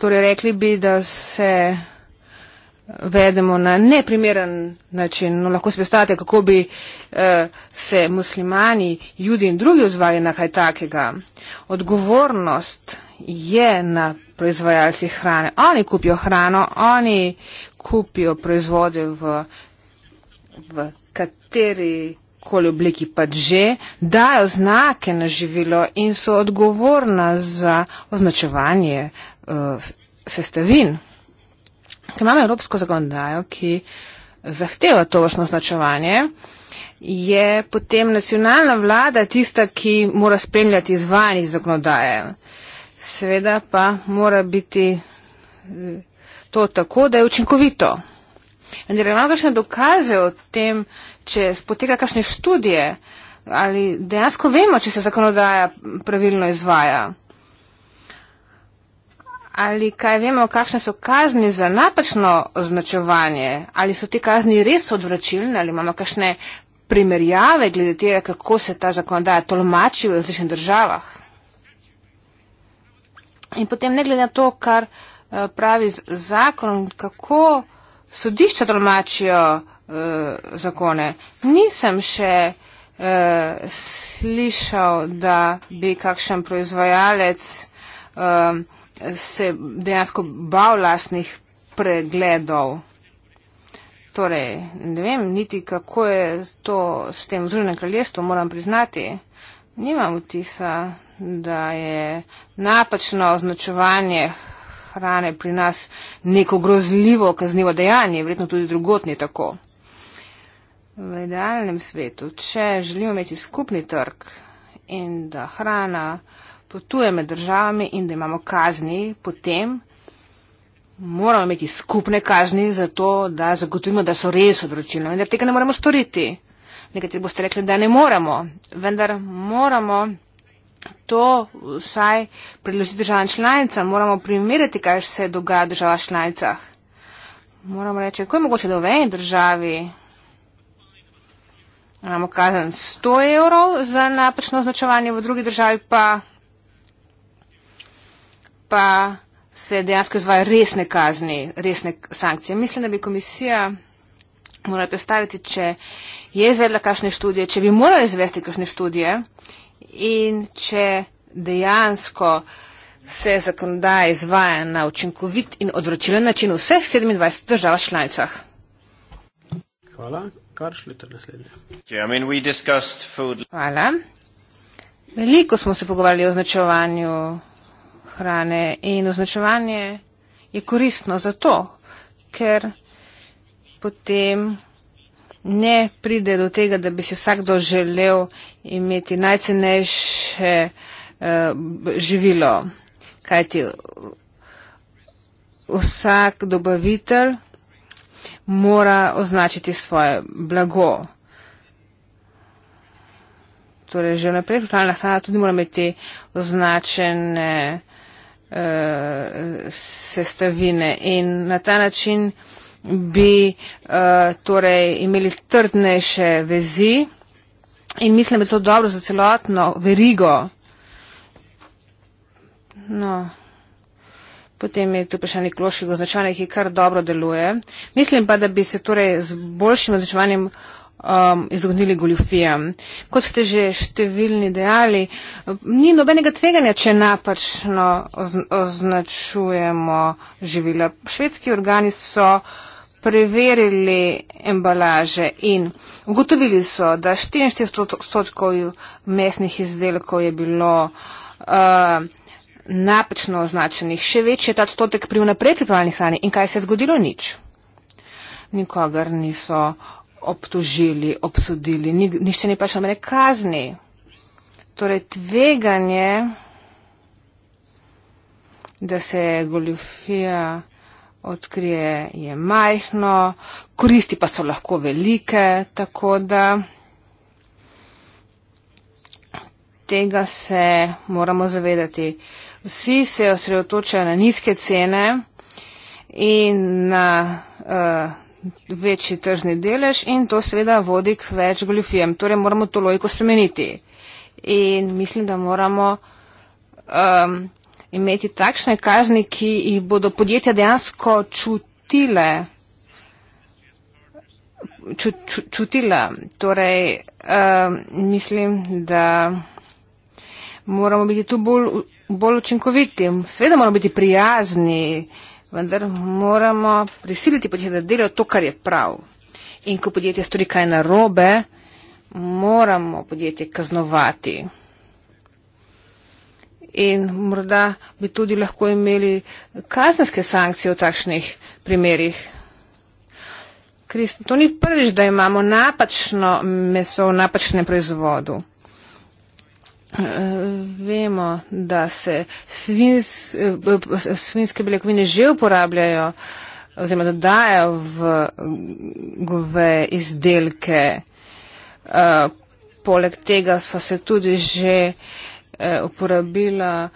Torej, rekli bi, da se vedemo na neprimeren način. No, lahko se predstavljate, kako bi eh, se muslimani, judi in drugi odzvali na kaj takega. Odgovornost je na proizvajalcih hrane. Oni kupijo hrano, oni kupijo proizvode v, v kateri koli obliki pač že, dajo znake na živilo in so odgovorna za označevanje eh, sestavin ker imamo evropsko zakonodajo, ki zahteva to vašno označevanje, je potem nacionalna vlada tista, ki mora spremljati izvajanje zakonodaje. Seveda pa mora biti eh, to tako, da je učinkovito. Vendar imamo kakšne dokaze o tem, če poteka kakšne študije ali dejansko vemo, če se zakonodaja pravilno izvaja ali kaj vemo, kakšne so kazni za napačno označevanje, ali so te kazni res odvračilne, ali imamo kakšne primerjave glede tega, kako se ta zakonodaja tolmači v različnih državah. In potem ne glede na to, kar eh, pravi zakon, kako sodišča tolmačijo uh, zakone. Nisem še uh, slišal, da bi kakšen proizvajalec uh, se dejansko bal lastnih pregledov. Torej, ne vem niti, kako je to s tem vzrunem kraljestvom, moram priznati. Nimam vtisa, da je napačno označevanje hrane pri nas neko grozljivo kaznivo dejanje, vredno tudi drugotni tako. V idealnem svetu, če želimo imeti skupni trg in da hrana potuje med državami in da imamo kazni, potem moramo imeti skupne kazni za to, da zagotovimo, da so res odročilne. Vendar tega ne moremo storiti. Nekateri boste rekli, da ne moramo. Vendar moramo to vsaj predložiti državam članicam, moramo primerjati, kaj se dogaja v državah članicah. Moramo reči, kako je mogoče, da v eni državi imamo kazen 100 evrov za napačno označevanje, v drugi državi pa pa se dejansko izvaja resne kazni, resne sankcije. Mislim, da bi komisija morala predstaviti, če je izvedla kakšne študije, če bi morala izvesti kakšne študije in če dejansko se zakonodaja izvaja na učinkovit in odvračilen način v vseh 27 državah članicah. Hvala. Kar šlite naslednje? Hvala. Veliko smo se pogovarjali o označevanju hrane in označevanje je koristno zato, ker potem ne pride do tega, da bi si vsakdo želel imeti najcenejše eh, živilo, kajti vsak dobavitelj mora označiti svoje blago. Torej, že naprej pripravljena hrana tudi mora imeti označene eh, sestavine in na ta način bi uh, torej imeli trdnejše vezi in mislim, da je to dobro za celotno verigo. No. Potem je tu vprašanje kloških označanja, ki kar dobro deluje. Mislim pa, da bi se torej z boljšim označevanjem uh, um, izognili goljufijam. Kot ste že številni dejali, ni nobenega tveganja, če napačno označujemo živila. Švedski organi so preverili embalaže in ugotovili so, da 44% mesnih izdelkov je bilo uh, napačno označenih, še več je ta odstotek pri vnaprej pripravljeni hrani. In kaj se je zgodilo? Nič. Nikogar niso obtožili, obsodili, nišče ni prišlo mene kazni. Torej, tveganje, da se goljofija odkrije, je majhno, koristi pa so lahko velike, tako da tega se moramo zavedati. Vsi se osredotočajo na nizke cene in na uh, večji tržni delež in to seveda vodi k več goljufijem. Torej moramo to logiko spremeniti. In mislim, da moramo um, imeti takšne kazni, ki jih bodo podjetja dejansko čutile. Ču, ču, čutila. Torej, um, mislim, da moramo biti tu bolj, bolj učinkoviti. Sveda moramo biti prijazni, uh, vendar moramo prisiliti podjetja, da delajo to, kar je prav. In ko podjetje stori kaj narobe, moramo podjetje kaznovati. In morda bi tudi lahko imeli kazenske sankcije v takšnih primerjih. To ni prvič, da imamo napačno meso v napačnem proizvodu. Eh, vemo, da se svins, eh, svinske beljakovine že uporabljajo oziroma dodajajo v mm, gove izdelke. Eh, poleg tega so se tudi že uporabila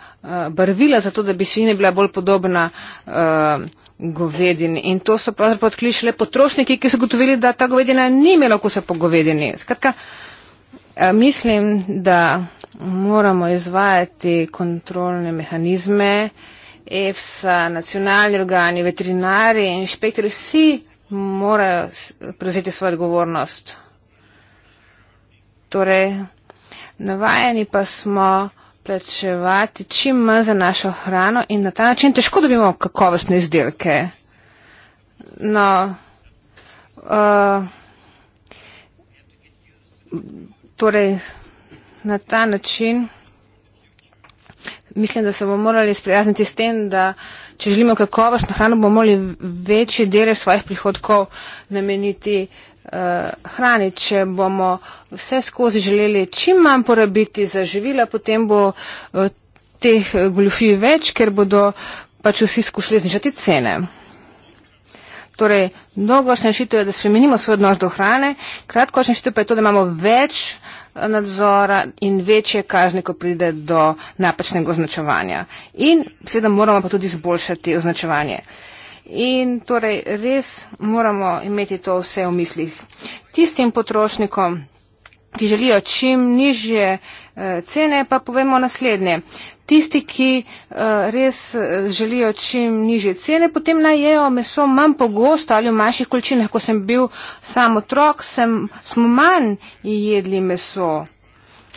barvila, zato da bi svinja bila bolj podobna govedini. In to so pravzaprav odklišile potrošniki, ki so gotovili, da ta govedina ni imela okusa po govedini. Skratka, mislim, da moramo izvajati kontrolne mehanizme, EFSA, nacionalni organi, veterinari in inšpektori, vsi morajo prevzeti svojo odgovornost. Torej, navajeni pa smo plačevati čim manj za našo hrano in na ta način težko dobimo kakovostne izdelke. No, uh, torej, na ta način, mislim, da se bomo morali sprijazniti s tem, da če želimo kakovostno hrano, bomo morali večji delež svojih prihodkov nameniti eh, hrani, če bomo vse skozi želeli čim manj porabiti za živila, potem bo eh, teh goljufij več, ker bodo pač vsi skušali znižati cene. Torej, dolgoročna rešitev je, da spremenimo svoj odnos do hrane, kratkoročna rešitev pa je to, da imamo več nadzora in večje kazne, ko pride do napačnega označevanja. In seveda moramo pa tudi izboljšati označevanje. In torej res moramo imeti to vse v mislih. Tistim potrošnikom, ki želijo čim nižje eh, cene, pa povemo naslednje. Tisti, ki eh, res eh, želijo čim nižje cene, potem najejo meso manj pogosto ali v manjših količinah. Ko sem bil samo otrok, sem, smo manj jedli meso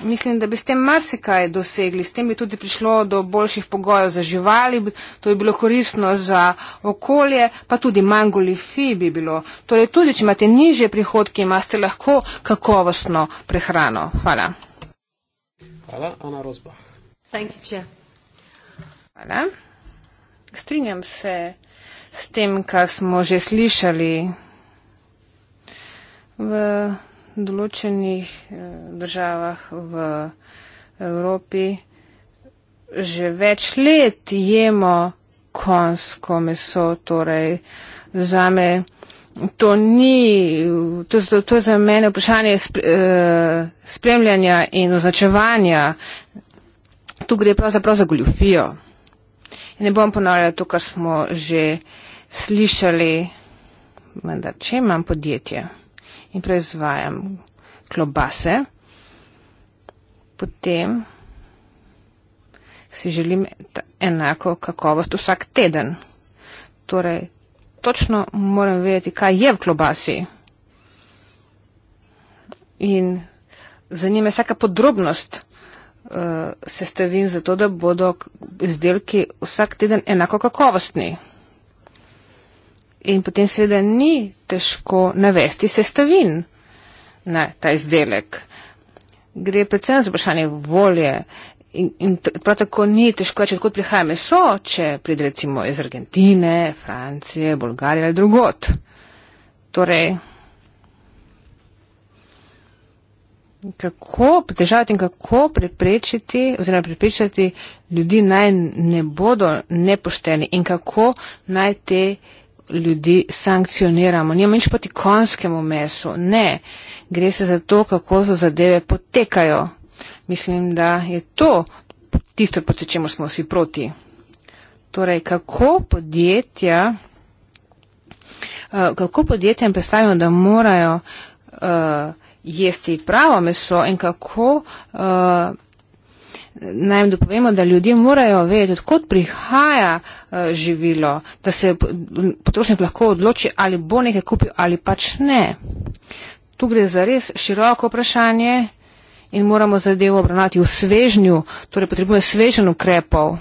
mislim, da bi s tem marsikaj dosegli. S tem bi tudi prišlo do boljših pogojev za živali, to bi bilo koristno za okolje, pa tudi manj golifi bi bilo. Torej, tudi če imate niže prihodke, imate lahko kakovostno prehrano. Hvala. Hvala, Ana Rozbah. Thank you, Chair. Hvala. Strinjam se s tem, kar smo že slišali v določenih eh, državah v Evropi že več let jemo konsko meso, torej zame to ni, to, to je za mene vprašanje eh, spremljanja in označevanja. Tu gre pravzaprav za goljufijo. In ne bom ponavljala to, kar smo že slišali, vendar če imam podjetje in proizvajam klobase. Potem si želim enako kakovost vsak teden. Torej, točno moram vedeti, kaj je v klobasi. In zanima vsaka podrobnost uh, sestavin za to, da bodo izdelki vsak teden enako kakovostni in potem seveda ni težko navesti sestavin na ta izdelek. Gre predvsem za vprašanje volje in, in prav tako ni težko, če tako prihaja meso, če pride recimo iz Argentine, Francije, Bolgarije ali drugot. Torej, kako potežati in kako preprečiti oziroma preprečiti ljudi naj ne bodo nepošteni in kako naj te ljudi sankcioniramo. Nimamo nič proti konskemu mesu. Ne, gre se za to, kako so zadeve potekajo. Mislim, da je to tisto, proti čemu smo vsi proti. Torej, kako podjetja, eh, kako podjetjem predstavimo, da morajo uh, jesti pravo meso in kako uh, naj jim dopovemo, da ljudje morajo vedeti, odkot prihaja eh, živilo, da se potrošnik lahko odloči, ali bo nekaj kupil ali pač ne. Tu gre za res široko vprašanje in moramo zadevo obravnati v svežnju, torej potrebuje svežen ukrepov.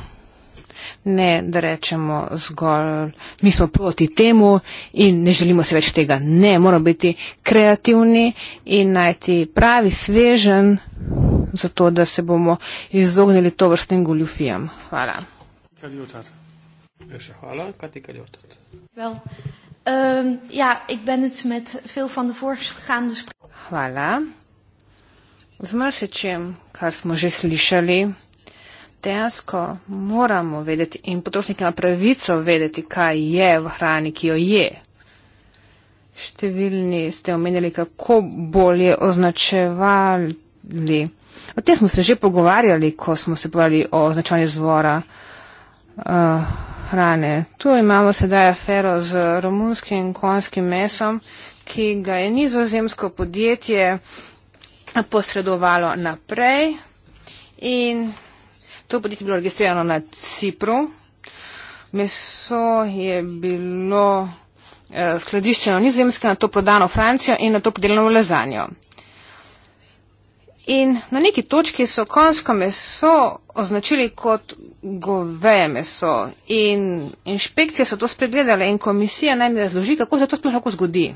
Ne, da rečemo zgolj, mi smo proti temu in ne želimo se več tega. Ne, moramo biti kreativni in najti pravi svežen zato, da se bomo izognili to vrstnim goljufijam. Hvala. Ja, še hvala. Kati Kaljotar. Well, um, ehm, ja, ik ben het met veel van de voorgaande Hvala. Z mrsečem, kar smo že slišali, dejansko moramo vedeti in potrošnik ima pravico vedeti, kaj je v hrani, ki jo je. Številni ste omenjali, kako bolje označevali O tem smo se že pogovarjali, ko smo se pogovarjali o značanju zvora uh, hrane. Tu imamo sedaj afero z romunskim konskim mesom, ki ga je nizozemsko podjetje posredovalo naprej. In to podjetje je bilo registrirano na Cipru. Meso je bilo eh, skladiščeno nizozemsko, na to prodano v Francijo in na to podeljeno v lazanjo. In na neki točki so konjsko meso označili kot goveje meso. In inšpekcije so to spregledale in komisija naj mi razloži, kako se to sploh lahko zgodi.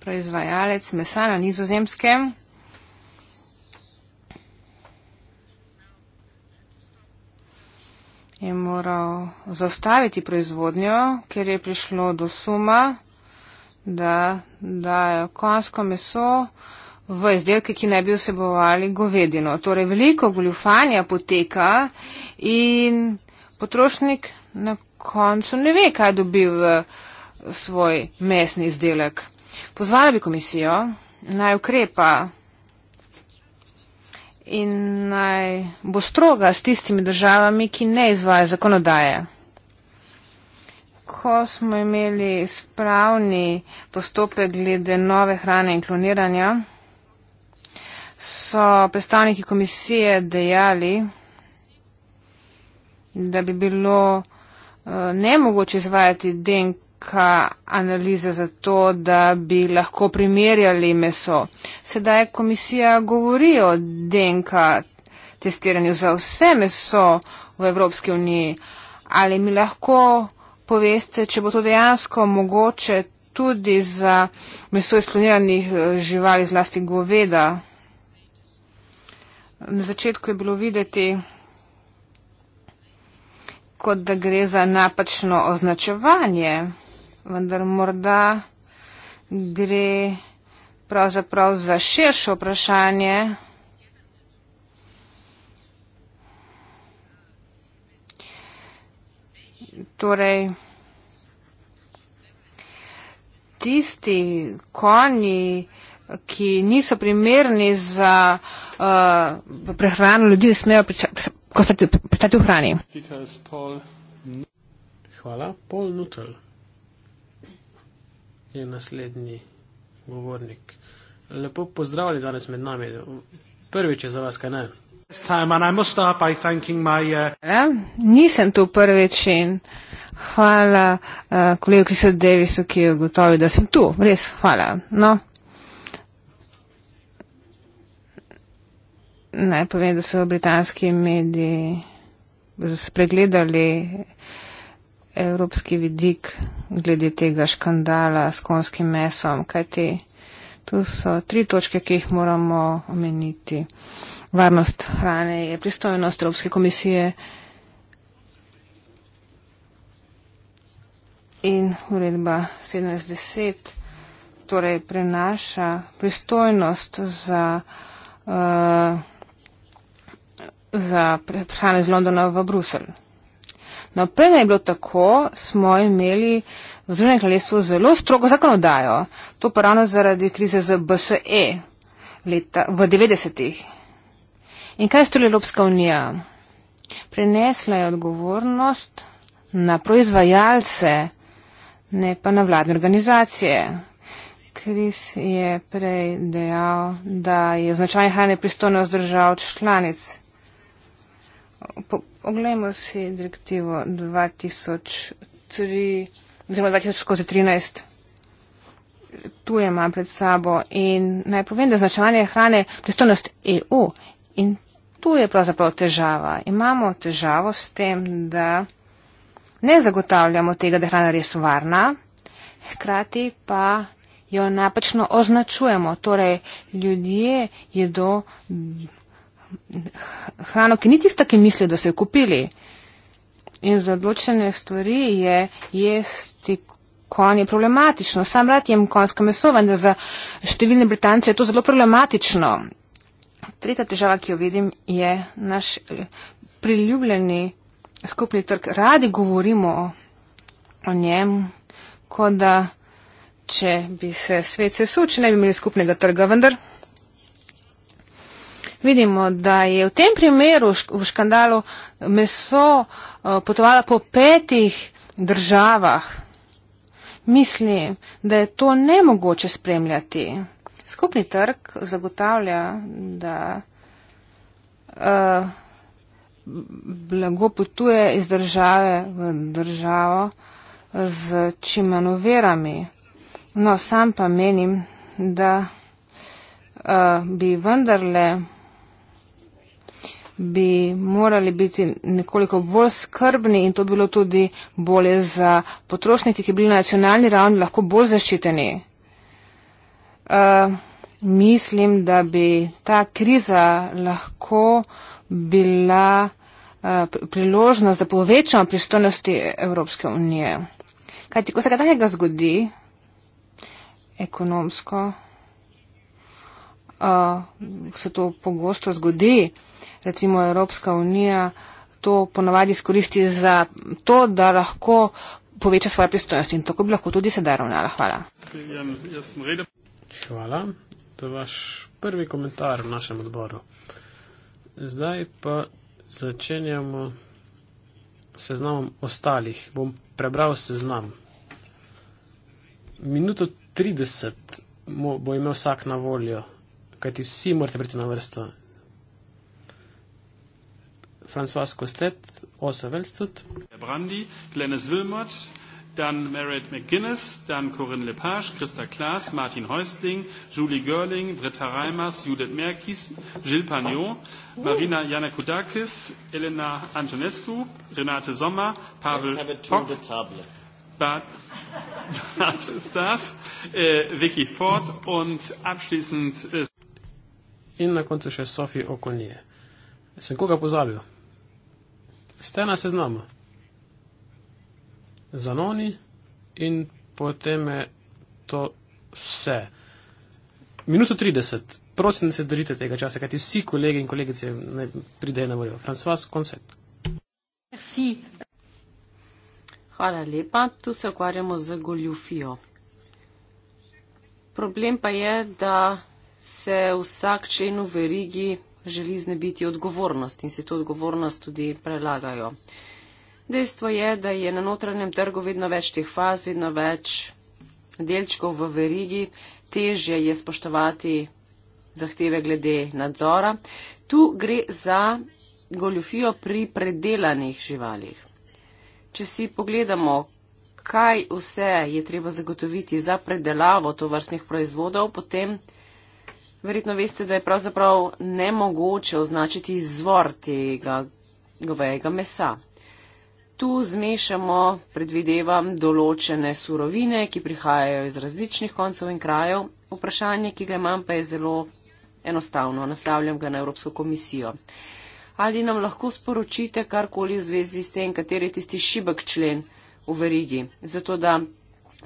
Proizvajalec mesa na nizozemskem. je moral zastaviti proizvodnjo, ker je prišlo do suma, da dajo konsko meso v izdelke, ki ne bi vsebovali govedino. Torej, veliko goljufanja poteka in potrošnik na koncu ne ve, kaj dobil v svoj mesni izdelek. Pozvala bi komisijo, naj ukrepa in naj bo stroga s tistimi državami, ki ne izvaja zakonodaje ko smo imeli spravni postopek glede nove hrane in kloniranja, so predstavniki komisije dejali, da bi bilo eh, nemogoče izvajati DNK analize za to, da bi lahko primerjali meso. Sedaj komisija govori o DNK testiranju za vse meso v Evropski uniji. Ali mi lahko poveste, če bo to dejansko mogoče tudi za meso iz kloniranih eh, živali, zlasti goveda. Na začetku je bilo videti, kot da gre za napačno označevanje, vendar morda gre pravzaprav za širše vprašanje. torej tisti konji, ki niso primerni za uh, prehrano ljudi, da smejo postati v hrani. Hvala. Paul Nuttall je naslednji govornik. Lepo pozdravljeni danes med nami. Prvič je za vas, kaj ne? Time, my, uh... Nisem tu prvič in hvala uh, kolegu Krisu Davisu, ki je ugotovil, da sem tu. Res hvala. No. Naj povem, da so britanski mediji spregledali evropski vidik glede tega škandala s konskim mesom, kajti tu so tri točke, ki jih moramo omeniti. Varnost hrane je pristojnost Evropske komisije. Uh, in uredba 1710 torej prenaša pristojnost za, uh, za prehrane iz Londona v Bruselj. No, preden je bilo tako, smo imeli v Združenem kraljestvu zelo strogo zakonodajo, to pa ravno zaradi krize z BSE leta, v 90-ih. In kaj je storila Evropska unija? Prenesla je odgovornost na proizvajalce ne pa na vladne organizacije. Kris je prej dejal, da je označanje hrane pristojno z držav članic. Poglejmo si direktivo 2013. Tu je imam pred sabo in naj povem, da označanje hrane pristojnost EU. In tu je pravzaprav težava. Imamo težavo s tem, da ne zagotavljamo tega, da je hrana res varna, hkrati pa jo napačno označujemo. Torej, ljudje jedo hrano, ki ni tista, ki mislijo, da so jo kupili. In za odločene stvari je jesti konj je problematično. Sam rad jem konjsko meso, vendar za številne Britance je to zelo problematično. Tretja težava, ki jo vidim, je naš eh, priljubljeni skupni trg. Radi govorimo o, o njem, kot da če bi se svet sesul, če ne bi imeli skupnega trga, vendar vidimo, da je v tem primeru v škandalu meso uh, eh, potovalo po petih državah. Mislim, da je to nemogoče spremljati. Skupni trg zagotavlja, da. Uh, blago potuje iz države v državo z čim manj verami. No, sam pa menim, da uh, bi vendarle bi morali biti nekoliko bolj skrbni in to bilo tudi bolje za potrošnike, ki bi bili na nacionalni ravni lahko bolj zaščiteni. Uh, mislim, da bi ta kriza lahko uh, bila eh, priložnost, da povečamo pristojnosti Evropske unije. Kajti, ko se kaj takega zgodi, ekonomsko, uh, se to pogosto zgodi, recimo Evropska unija to ponavadi skoristi za to, da lahko poveča svoje pristojnosti in tako bi lahko tudi sedaj ravnala. Hvala. Hvala. To je vaš prvi komentar v našem odboru. Zdaj pa začenjamo seznamom ostalih. Bom prebral seznam. Minuto 30 bo imel vsak na voljo, kajti vsi morate priti na vrsto. François Costet, Osa Velstut. Brandi, Glenis Wilmot dann Meredith McGuinness, dann Corinne Lepage, Christa Klaas, Martin Häusling, Julie Görling, Britta Reimers, Judith Merkis, Gilles Pagnot, Marina Janakudakis, Elena Antonescu, Renate Sommer, Pavel Pock, Bart Stas, [LAUGHS] äh, Vicky Ford und abschließend äh, In na koncu še Sofi Okonje. Sem koga pozabil? Ste na seznamu? Zanoni in potem je to vse. Minuto 30. Prosim, da se držite tega časa, kajti vsi kolegi in kolegice naj pridejo na voljo. François, koncert. Merci. Hvala lepa. Tu se ukvarjamo z goljufijo. Problem pa je, da se vsak člen v verigi želi znebiti odgovornost in si to odgovornost tudi prelagajo. Dejstvo je, da je na notranjem trgu vedno več teh faz, vedno več delčkov v verigi, težje je spoštovati zahteve glede nadzora. Tu gre za goljufijo pri predelanih živalih. Če si pogledamo, kaj vse je treba zagotoviti za predelavo tovrstnih proizvodov, potem verjetno veste, da je pravzaprav nemogoče označiti izvor tega govejega mesa. Tu zmešamo, predvidevam, določene surovine, ki prihajajo iz različnih koncev in krajev. Vprašanje, ki ga imam, pa je zelo enostavno. Naslavljam ga na Evropsko komisijo. Ali nam lahko sporočite karkoli v zvezi s tem, kateri je tisti šibek člen v verigi, zato da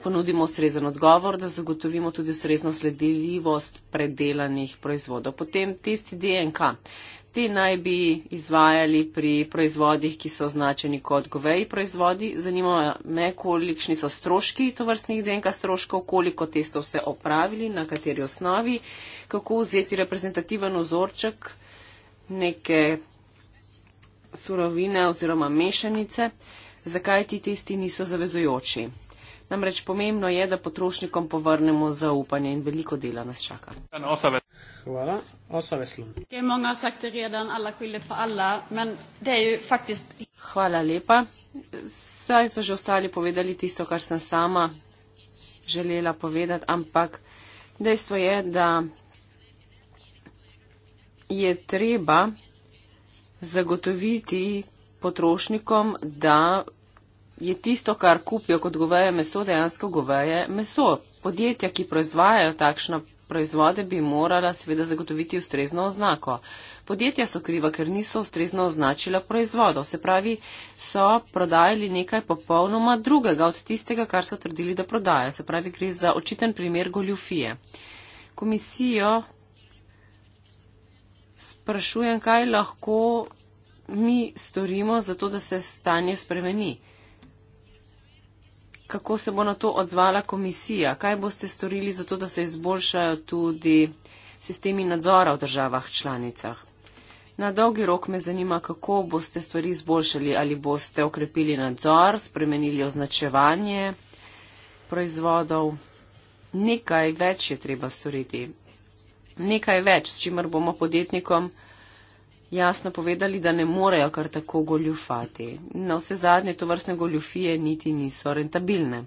ponudimo ustrezen odgovor, da zagotovimo tudi ustrezno sledljivost predelanih proizvodov. Potem tisti DNK. Ti naj bi izvajali pri proizvodih, ki so označeni kot goveji proizvodi. Zanima me, kolikšni so stroški tovrstnih DNK stroškov, koliko testov ste opravili, na kateri osnovi, kako vzeti reprezentativen ozorček neke surovine oziroma mešanice, zakaj ti testi niso zavezojoči. Namreč pomembno je, da potrošnikom povrnemo zaupanje in veliko dela nas čaka. Hvala. Osa Veslun. Hvala lepa. Saj so že ostali povedali tisto, kar sem sama želela povedati, ampak dejstvo je, da je treba zagotoviti potrošnikom, da je tisto, kar kupijo kot goveje meso, dejansko goveje meso. Podjetja, ki proizvajajo takšna proizvode, bi morala seveda zagotoviti ustrezno oznako. Podjetja so kriva, ker niso ustrezno označila proizvodov, se pravi, so prodajali nekaj popolnoma drugega od tistega, kar so trdili, da prodajajo. Se pravi, gre za očiten primer goljufije. Komisijo sprašujem, kaj lahko mi storimo za to, da se stanje spremeni kako se bo na to odzvala komisija? Kaj boste storili za to, da se izboljšajo tudi sistemi nadzora v državah članicah? Na dolgi rok me zanima, kako boste stvari izboljšali, ali boste okrepili nadzor, spremenili označevanje proizvodov. Nekaj več je treba storiti. Nekaj več, s čimer bomo podjetnikom jasno povedali, da ne morejo kar tako goljufati. Na no, vse zadnje to vrstne goljufije niti niso rentabilne.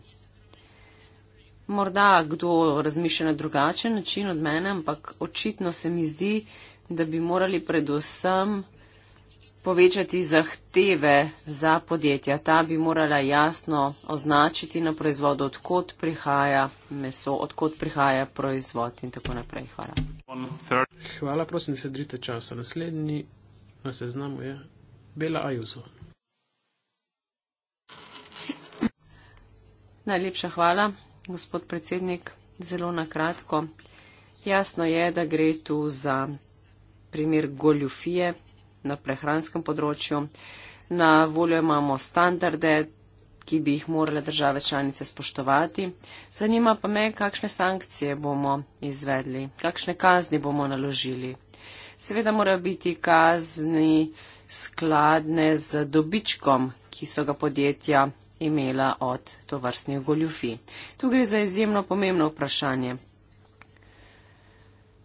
Morda kdo razmišlja na drugačen način od mene, ampak očitno se mi zdi, da bi morali predvsem povečati zahteve za podjetja. Ta bi morala jasno označiti na proizvodu, odkot prihaja meso, odkot prihaja proizvod in tako naprej. Hvala. Hvala, prosim, da se držite časa. Naslednji na seznamu je Bela Ajuso. Najlepša hvala, gospod predsednik. Zelo na kratko. Jasno je, da gre tu za primer goljufije, na prehranskem področju. Na voljo imamo standarde, ki bi jih morale države članice spoštovati. Zanima pa me, kakšne sankcije bomo izvedli, kakšne kazni bomo naložili. Seveda morajo biti kazni skladne z dobičkom, ki so ga podjetja imela od tovrstnih goljufi. Tu gre za izjemno pomembno vprašanje.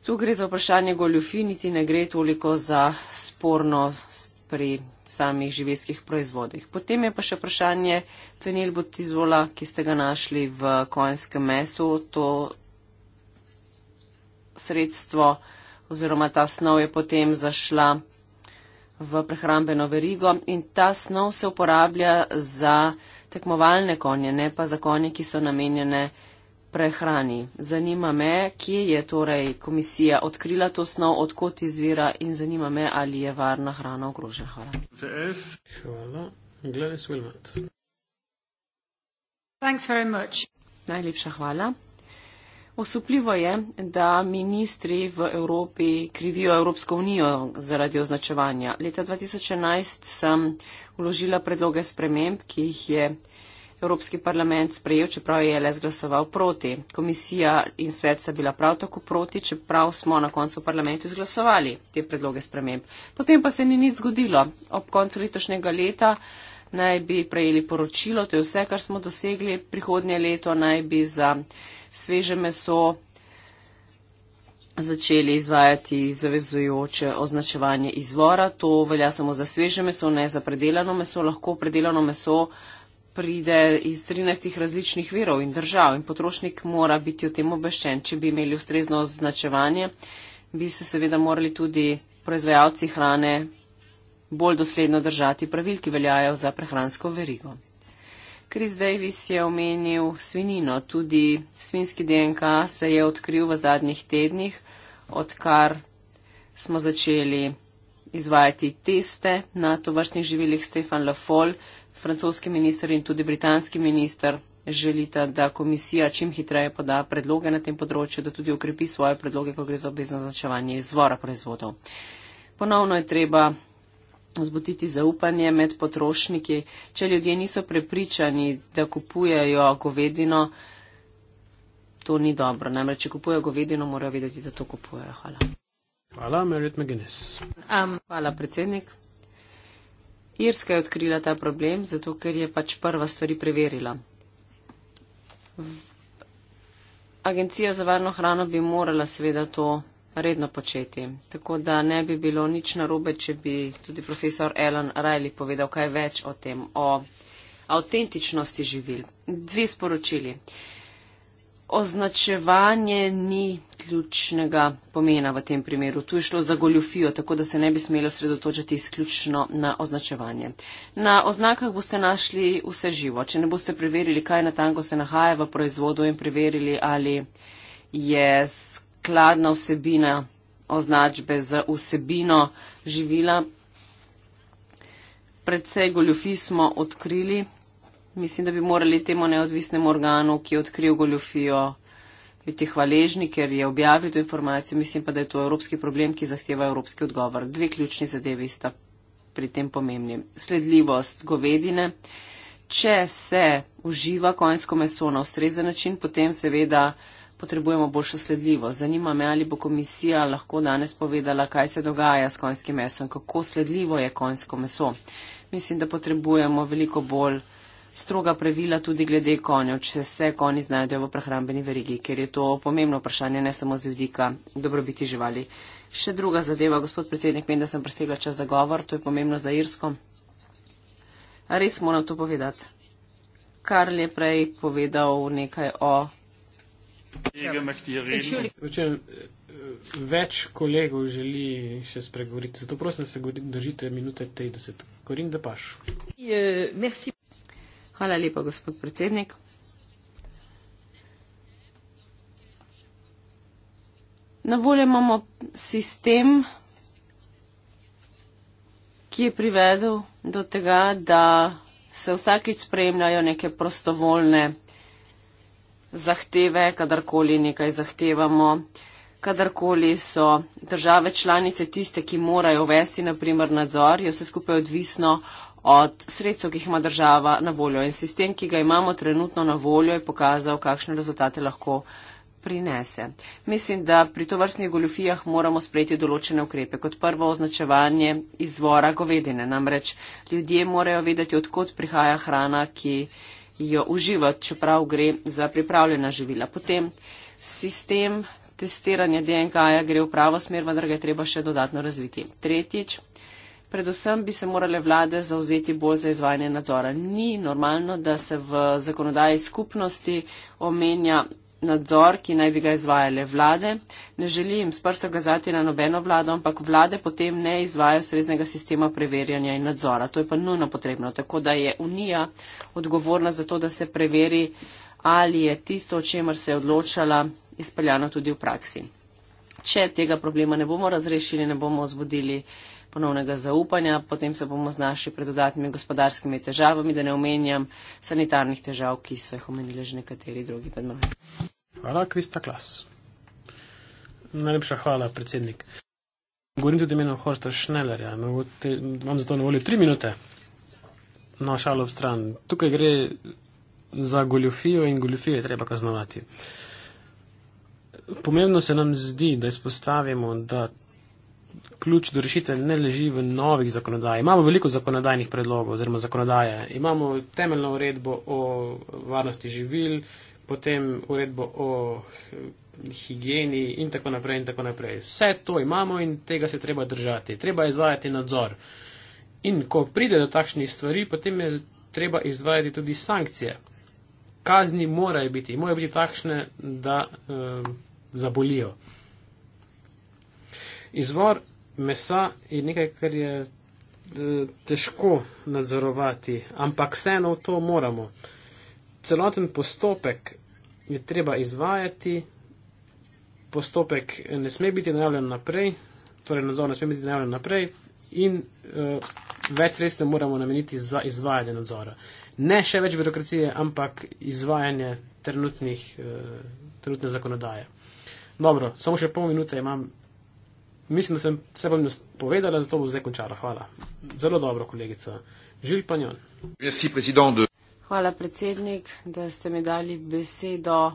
Tu gre za vprašanje goljufi, niti ne gre toliko za spornost pri samih živeskih proizvodih. Potem je pa še vprašanje fenilbutizola, ki ste ga našli v konjskem mesu. To sredstvo oziroma ta snov je potem zašla v prehrambeno verigo in ta snov se uporablja za tekmovalne konje, ne pa za konje, ki so namenjene prehrani. Zanima me, kje je torej komisija odkrila to snov, odkot izvira in zanima me, ali je varna hrana ogrožena. Hvala. hvala. Najlepša hvala. Osupljivo je, da ministri v Evropi krivijo Evropsko unijo zaradi označevanja. Leta 2011 sem vložila predloge sprememb, ki jih je Evropski parlament sprejel, čeprav je LS glasoval proti. Komisija in svet sta bila prav tako proti, čeprav smo na koncu v parlamentu izglasovali te predloge sprememb. Potem pa se ni nič zgodilo. Ob koncu letošnjega leta naj bi prejeli poročilo, to je vse, kar smo dosegli. Prihodnje leto naj bi za sveže meso začeli izvajati zavezujoče označevanje izvora. To velja samo za sveže meso, ne za predelano meso. Lahko predelano meso uh, pride iz 13 različnih verov in držav in potrošnik mora biti o tem obveščen. Če bi imeli ustrezno označevanje, bi se seveda morali tudi proizvajalci hrane bolj dosledno držati pravil, ki veljajo za prehransko verigo. Chris Davis je omenil svinino. Tudi svinski DNK se je odkril v zadnjih tednih, odkar smo začeli izvajati teste na to vrstnih živilih Stefan Lafol, francoski minister in tudi britanski minister želita, da komisija čim hitreje poda predloge na tem področju, da tudi ukrepi svoje predloge, ko gre za obvezno značevanje izvora proizvodov. Ponovno je treba zbuditi zaupanje med potrošniki. Če ljudje niso prepričani, da kupujejo govedino, to ni dobro. Namreč, če kupujejo govedino, morajo vedeti, da to kupujejo. Hvala. Hvala, Merit McGuinness. Um, hvala, predsednik. Irska je odkrila ta problem, zato ker je pač prva stvari preverila. Agencija za varno hrano bi morala seveda to redno početi. Tako da ne bi bilo nič narobe, če bi tudi profesor Alan Riley povedal kaj več o tem, o avtentičnosti živil. Dve sporočili. Označevanje ni ključnega pomena v tem primeru. Tu je šlo za goljofijo, tako da se ne bi smelo sredotočiti izključno na označevanje. Na oznakah boste našli vse živo. Če ne boste preverili, kaj na tango se nahaja v proizvodu in preverili, ali je skladna vsebina označbe z vsebino živila, predvsej goljofi smo odkrili. Mislim, da bi morali temu neodvisnemu organu, ki je odkril goljofijo, biti hvaležni, ker je objavil to informacijo, mislim pa, da je to evropski problem, ki zahteva evropski odgovor. Dve ključni zadevi sta pri tem pomembni. Sledljivost govedine. Če se uživa konjsko meso na ustrezen način, potem seveda potrebujemo boljšo sledljivost. Zanima me, ali bo komisija lahko danes povedala, kaj se dogaja s konjskim mesom, kako sledljivo je konjsko meso. Mislim, da potrebujemo veliko bolj stroga pravila tudi glede konjev, če se konji znajdejo v prehrambeni verigi, ker je to pomembno vprašanje ne samo z vidika dobrobiti živali. Še druga zadeva, gospod predsednik, menim, da sem prestegla čas za govor, to je pomembno za Irsko. Res moram to povedati. Karl je prej povedal nekaj o. Eh, več kolegov želi še spregovoriti, zato prosim, da se držite minute 30. Korin, da paš. Merci. Hvala lepa, gospod predsednik. Na voljo imamo sistem, ki je privedel do tega, da se vsakič spremljajo neke prostovoljne zahteve, kadarkoli nekaj zahtevamo, kadarkoli so države članice tiste, ki morajo vesti, naprimer, nadzor, je vse skupaj odvisno od sredstev, ki jih ima država na voljo. In sistem, ki ga imamo trenutno na voljo, je pokazal, kakšne rezultate lahko prinese. Mislim, da pri tovrstnih goljofijah moramo sprejeti določene ukrepe. Kot prvo označevanje izvora govedine. Namreč ljudje morajo vedeti, odkot prihaja hrana, ki jo uživati, čeprav gre za pripravljena živila. Potem sistem testiranja DNK-ja gre v pravo smer, vendar ga je treba še dodatno razviti. Tretjič, predvsem bi se morale vlade zauzeti bolj za izvajanje nadzora. Ni normalno, da se v zakonodaji skupnosti omenja nadzor, ki naj bi ga izvajale vlade. Ne želim s prstom kazati na nobeno vlado, ampak vlade potem ne izvajo ustreznega sistema preverjanja in nadzora. To je pa nujno potrebno. Tako da je Unija odgovorna za to, da se preveri, ali je tisto, o čemer se je odločala, izpeljano tudi v praksi. Če tega problema ne bomo razrešili, ne bomo vzbudili ponovnega zaupanja, potem se bomo znašli pred dodatnimi gospodarskimi težavami, da ne omenjam sanitarnih težav, ki so jih omenili že nekateri drugi pred mano. Hvala, Krista Klas. Najlepša hvala, predsednik. Govorim tudi imenom Horsta Schnellerja. No, imam za to na voljo tri minute. No, šalo v stran. Tukaj gre za goljofijo in goljofijo je treba kaznovati. Pomembno se nam zdi, da izpostavimo, da ključ do rešitve ne leži v novih zakonodaji. Imamo veliko zakonodajnih predlogov oziroma zakonodaje. Imamo temeljno uredbo o varnosti živil, potem uredbo o higieni in tako naprej in tako naprej. Vse to imamo in tega se treba držati. Treba izvajati nadzor. In ko pride do takšnih stvari, potem je treba izvajati tudi sankcije. Kazni morajo biti, morajo biti takšne, da um, zabolijo. Izvor mesa je nekaj, kar je eh, težko nadzorovati, ampak vseeno to moramo. Celoten postopek je treba izvajati, postopek ne sme biti najavljen naprej, torej nadzor ne sme biti najavljen naprej in uh, več sredstev moramo nameniti za izvajanje nadzora. Ne še več birokracije, ampak izvajanje trenutnih, uh, trenutne zakonodaje. Dobro, samo še pol minute imam. Mislim, da sem vse vam povedala, zato bo zdaj končala. Hvala. Zelo dobro, kolegica. Žil pa njo. Hvala, predsednik, da ste mi dali besedo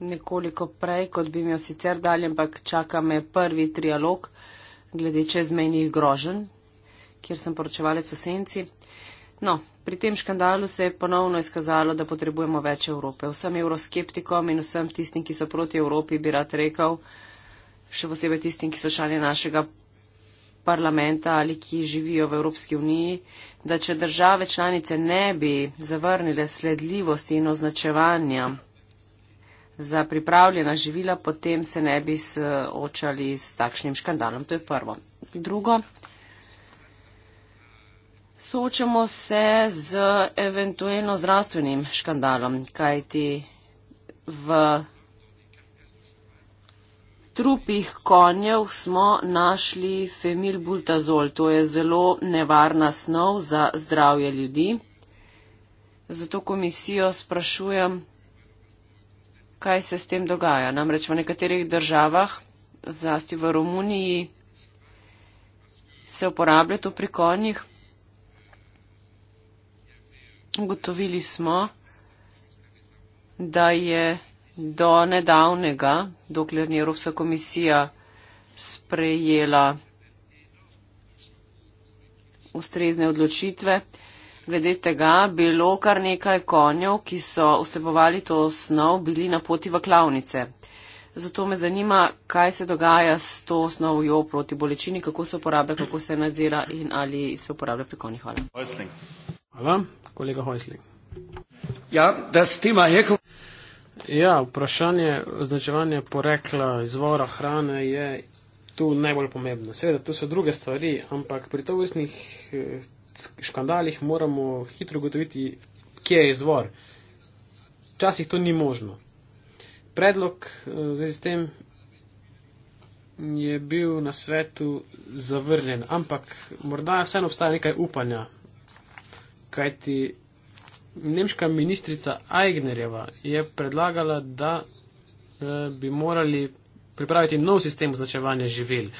nekoliko prej, kot bi mi jo sicer dali, ampak čaka me prvi trialog glede čezmejnih grožen, kjer sem poročevalec v senci. No, pri tem škandalu se je ponovno izkazalo, da potrebujemo več Evrope. Vsem evroskeptikom in vsem tistim, ki so proti Evropi, bi rad rekel, še posebej tistim, ki so člani našega parlamenta ali ki živijo v Evropski uniji, da če države članice ne bi zavrnile sledljivosti in označevanja za pripravljena živila, potem se ne bi soočali s takšnim škandalom. To je prvo. Drugo, soočamo se z eventualno zdravstvenim škandalom, kajti v trupih konjev smo našli femilbultazol. To je zelo nevarna snov za zdravje ljudi. Zato komisijo sprašujem, kaj se s tem dogaja. Namreč v nekaterih državah, zlasti v Romuniji, se uporablja to pri konjih. Ugotovili smo, da je do nedavnega, dokler ni Evropska komisija sprejela ustrezne odločitve. Glede tega, bilo kar nekaj konjev, ki so vsebovali to osnov, bili na poti v klavnice. Zato me zanima, kaj se dogaja s to osnovjo proti bolečini, kako se uporablja, kako se nadzira in ali se uporablja pri konjih. Hvala. Hvala, kolega Hojsling. Ja, da s tema je. Hekel... Ja, vprašanje označevanja porekla izvora hrane je tu najbolj pomembno. Seveda, tu so druge stvari, ampak pri tovrstnih eh, škandalih moramo hitro ugotoviti, kje je izvor. Včasih to ni možno. Predlog eh, z tem je bil na svetu zavrnjen, ampak morda vseeno obstaja nekaj upanja, kajti nemška ministrica Aignerjeva je predlagala, da eh, bi morali pripraviti nov sistem označevanja živil.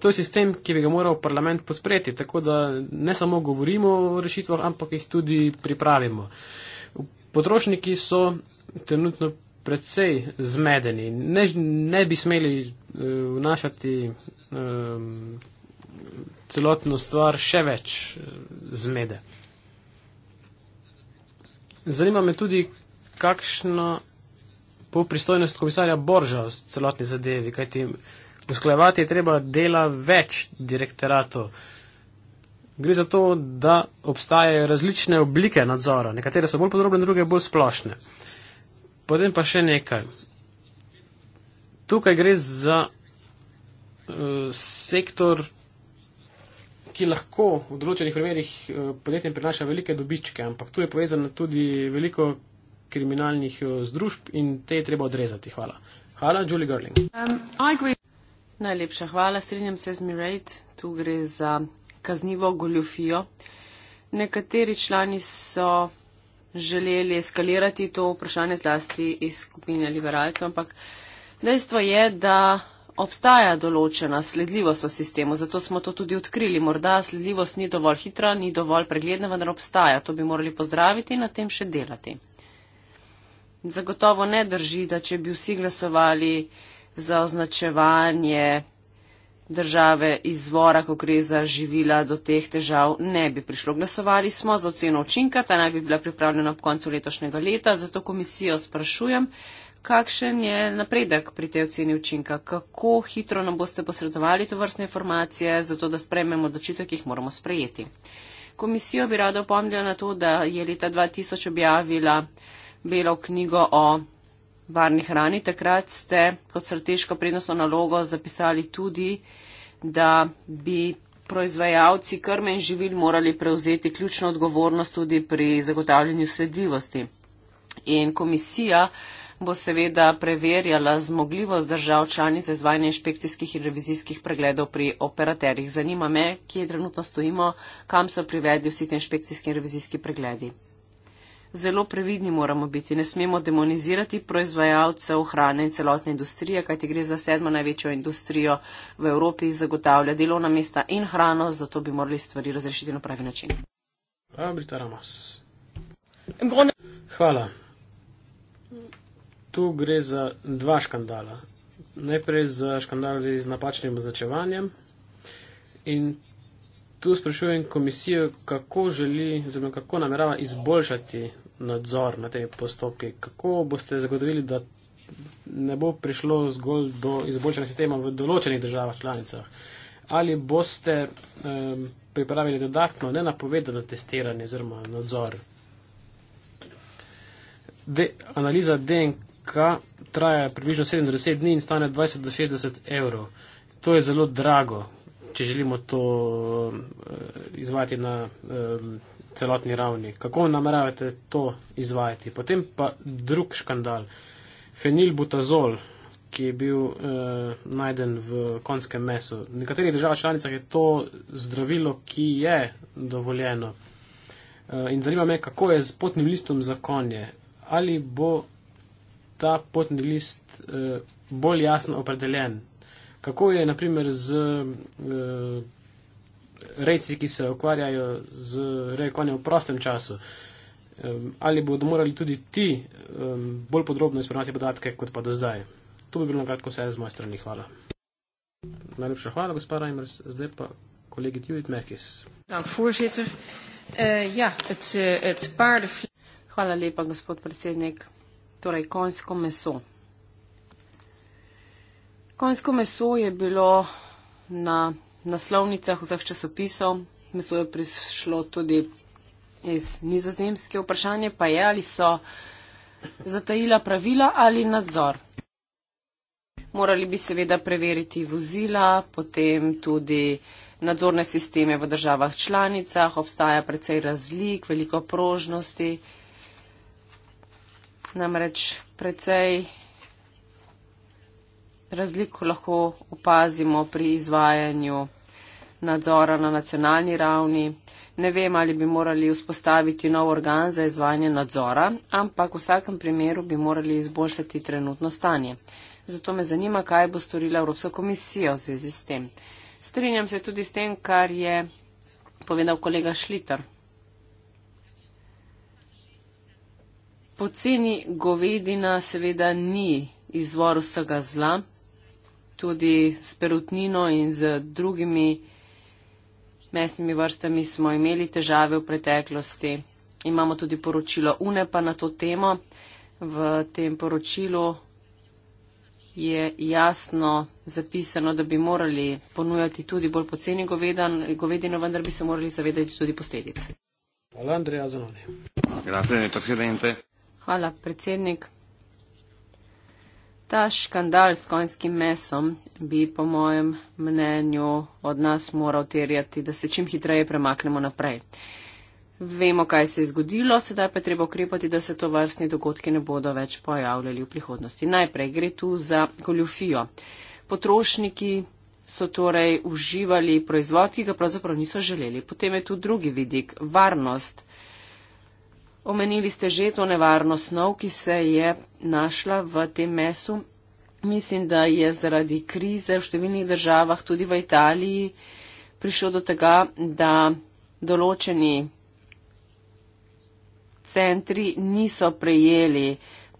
To je sistem, ki bi ga moral parlament podpreti, tako da ne samo govorimo o rešitvah, ampak jih tudi pripravimo. Potrošniki so trenutno predvsej zmedeni. Ne, ne bi smeli uh, vnašati um, celotno stvar še več uh, zmede. Zanima me tudi, kakšna bo pristojnost komisarja Borža v celotni zadevi, kajti usklajevati je treba dela več direktoratov. Gre za to, da obstajajo različne oblike nadzora, nekatere so bolj podrobne, druge bolj splošne. Potem pa še nekaj. Tukaj gre za uh, sektor ki lahko v določenih primerjih eh, podjetjem prinaša velike dobičke, ampak tu je povezano tudi veliko kriminalnih eh, združb in te je treba odrezati. Hvala. Hvala, Julie Gerling. Um, Najlepša hvala, strinjam se z Mirate. Tu gre za kaznivo goljofijo. Nekateri člani so želeli eskalirati to vprašanje zlasti iz skupine liberalcev, ampak dejstvo je, da obstaja določena sledljivost v sistemu, zato smo to tudi odkrili. Morda sledljivost ni dovolj hitra, ni dovolj pregledna, vendar obstaja. To bi morali pozdraviti in na tem še delati. Zagotovo ne drži, da če bi vsi glasovali za označevanje države izvora, ko gre za živila, do teh težav ne bi prišlo. Glasovali smo za oceno učinka, ta naj bi bila pripravljena ob koncu letošnjega leta, zato komisijo sprašujem, kakšen je napredek pri tej oceni učinka, kako hitro nam boste posredovali to vrstne informacije, zato da sprejmemo odločitve, ki jih moramo sprejeti. Komisijo bi rada opomnila na to, da je leta 2000 objavila belo knjigo o varni hrani. Takrat ste kot strateško prednostno nalogo zapisali tudi, da bi proizvajalci krme in živil morali prevzeti ključno odgovornost tudi pri zagotavljanju sledljivosti. In komisija bo seveda preverjala zmogljivost držav članic za izvajanje inšpekcijskih in revizijskih pregledov pri operaterjih. Zanima me, kje trenutno stojimo, kam so privedli vsi ti inšpekcijski in revizijski pregledi. Zelo previdni moramo biti, ne smemo demonizirati proizvajalcev hrane in celotne industrije, kajti gre za sedmo največjo industrijo v Evropi, zagotavlja delovna mesta in hrano, zato bi morali stvari razrešiti na pravi način. Hvala tu gre za dva škandala. Najprej za škandal z napačnim označevanjem in tu sprašujem komisijo, kako želi, oziroma kako namerava izboljšati nadzor na te postopke, kako boste zagotovili, da ne bo prišlo zgolj do izboljšanja sistema v določenih državah članicah. Ali boste um, pripravili dodatno nenapovedano testiranje oziroma nadzor? De, analiza DNK Ka traja približno 7 do 10 dni in stane 20 do 60 evrov. To je zelo drago, če želimo to eh, izvajati na eh, celotni ravni. Kako nameravate to izvajati? Potem pa drug škandal. Fenilbutazol, ki je bil eh, najden v konskem mesu. V nekaterih državah članicah je to zdravilo, ki je dovoljeno. Eh, in zanima me, kako je z potnim listom za konje. Ali bo ta potni list eh, bolj jasno opredeljen. Kako je naprimer z eh, reci, ki se ukvarjajo z rekonje v prostem času? Eh, ali bodo morali tudi ti eh, bolj podrobno izpravljati podatke, kot pa do zdaj? To bi bilo na kratko vse z moje strani. Hvala. Najlepša hvala, gospod Reimers. Zdaj pa kolegi Judith Merkis. Dank, voorzitter. Uh, ja, het, uh, het paardenvlees. Hvala lepa, gospod predsednik torej konjsko meso. Konjsko meso je bilo na naslovnicah vseh časopisov, meso je prišlo tudi iz nizozemske. Vprašanje pa je, ali so zatajila pravila ali nadzor. Morali bi seveda preveriti vozila, potem tudi nadzorne sisteme v državah članicah, obstaja precej razlik, veliko prožnosti namreč precej razliko lahko opazimo pri izvajanju nadzora na nacionalni ravni. Ne vem, ali bi morali vzpostaviti nov organ za izvajanje nadzora, ampak v vsakem primeru bi morali izboljšati trenutno stanje. Zato me zanima, kaj bo storila Evropska komisija v zvezi s tem. Strinjam se tudi s tem, kar je povedal kolega Šliter. Poceni govedina seveda ni izvor vsega zla, tudi s perutnino in z drugimi mestnimi vrstami smo imeli težave v preteklosti. Imamo tudi poročilo UNEPA na to temo. V tem poročilu je jasno zapisano, da bi morali ponujati tudi bolj poceni govedino, vendar bi se morali zavedati tudi posledic. Hvala, Andreja Zanoni. Grazie, Hvala, predsednik. Ta škandal s konjskim mesom bi, po mojem mnenju, od nas moral terjati, da se čim hitreje premaknemo naprej. Vemo, kaj se je zgodilo, sedaj pa je treba ukrepati, da se to vrstni dogodki ne bodo več pojavljali v prihodnosti. Najprej gre tu za goljufijo. Potrošniki so torej uživali proizvod, ki ga pravzaprav niso želeli. Potem je tu drugi vidik, varnost. Omenili ste že to nevarno snov, ki se je našla v tem mesu. Mislim, da je zaradi krize v številnih državah, tudi v Italiji, prišlo do tega, da določeni centri niso prejeli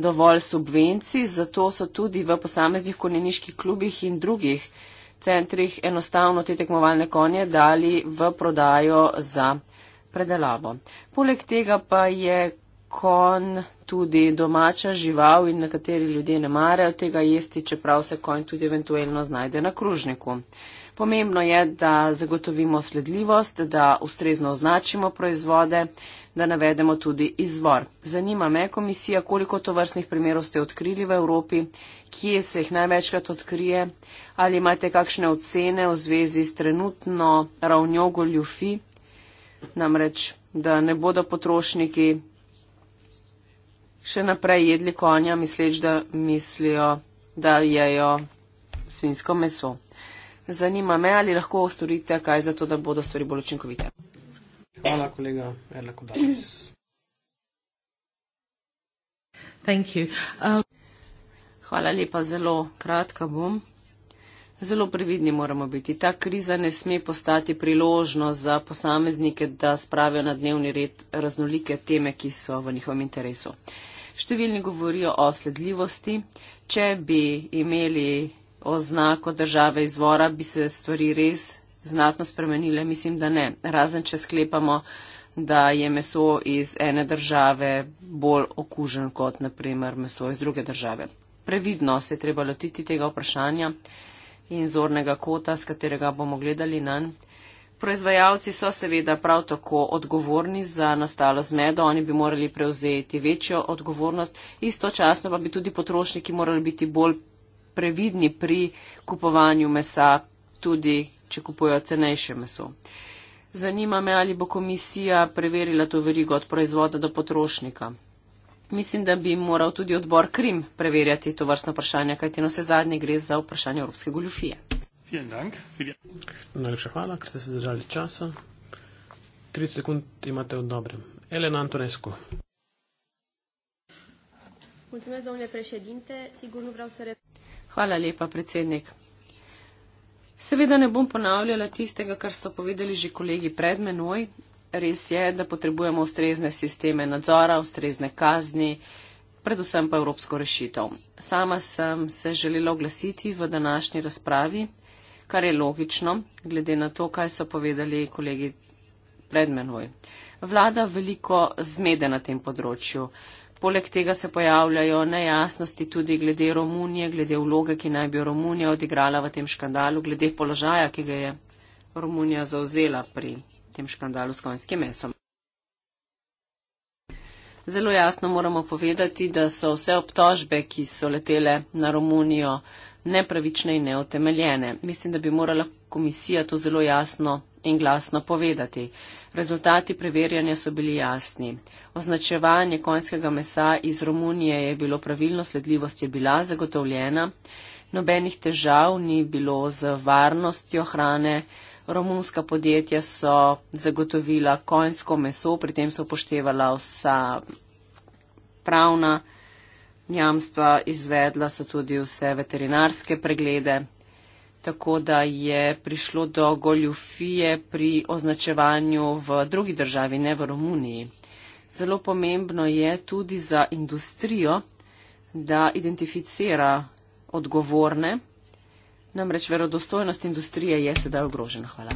dovolj subvencij, zato so tudi v posameznih konjeniških klubih in drugih centrih enostavno te tekmovalne konje dali v prodajo za predelavo. Poleg tega pa je konj tudi domača žival in nekateri ljudje ne marajo tega jesti, čeprav se konj tudi eventualno znajde na kružniku. Pomembno je, da zagotovimo sledljivost, da ustrezno označimo proizvode, da navedemo tudi izvor. Zanima me komisija, koliko tovrstnih primerov ste odkrili v Evropi, kje se jih največkrat odkrije, ali imate kakšne ocene v zvezi s trenutno ravnjo goljufi namreč, da ne bodo potrošniki še naprej jedli konja, misleč, da mislijo, da jejo svinsko meso. Zanima me, ali lahko storite kaj za to, da bodo stvari bolj učinkovite. Hvala, kolega Erla Kodalis. Thank you. Um... Hvala lepa, zelo kratka bom zelo previdni moramo biti. Ta kriza ne sme postati priložnost za posameznike, da spravijo na dnevni red raznolike teme, ki so v njihovem interesu. Številni govorijo o sledljivosti. Če bi imeli oznako države izvora, bi se stvari res znatno spremenile. Mislim, da ne. Razen, če sklepamo, da je meso iz ene države bolj okužen kot, naprimer, meso iz druge države. Previdno se je treba lotiti tega vprašanja in zornega kota, z katerega bomo gledali na njen. Proizvajalci so seveda prav tako odgovorni za nastalo zmedo, oni bi morali prevzeti večjo odgovornost, istočasno pa bi tudi potrošniki morali biti bolj previdni pri kupovanju mesa, tudi če kupujejo cenejše meso. Zanima me, ali bo komisija preverila to verigo od proizvoda do potrošnika. Mislim, da bi moral tudi odbor Krim preverjati to vrstno vprašanje, kajti na vse zadnje gre za vprašanje Evropske goljufije. Najlepša hvala, ker ste se zdržali časa. 30 sekund imate v dobrem. Elena Antonescu. Hvala lepa, predsednik. Seveda ne bom ponavljala tistega, kar so povedali že kolegi pred menoj, res je, da potrebujemo ustrezne sisteme nadzora, ustrezne kazni, predvsem pa evropsko rešitev. Sama sem se želela oglasiti v današnji razpravi, kar je logično, glede na to, kaj so povedali kolegi pred menoj. Vlada veliko zmede na tem področju. Poleg tega se pojavljajo nejasnosti tudi glede Romunije, glede vloge, ki naj bi Romunija odigrala v tem škandalu, glede položaja, ki ga je Romunija zauzela pri tem škandalu s konjskim mesom. Zelo jasno moramo povedati, da so vse obtožbe, ki so letele na Romunijo, nepravične in neotemeljene. Mislim, da bi morala komisija to zelo jasno in glasno povedati. Rezultati preverjanja so bili jasni. Označevanje konjskega mesa iz Romunije je bilo pravilno, sledljivost je bila zagotovljena, nobenih težav ni bilo z varnostjo hrane. Romunska podjetja so zagotovila konjsko meso, pri tem so upoštevala vsa pravna jamstva, izvedla so tudi vse veterinarske preglede, tako da je prišlo do goljufije pri označevanju v drugi državi, ne v Romuniji. Zelo pomembno je tudi za industrijo, da identificira odgovorne Namreč verodostojnost industrije je sedaj ogrožena. Hvala.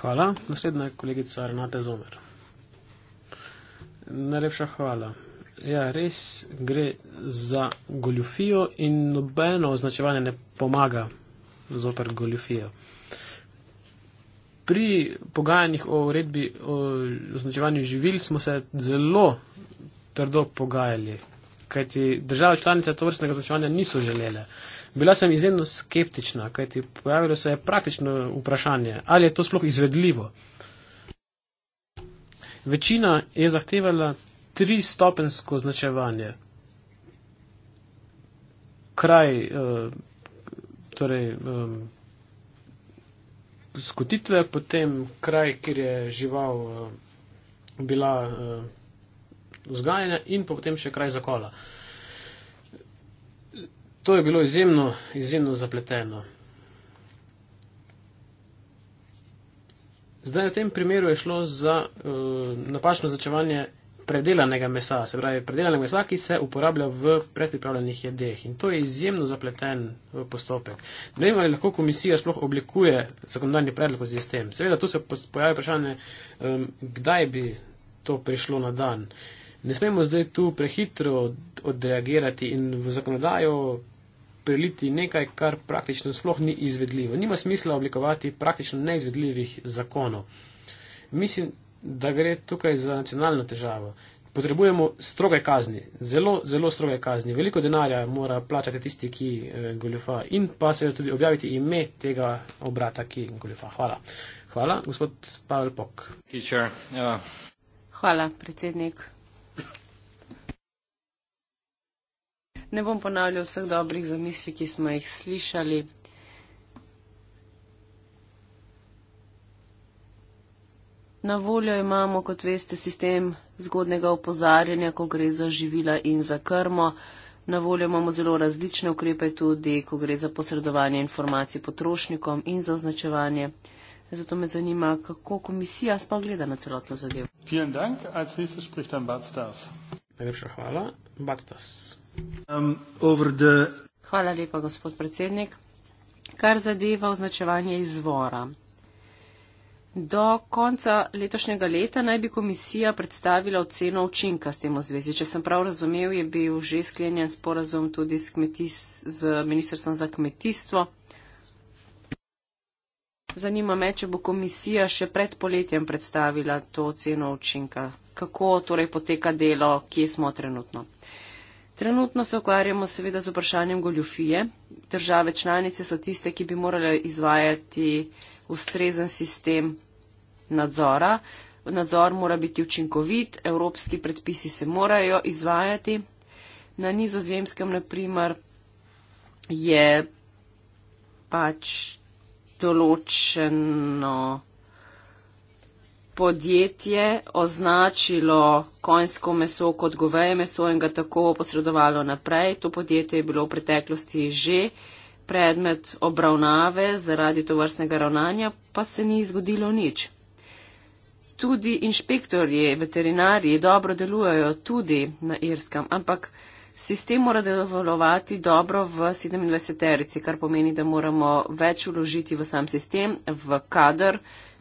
Hvala. Naslednja je kolegica Renate Zomer. Najlepša hvala. Ja, res gre za goljufijo in nobeno označevanje ne pomaga zoper goljufijo. Pri pogajanjih o uredbi o označevanju živil smo se zelo trdo pogajali, kajti države članice to vrstnega označevanja niso želele. Bila sem izjemno skeptična, kajti pojavilo se je praktično vprašanje, ali je to sploh izvedljivo. Večina je zahtevala tri stopensko značevanje. Kraj, eh, torej, skotitve, potem kraj, kjer je žival eh, bila eh, vzgajanja in potem še kraj zakola. To je bilo izjemno, izjemno zapleteno. Zdaj, v tem primeru je šlo za uh, napačno začevanje predelanega mesa, se pravi predelanega mesa, ki se uporablja v predpripravljenih jedeh. In to je izjemno zapleten eh, postopek. Ne vem, ali lahko komisija sploh oblikuje zakonodajni predlog v zvezi s tem. Seveda, tu se pojavi vprašanje, um, kdaj bi to prišlo na dan. Ne smemo zdaj tu prehitro odreagirati in v zakonodajo priliti nekaj, kar praktično sploh ni izvedljivo. Nima smisla oblikovati praktično neizvedljivih zakonov. Mislim, da gre tukaj za nacionalno težavo. Potrebujemo stroge kazni, zelo, zelo stroge kazni. Veliko denarja mora plačati tisti, ki eh, goljufa in pa seveda tudi objaviti ime tega obrata, ki goljufa. Hvala. Hvala, gospod Pavel Pok. Uh, Hvala, predsednik. Ne bom ponavljal vseh dobrih zamisli, ki smo jih slišali. Na voljo imamo, kot veste, sistem zgodnega opozarjanja, ko gre za živila in za krmo. Na voljo imamo zelo različne ukrepe, tudi ko gre za posredovanje informacij potrošnikom in za označevanje. Zato me zanima, kako komisija sploh gleda na celotno zadevo. Najlepša hvala. Bartas. Um, the... Hvala lepa, gospod predsednik. Kar zadeva označevanje izvora. Do konca letošnjega leta naj bi komisija predstavila oceno učinka s tem v zvezi. Če sem prav razumev, je bil že sklenjen sporazum tudi s, kmetis, z ministrstvom za kmetijstvo. Zanima me, če bo komisija še pred poletjem predstavila to oceno učinka. Kako torej poteka delo, kje smo trenutno? Trenutno se ukvarjamo seveda z vprašanjem goljofije. Države članice so tiste, ki bi morale izvajati ustrezen sistem nadzora. Nadzor mora biti učinkovit, evropski predpisi se morajo izvajati. Na nizozemskem, na primer, je pač določeno podjetje označilo konjsko meso kot goveje meso in ga tako posredovalo naprej. To podjetje je bilo v preteklosti že predmet obravnave zaradi tovrstnega ravnanja, pa se ni zgodilo nič. Tudi inšpektorji, veterinarji dobro delujejo tudi na Irskem, ampak sistem mora delovati dobro v 27-terici, kar pomeni, da moramo več vložiti v sam sistem, v kader,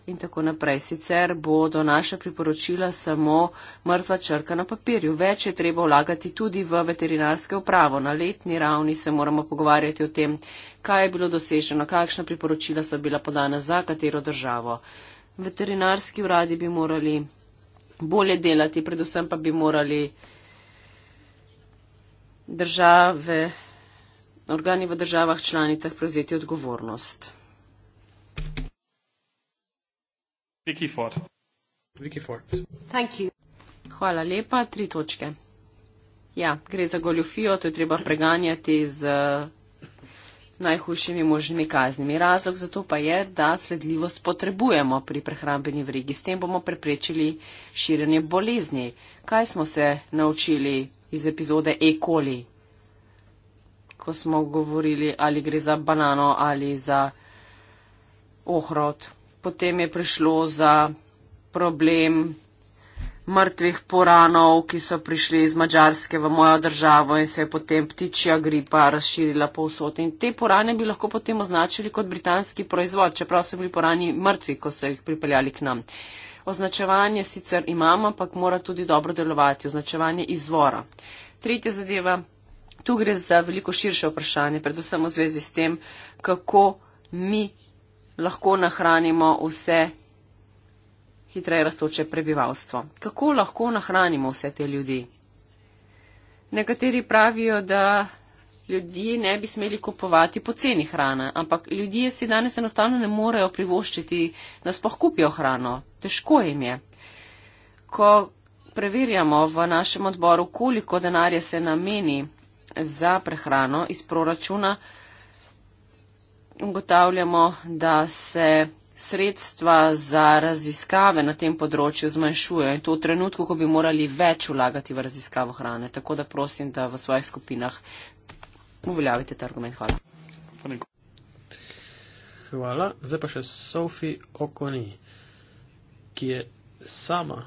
in tako naprej. Sicer bodo naše priporočila samo mrtva črka na papirju. Več je treba vlagati tudi v veterinarske upravo. Na letni ravni se moramo pogovarjati o tem, kaj je bilo doseženo, kakšna priporočila so bila podana za katero državo. Veterinarski uradi bi morali bolje delati, predvsem pa bi morali države, organi v državah članicah prevzeti odgovornost. Vicky Ford. Vicky Ford. Thank you. Hvala lepa, tri točke. Ja, gre za goljofijo, to je treba preganjati z najhujšimi možnimi kaznimi. Razlog za to pa je, da sledljivost potrebujemo pri prehrambeni vrigi. S tem bomo preprečili širjenje bolezni. Kaj smo se naučili iz epizode E. coli, ko smo govorili, ali gre za banano ali za ohrot? potem je prišlo za problem mrtvih poranov, ki so prišli iz Mačarske v mojo državo in se je potem ptičja gripa razširila po vsoti. In te porane bi lahko potem označili kot britanski proizvod, čeprav so bili porani mrtvi, ko so jih pripeljali k nam. Označevanje sicer imamo, ampak mora tudi dobro delovati, označevanje izvora. Tretja zadeva, tu gre za veliko širše vprašanje, predvsem v zvezi s tem, kako mi lahko nahranimo vse hitreje raztoče prebivalstvo. Kako lahko nahranimo vse te ljudi? Nekateri pravijo, da ljudje ne bi smeli kupovati poceni hrane, ampak ljudje si danes enostavno ne morejo privoščiti, da spoh kupijo hrano. Težko jim je. Ko preverjamo v našem odboru, koliko denarja se nameni za prehrano iz proračuna, ugotavljamo, da se sredstva za raziskave na tem področju zmanjšujejo in to v trenutku, ko bi morali več vlagati v raziskavo hrane. Tako da prosim, da v svojih skupinah uveljavite ta argument. Hvala. Hvala. Zdaj pa še Sofi Okoni, ki je sama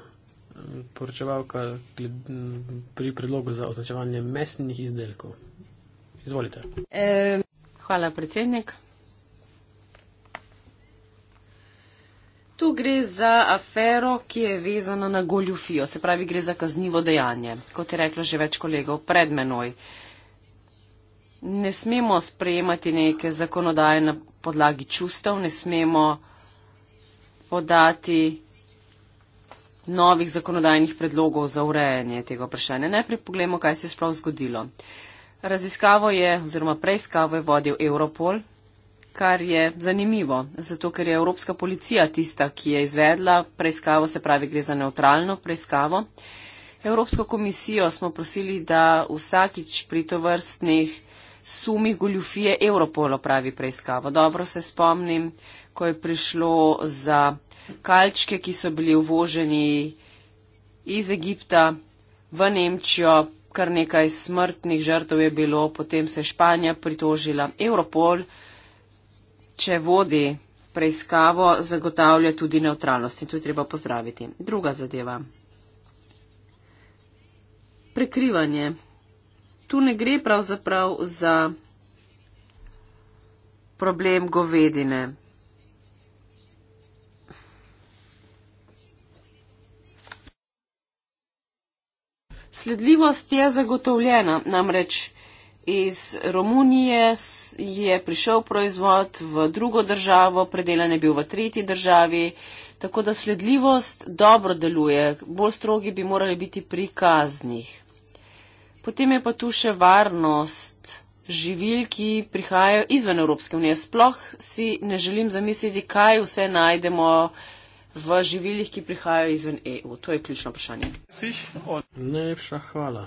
poročevalka pri predlogu za označevanje mesnih izdelkov. Izvolite. Hvala, predsednik. Tu gre za afero, ki je vezana na goljufijo, se pravi, gre za kaznivo dejanje, kot je reklo že več kolegov pred menoj. Ne smemo sprejemati neke zakonodaje na podlagi čustev, ne smemo podati novih zakonodajnih predlogov za urejanje tega vprašanja. Najprej poglemo, kaj se je sploh zgodilo. Raziskavo je, oziroma preiskavo je vodil Europol, kar je zanimivo, zato ker je Evropska policija tista, ki je izvedla preiskavo, se pravi, gre za neutralno preiskavo. Evropsko komisijo smo prosili, da vsakič pri tovrstnih sumih goljufije Europolo pravi preiskavo. Dobro se spomnim, ko je prišlo za kalčke, ki so bili uvoženi iz Egipta v Nemčijo, kar nekaj smrtnih žrtev je bilo, potem se je Španija pritožila Europol če vodi preiskavo, zagotavlja tudi neutralnost in to je treba pozdraviti. Druga zadeva. Prekrivanje. Tu ne gre pravzaprav za problem govedine. Sledljivost je zagotovljena, namreč iz Romunije je prišel proizvod v drugo državo, predelan je bil v tretji državi, tako da sledljivost dobro deluje, bolj strogi bi morali biti pri kaznih. Potem je pa tu še varnost živil, ki prihajajo izven Evropske unije. Sploh si ne želim zamisliti, kaj vse najdemo v živilih, ki prihajajo izven EU. To je ključno vprašanje. Najlepša hvala.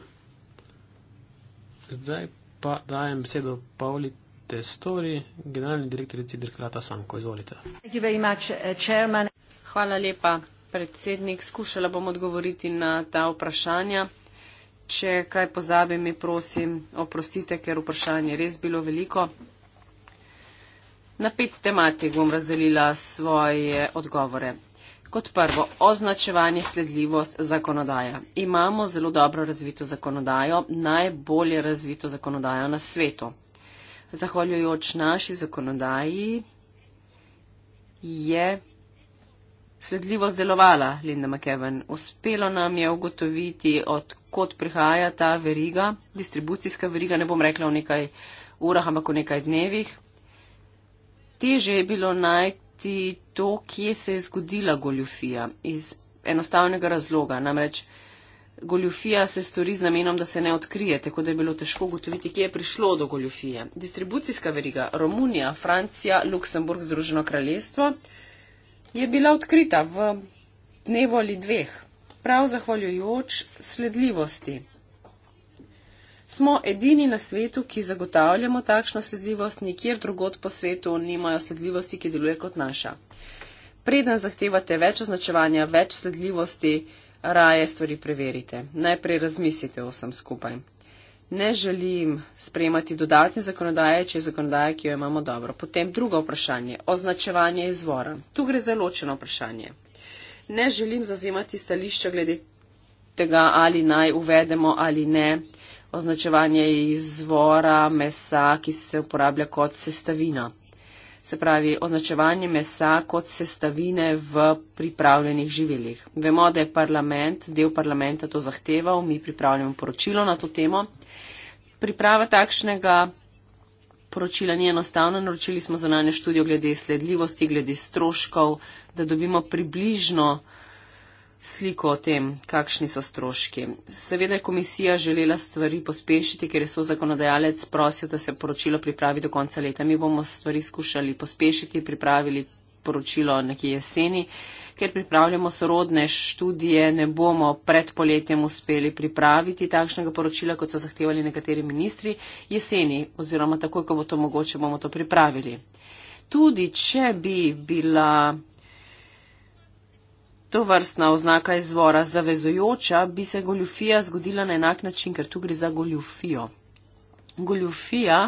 Zdaj pa dajem besedo Pavli Testori, generalni direktorici Dirkrata Sanko. Izvolite. Eh, Hvala lepa, predsednik. Skušala bom odgovoriti na ta vprašanja. Če kaj pozabim, mi prosim, oprostite, ker vprašanje je res bilo veliko. Na pet tematik bom razdelila svoje odgovore. Kot prvo, označevanje sledljivost zakonodaja. Imamo zelo dobro razvito zakonodajo, najbolje razvito zakonodajo na svetu. Zahvaljujoč naši zakonodaji je sledljivost delovala, Linda McKeven. Uspelo nam je ugotoviti, odkot prihaja ta veriga, distribucijska veriga, ne bom rekla v nekaj urah, ampak v nekaj dnevih. Teže je bilo najti povedati to, kje se je zgodila goljufija. Iz enostavnega razloga, namreč goljufija se stori z namenom, da se ne odkrije, tako da je bilo težko ugotoviti, kje je prišlo do goljufije. Distribucijska veriga Romunija, Francija, Luksemburg, Združeno kraljestvo je bila odkrita v dnevu ali dveh, prav zahvaljujoč sledljivosti smo edini na svetu, ki zagotavljamo takšno sledljivost, nikjer drugod po svetu nimajo sledljivosti, ki deluje kot naša. Preden zahtevate več označevanja, več sledljivosti, raje stvari preverite. Najprej razmislite o vsem skupaj. Ne želim spremati dodatne zakonodaje, če je zakonodaja, ki jo imamo dobro. Potem drugo vprašanje. Označevanje izvora. Tu gre za ločeno vprašanje. Ne želim zauzimati stališča glede tega, ali naj uvedemo ali ne uh, označevanje izvora mesa, ki se uporablja kot sestavina. Se pravi, označevanje mesa kot sestavine v pripravljenih živilih. Vemo, da je parlament, del parlamenta to zahteval, mi pripravljamo poročilo na to temo. Priprava takšnega poročila ni enostavna, naročili smo zonanje študijo glede sledljivosti, glede stroškov, da dobimo približno uh, sliko o tem, kakšni so stroški. Seveda je komisija želela stvari pospešiti, ker je so zakonodajalec prosil, da se poročilo pripravi do konca leta. Mi bomo stvari skušali pospešiti, pripravili poročilo nekje jeseni, ker pripravljamo sorodne študije, ne bomo pred poletjem uspeli pripraviti takšnega poročila, kot so zahtevali nekateri ministri, jeseni oziroma takoj, ko bo to mogoče, bomo to pripravili. Tudi če bi bila To vrstna oznaka izvora zavezojoča bi se goljufija zgodila na enak način, ker tu gre za goljufijo. Goljufija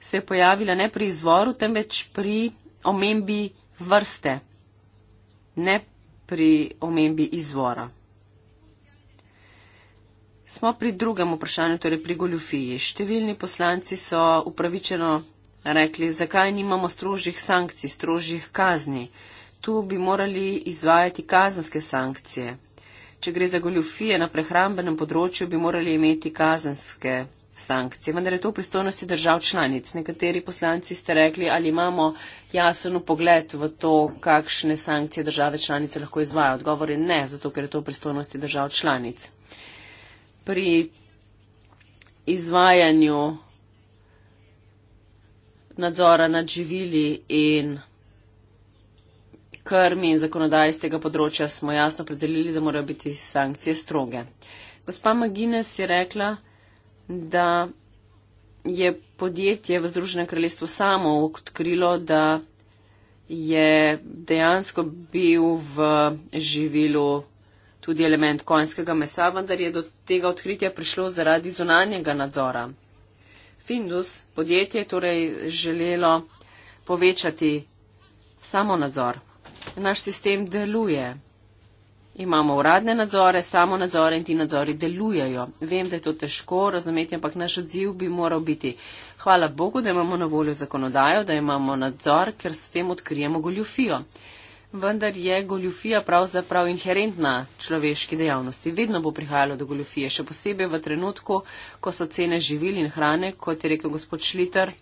se je pojavila ne pri izvoru, temveč pri omembi vrste, ne pri omembi izvora. Smo pri drugem vprašanju, torej pri goljufiji. Številni poslanci so upravičeno rekli, zakaj nimamo strožjih sankcij, strožjih kazni tu bi morali izvajati kazenske sankcije. Če gre za goljufije na prehrambenem področju, bi morali imeti kazenske sankcije. Vendar je to v pristojnosti držav članic. Nekateri poslanci ste rekli, ali imamo jasen pogled v to, kakšne sankcije države članice lahko izvajo. Odgovor je ne, zato ker je to v pristojnosti držav članic. Pri izvajanju nadzora nad živili in krmi in zakonodaji z tega področja smo jasno predelili, da morajo biti sankcije stroge. Gospa Magines je rekla, da je podjetje v Združenem kraljestvu samo odkrilo, da je dejansko bil v živilu tudi element konjskega mesa, vendar je do tega odkritja prišlo zaradi zunanjega nadzora. Findus podjetje je torej želelo povečati samo nadzor naš sistem deluje. Imamo uradne nadzore, samo nadzore in ti nadzori delujejo. Vem, da je to težko razumeti, ampak naš odziv bi moral biti. Hvala Bogu, da imamo na voljo zakonodajo, da imamo nadzor, ker s tem odkrijemo goljufijo. Vendar je goljufija pravzaprav inherentna človeški dejavnosti. Vedno bo prihajalo do goljufije, še posebej v trenutku, ko so cene živil in hrane, kot je rekel gospod Šliter,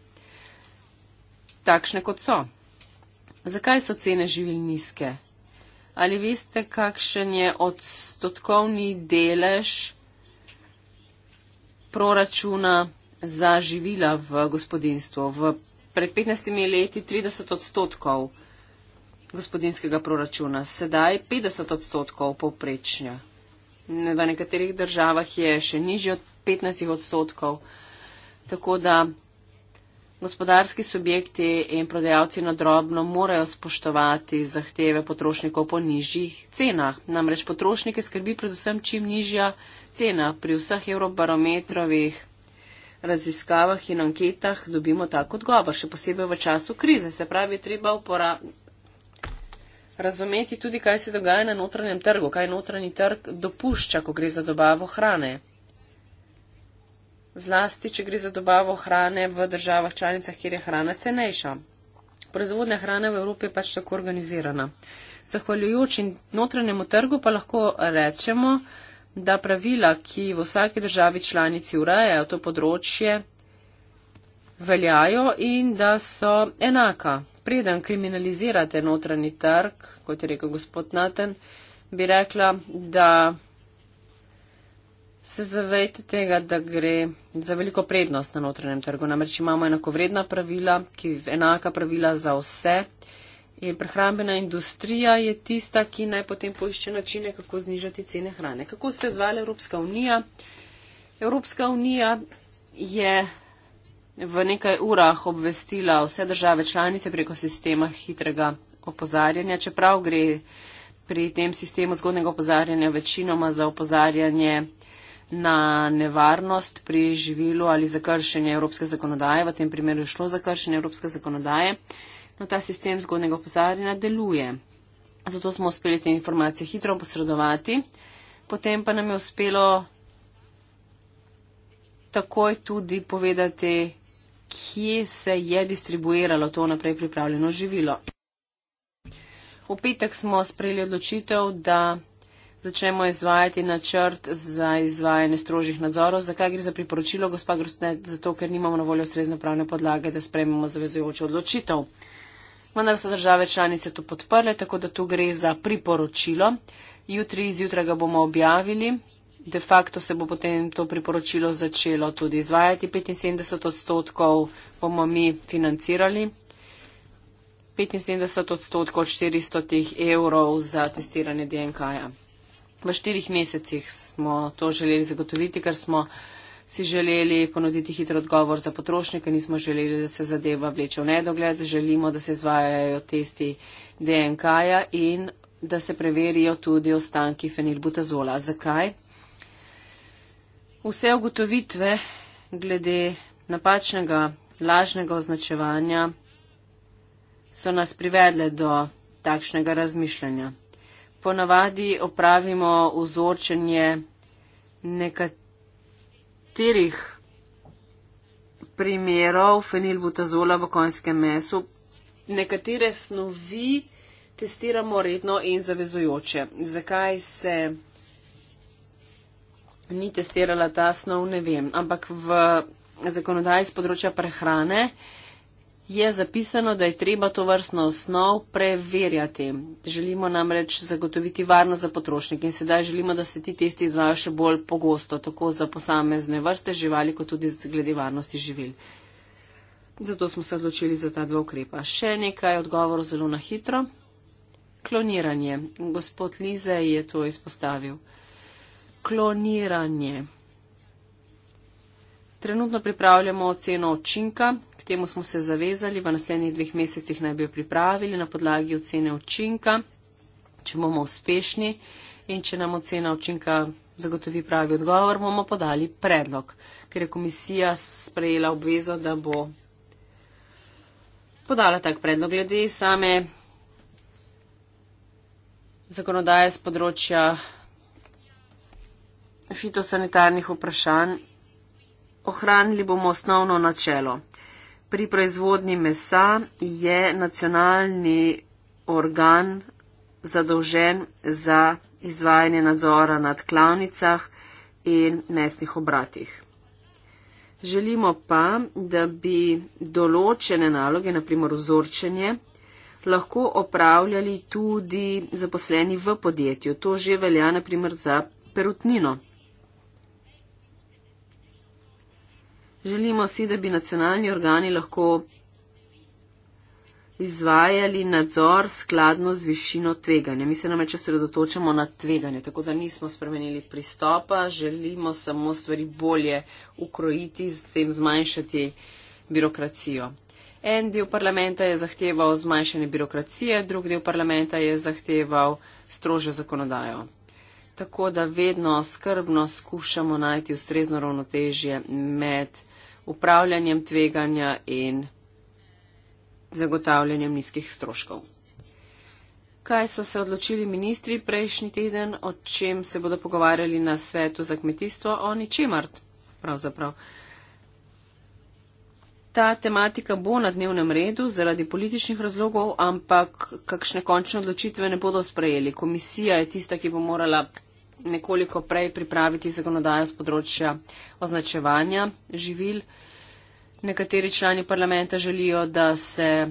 takšne kot so. Zakaj so cene živil nizke? Ali veste, kakšen je odstotkovni delež proračuna za živila v gospodinstvu? V pred 15 leti 30 odstotkov gospodinskega proračuna, sedaj 50 odstotkov poprečnja. V nekaterih državah je še nižje od 15 odstotkov. Tako da Gospodarski subjekti in prodajalci na drobno morajo spoštovati zahteve potrošnikov po nižjih cenah. Namreč potrošnike skrbi predvsem čim nižja cena. Pri vseh evrobarometrovih raziskavah in anketah dobimo tak odgovor, še posebej v času krize. Se pravi, treba upora razumeti tudi, kaj se dogaja na notranjem trgu, kaj notranji trg dopušča, ko gre za dobavo hrane zlasti, če gre za dobavo hrane v državah članicah, kjer je hrana cenejša. Proizvodnja hrane v Evropi je pač tako organizirana. Zahvaljujoč in notranjemu trgu pa lahko rečemo, da pravila, ki v vsaki državi članici urejajo to področje, veljajo in da so enaka. Preden kriminalizirate notranji trg, kot je rekel gospod Naten, bi rekla, da se zavejte tega, da gre za veliko prednost na notranjem trgu. Namreč imamo enakovredna pravila, ki enaka pravila za vse. In prehrambena industrija je tista, ki naj potem poišče načine, kako znižati cene hrane. Kako se je odzvala Evropska unija? Evropska unija je v nekaj urah obvestila vse države članice preko sistema hitrega opozarjanja, čeprav gre pri tem sistemu zgodnega opozarjanja večinoma za opozarjanje na nevarnost pri živilu ali za kršenje evropske zakonodaje. V tem primeru je šlo za kršenje evropske zakonodaje. No, ta sistem zgodnega opozarjanja deluje. Zato smo uspeli te informacije hitro posredovati. Potem pa nam je uspelo takoj tudi povedati, kje se je distribuiralo to naprej pripravljeno živilo. V petek smo sprejeli odločitev, da začnemo izvajati načrt za izvajanje strožjih nadzorov. Zakaj gre za priporočilo, gospa Grostne? Zato, ker nimamo na voljo ustrezne pravne podlage, da sprememo zavezujoče odločitev. Vendar so države članice to podprle, tako da tu gre za priporočilo. Jutri izjutraj ga bomo objavili. De facto se bo potem to priporočilo začelo tudi izvajati. 75 odstotkov bomo mi financirali. 75 odstotkov od 400 evrov za testiranje DNK-ja. V štirih mesecih smo to želeli zagotoviti, ker smo si želeli ponuditi hiter odgovor za potrošnike, nismo želeli, da se zadeva vleče v nedogled, želimo, da se izvajajo testi DNK-ja in da se preverijo tudi ostanki fenilbutazola. Zakaj? Vse ugotovitve glede napačnega, lažnega označevanja so nas privedle do takšnega razmišljanja ponavadi opravimo vzorčenje nekaterih primerov fenilbutazola v konjskem mesu. Nekatere snovi testiramo redno in zavezujoče. Zakaj se ni testirala ta snov, ne vem. Ampak v zakonodaji z področja prehrane je zapisano, da je treba to vrstno osnov preverjati. Želimo namreč zagotoviti varnost za potrošnike in sedaj želimo, da se ti testi izvajo še bolj pogosto, tako za posamezne vrste živali, kot tudi glede varnosti živil. Zato smo se odločili za ta dva ukrepa. Še nekaj odgovorov zelo na hitro. Kloniranje. Gospod Lize je to izpostavil. Kloniranje. Trenutno pripravljamo oceno učinka, k temu smo se zavezali, v naslednjih dveh mesecih naj bi jo pripravili na podlagi ocene učinka, če bomo uspešni in če nam ocena učinka zagotovi pravi odgovor, bomo podali predlog, ker je komisija sprejela obvezo, da bo podala tak predlog glede same zakonodaje z področja fitosanitarnih vprašanj ohranili bomo osnovno načelo. Pri proizvodnji mesa je nacionalni organ zadolžen za izvajanje nadzora nad klavnicah in mesnih obratih. Želimo pa, da bi določene naloge, naprimer vzorčenje, lahko opravljali tudi zaposleni v podjetju. To že velja naprimer za perutnino. Želimo si, da bi nacionalni organi lahko izvajali nadzor skladno z višino tveganja. Mi se namreč osredotočamo na tveganje, tako da nismo spremenili pristopa, želimo samo stvari bolje ukrojiti, s tem zmanjšati birokracijo. En del parlamenta je zahteval zmanjšanje birokracije, drug del parlamenta je zahteval strožjo zakonodajo. Tako da vedno skrbno skušamo najti ustrezno ravnotežje med upravljanjem tveganja in zagotavljanjem nizkih stroškov. Kaj so se odločili ministri prejšnji teden, o čem se bodo pogovarjali na svetu za kmetijstvo, o ničemar pravzaprav. Ta tematika bo na dnevnem redu zaradi političnih razlogov, ampak kakšne končne odločitve ne bodo sprejeli. Komisija je tista, ki bo morala nekoliko prej pripraviti zakonodajo z področja označevanja živil. Nekateri člani parlamenta želijo, da se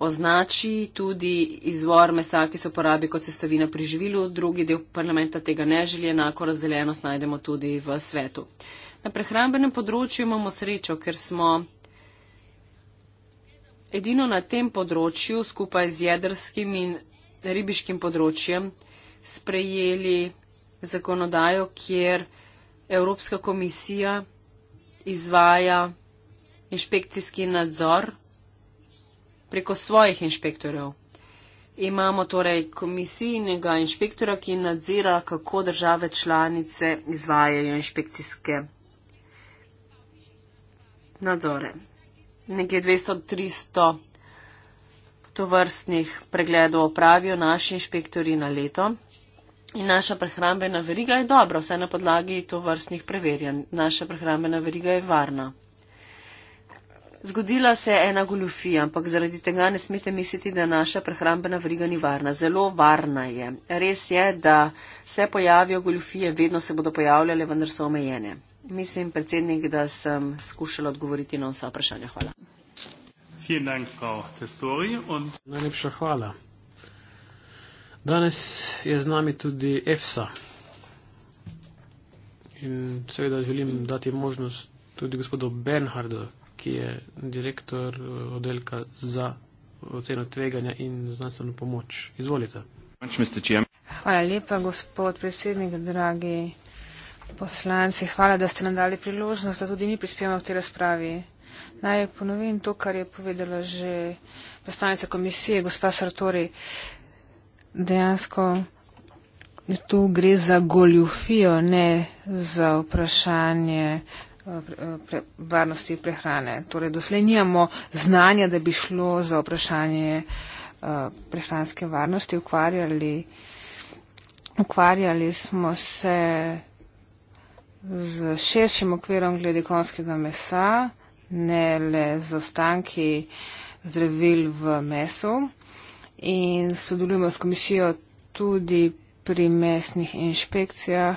označi tudi izvor mesa, ki se uporabi kot sestavina pri živilu. Drugi del parlamenta tega ne želi, enako razdeljenost najdemo tudi v svetu. Na prehrambenem področju imamo srečo, ker smo edino na tem področju skupaj z jedrskim in ribiškim področjem sprejeli zakonodajo, kjer Evropska komisija izvaja inšpekcijski nadzor preko svojih inšpektorjev. Imamo torej komisijnega inšpektora, ki nadzira, kako države članice izvajajo inšpekcijske nadzore. Nekje 200-300 tovrstnih pregledov opravijo naši inšpektori na leto. In naša prehrambena veriga je dobra, vse na podlagi to vrstnih preverjanj. Naša prehrambena veriga je varna. Zgodila se je ena goljufija, ampak zaradi tega ne smete misliti, da naša prehrambena veriga ni varna. Zelo varna je. Res je, da se pojavijo goljufije, vedno se bodo pojavljale, vendar so omejene. Mislim, predsednik, da sem skušala odgovoriti na vsa vprašanja. Hvala. Najlepša hvala. Danes je z nami tudi EFSA. In seveda želim dati možnost tudi gospodu Bernhardu, ki je direktor eh, oddelka za oceno tveganja in znanstveno pomoč. Izvolite. Hvala lepa, gospod predsednik, dragi poslanci. Hvala, da ste nam dali priložnost, da tudi mi prispevamo v tej razpravi. Naj ponovim to, kar je povedala že predstavnica komisije, gospa Sartori. Uh, dejansko tu gre za goljufijo, ne za vprašanje eh, eh, varnosti prehrane. Torej, doslej nijamo znanja, da bi šlo za vprašanje eh, prehranske varnosti. Ukvarjali, ukvarjali smo se z širšim okvirom glede konskega mesa, ne le z ostanki zdravil v mesu in sodelujemo s komisijo tudi pri mestnih inšpekcijah.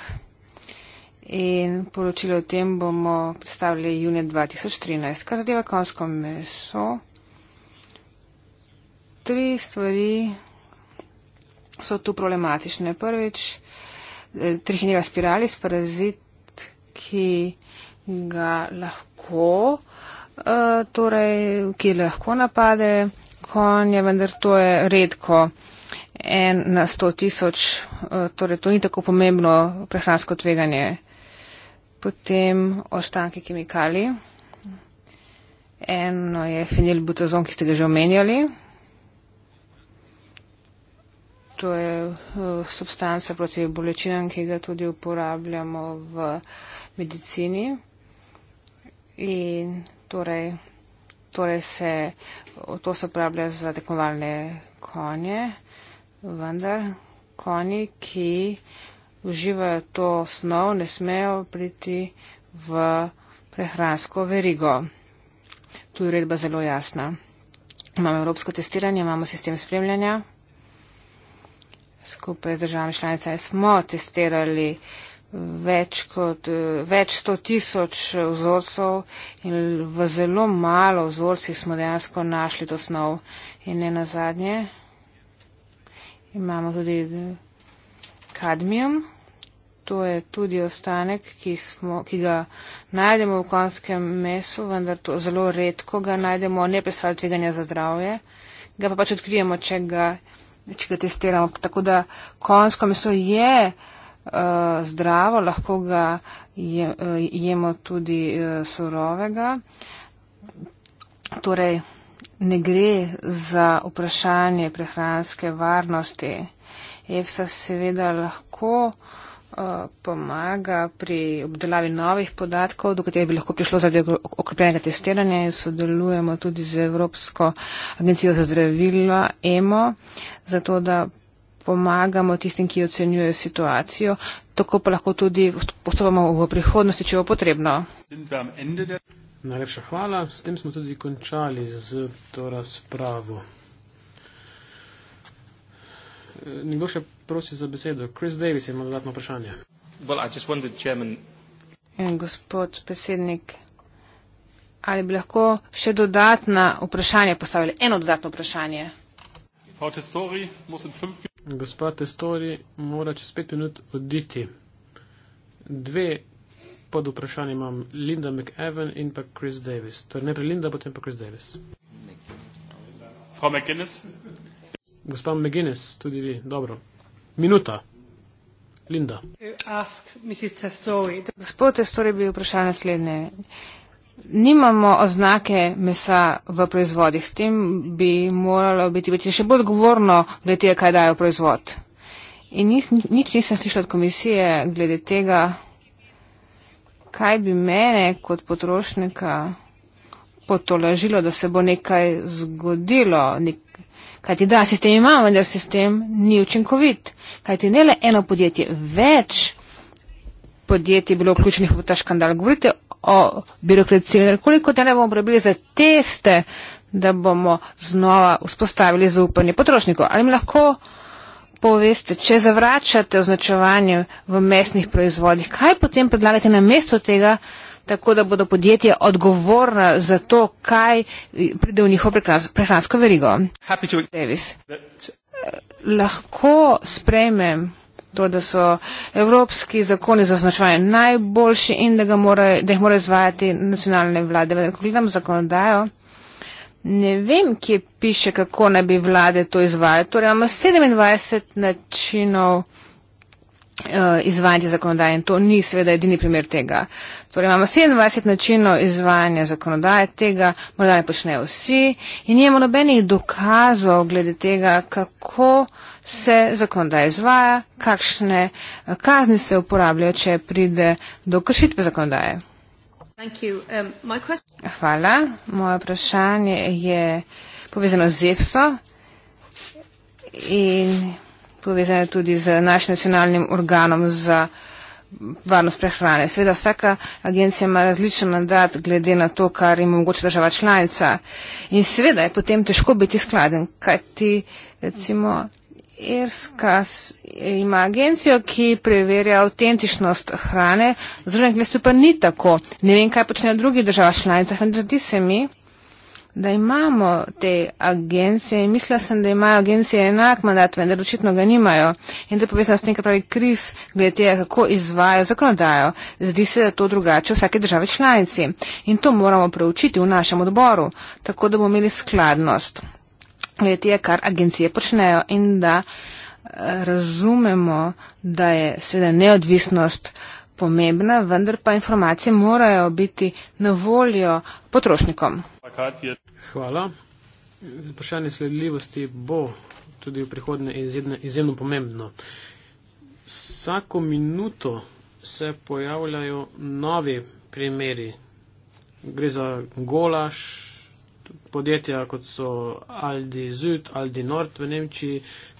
In poročilo o tem bomo predstavili junija 2013. Kar zadeva konsko meso, tri stvari so tu problematične. Prvič, eh, trihinjega spirali, sparazit, ki ga lahko, eh, torej, ki lahko napade konje, vendar to je redko en na sto tisoč, eh, torej to ni tako pomembno prehransko tveganje. Potem ostanke kemikalij. Eno je fenilbutazon, ki ste ga že omenjali. To je uh, substanca proti bolečinam, ki ga tudi uporabljamo v medicini. In torej torej se, to se uporablja za tekmovalne konje, vendar konji, ki uživajo to snov, ne smejo priti v prehransko verigo. Tu je redba zelo jasna. Imamo evropsko testiranje, imamo sistem spremljanja. Skupaj z državami članicami smo testirali uh, več kot eh, več sto tisoč vzorcev in v zelo malo vzorcih smo dejansko našli to snov. In ne nazadnje imamo tudi eh, kadmijum. To je tudi ostanek, ki, smo, ki ga najdemo v konskem mesu, vendar to zelo redko ga najdemo, ne predstavlja tveganja za zdravje. Ga pa pač odkrijemo, če ga, če ga testiramo. Tako da konsko meso je. Uh, uh, zdravo, lahko ga je, uh, jemo tudi uh, surovega. Torej, ne gre za vprašanje prehranske varnosti. EFSA seveda lahko pomaga pri obdelavi novih podatkov, do katerih bi lahko prišlo zaradi okrepljenega testiranja in sodelujemo tudi z Evropsko agencijo za zdravila EMO, zato da pomagamo tistim, ki ocenjujejo situacijo, tako pa lahko tudi postopamo v prihodnosti, če bo potrebno. Najlepša hvala. S tem smo tudi končali z to razpravo. E, nekdo še prosi za besedo. Chris Davis ima dodatno vprašanje. E, gospod predsednik, ali bi lahko še dodatna vprašanja postavili? Eno dodatno vprašanje. Frau Testori muss in fünf Minuten gospa Testori mora čez pet minut oditi. Dve pod vprašanjem imam Linda McEwen in pa Chris Davis. Torej najprej Linda, potem pa Chris Davis. Frau McGinnis. Gospa McGinnis, tudi vi, dobro. Minuta. Linda. Gospod Testori bi vprašal naslednje. Nimamo oznake mesa v proizvodih, s tem bi moralo biti, biti še bolj odgovorno glede tega, kaj dajo proizvod. In nis, nič nisem slišala od komisije glede tega, kaj bi mene kot potrošnika potolažilo, da se bo nekaj zgodilo. Nek Kaj ti da, sistem imamo, vendar sistem ni učinkovit. Kaj ti ne le eno podjetje, več podjetij je bilo vključenih v ta škandal. Govorite o birokraciji. Koliko dne bomo prebili za teste, da bomo znova vzpostavili zaupanje potrošnikov? Ali mi lahko poveste, če zavračate označevanje v mestnih proizvodih, kaj potem predlagate na mesto tega, tako da bodo podjetje odgovorna za to, kaj pride v njihovo prehransko verigo? Lahko sprejmem to, da so evropski zakoni za označevanje najboljši in da, mora, da jih morajo izvajati nacionalne vlade. Ko gledam zakonodajo, ne vem, kje piše, kako naj bi vlade to izvajali. Torej imamo 27 načinov. Eh, izvajanje zakonodaje in to ni seveda edini primer tega. Torej imamo 27 načinov izvajanja zakonodaje, tega morda ne počnejo vsi in nimamo nobenih dokazov glede tega, kako se zakonodaja izvaja, kakšne eh, kazni se uporabljajo, če pride do kršitve zakonodaje. Um, Hvala. Moje vprašanje je povezano z EFSO in povezane tudi z našim nacionalnim organom za varnost prehrane. Seveda vsaka agencija ima različen mandat glede na to, kar ima mogoče država članica. In seveda je potem težko biti skladen, kaj ti recimo. Irska ima agencijo, ki preverja avtentičnost hrane, v Združenih mestih pa ni tako. Ne vem, kaj počnejo drugi država članica, vendar zdi se mi, da imamo te agencije in mislila sem, da imajo agencije enak mandat, vendar očitno ga nimajo. In to povezano s tem, kar pravi Kris, glede tega, kako izvajo zakonodajo. Zdi se, da to drugače v vsake države članici. In to moramo preučiti v našem odboru, tako da bomo imeli skladnost glede tega, kar agencije počnejo in da eh, razumemo, da je seveda neodvisnost pomembna, vendar pa informacije morajo biti na voljo potrošnikom. Katja. Hvala. Vprašanje sledljivosti bo tudi v prihodnje izjemno pomembno. Vsako minuto se pojavljajo novi primeri. Gre za golaž, podjetja kot so Aldi Züd, Aldi Nord v Nemčiji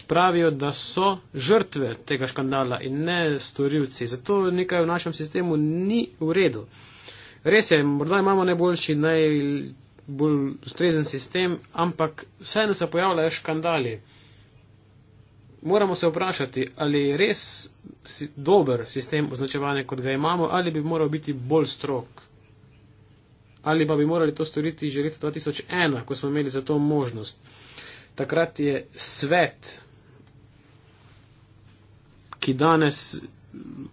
pravijo, da so žrtve tega škandala in ne storilci. Zato nekaj v našem sistemu ni v redu. Res je, morda imamo najboljši, naj bolj ustrezen sistem, ampak vseeno se pojavljajo škandali. Moramo se vprašati, ali je res si, dober sistem označevanja, kot ga imamo, ali bi moral biti bolj strok. Ali pa bi morali to storiti že leta 2001, ko smo imeli za to možnost. Takrat je svet, ki danes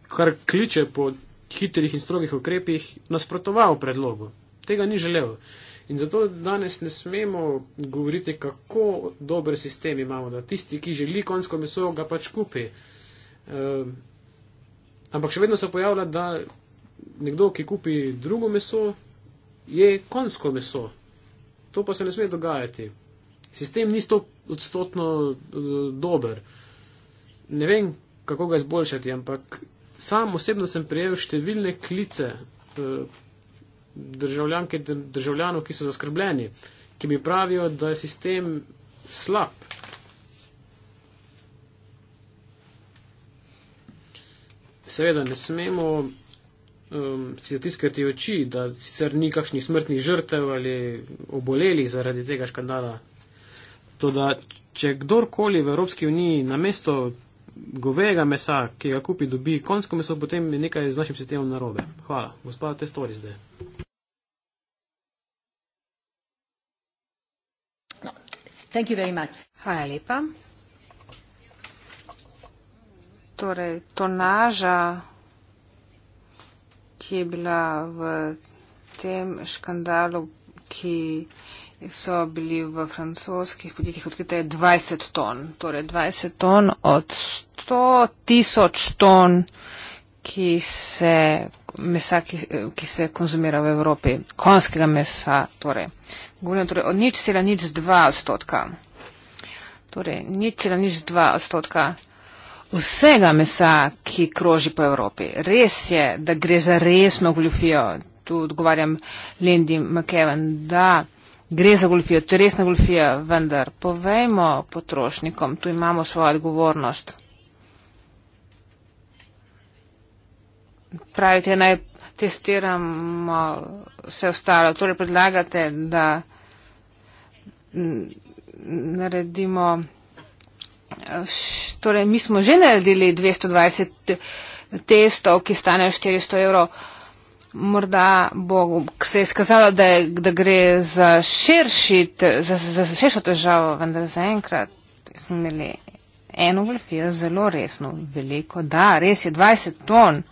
kar kliče po hitrih in strogih ukrepih, nasprotoval predlogu. Tega ni želel. In zato danes ne smemo govoriti, kako dober sistem imamo, da tisti, ki želi konsko meso, ga pač kupi. Um, ampak še vedno se pojavlja, da nekdo, ki kupi drugo meso, je konsko meso. To pa se ne sme dogajati. Sistem ni sto odstotno eh, dober. Ne vem, kako ga izboljšati, ampak sam osebno sem prijel številne klice. Uh, državljanke in državljanov, ki so zaskrbljeni, ki mi pravijo, da je sistem slab. Seveda ne smemo um, si zatiskati oči, da sicer ni kakšnih smrtnih žrtev ali obolelih zaradi tega škandala. To, da če kdorkoli v Evropski uniji na mesto govejega mesa, ki ga kupi, dobi konjsko meso, potem je nekaj z našim sistemom narobe. Hvala. Gospod, te stori zdaj. Thank you very much. Hvala lepa. Torej, tonaža, ki je bila v tem škandalu, ki so bili v francoskih podjetjih odkrite 20 ton. Torej 20 ton od 100 tisoč ton, ki se, mesa, ki, ki se konzumira v Evropi, konskega mesa. Torej govorimo torej od nič cela nič dva odstotka. Torej, nič cela nič dva odstotka vsega mesa, ki kroži po Evropi. Res je, da gre za resno goljofijo. Tu odgovarjam Lindy McKeven, da gre za goljofijo, to je resna goljofija, vendar povejmo potrošnikom, tu imamo svojo odgovornost. Pravite, naj testiramo vse ostalo. Torej predlagate, da naredimo. Torej, mi smo že naredili 220 testov, ki stanejo 400 evrov. Morda bo se izkazalo, da, je, da gre za, širši, za, za širšo težavo, vendar zaenkrat smo imeli eno golfijo zelo resno, veliko. Da, res je 20 ton.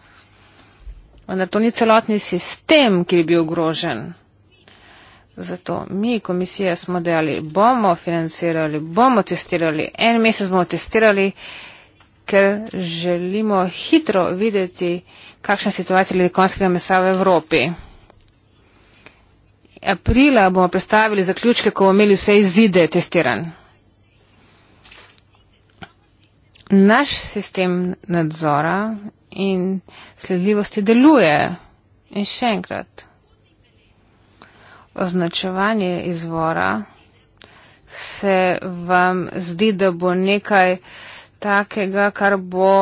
Vendar to ni celotni sistem, ki bi bil ogrožen. Zato mi, komisija, smo dejali, bomo financirali, bomo testirali, en mesec bomo testirali, ker želimo hitro videti, kakšna je situacija likonskega mesa v Evropi. Aprila bomo predstavili zaključke, ko bomo imeli vse izide testiran. Naš sistem nadzora in sledljivosti deluje. In še enkrat, označevanje izvora se vam zdi, da bo nekaj takega, kar bo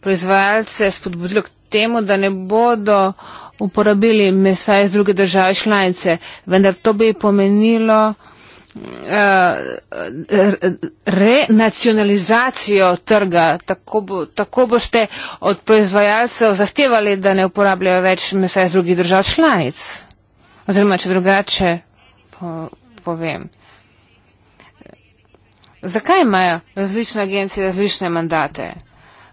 proizvajalce spodbudilo k temu, da ne bodo uporabili mesa iz druge države članice, vendar to bi pomenilo, Eh, renacionalizacijo trga. Tako, bo, tako boste od proizvajalcev zahtevali, da ne uporabljajo več mesa iz drugih držav članic. Oziroma, če drugače po, povem. Zakaj imajo različne agencije različne mandate?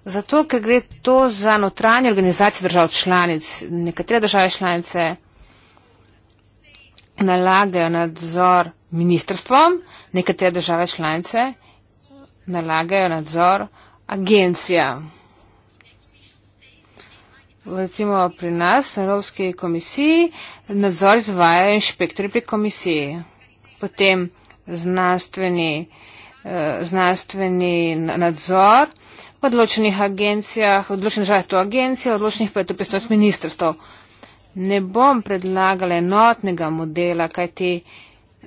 Zato, ker gre to za notranje organizacije držav članic. Nekatere države članice nalagajo nadzor ministrstvom, nekatere države članice nalagajo nadzor agencija. Recimo pri nas, Evropski komisiji, nadzor izvajajo inšpektori pri komisiji. Potem znanstveni, eh, znanstveni nadzor v odločenih agencijah, v odločenih državah je to agencija, v odločenih pa je to pristojnost ministrstv. Ne bom predlagala enotnega modela, kajti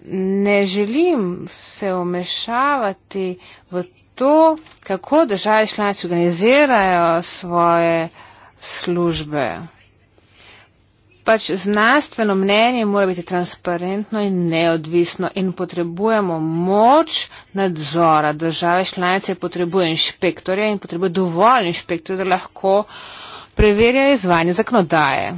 ne želim se omešavati v to, kako države članice organizirajo svoje službe. Pač znanstveno mnenje mora biti transparentno in neodvisno in potrebujemo moč nadzora. Države članice potrebujejo inšpektorje in potrebujejo dovolj inšpektorjev, da lahko preverjajo izvajanje zakonodaje.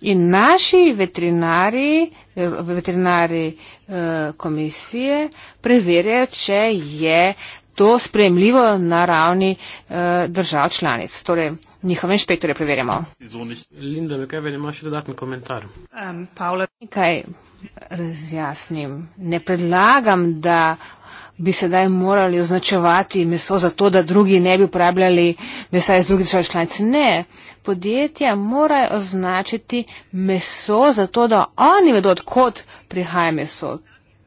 In naši veterinari veterinari eh, komisije preverjajo, če je to spremljivo na ravni eh, držav članic. Torej, njihove inšpektore preverjamo. Linda, kaj veni, imaš dodatni komentar? Um, Paula. Nekaj razjasnim. Ne predlagam, da bi sedaj morali označevati meso za to, da drugi ne bi uporabljali mesa iz drugih držav članic. Ne, podjetja morajo označiti meso za to, da oni vedo, odkot prihaja meso.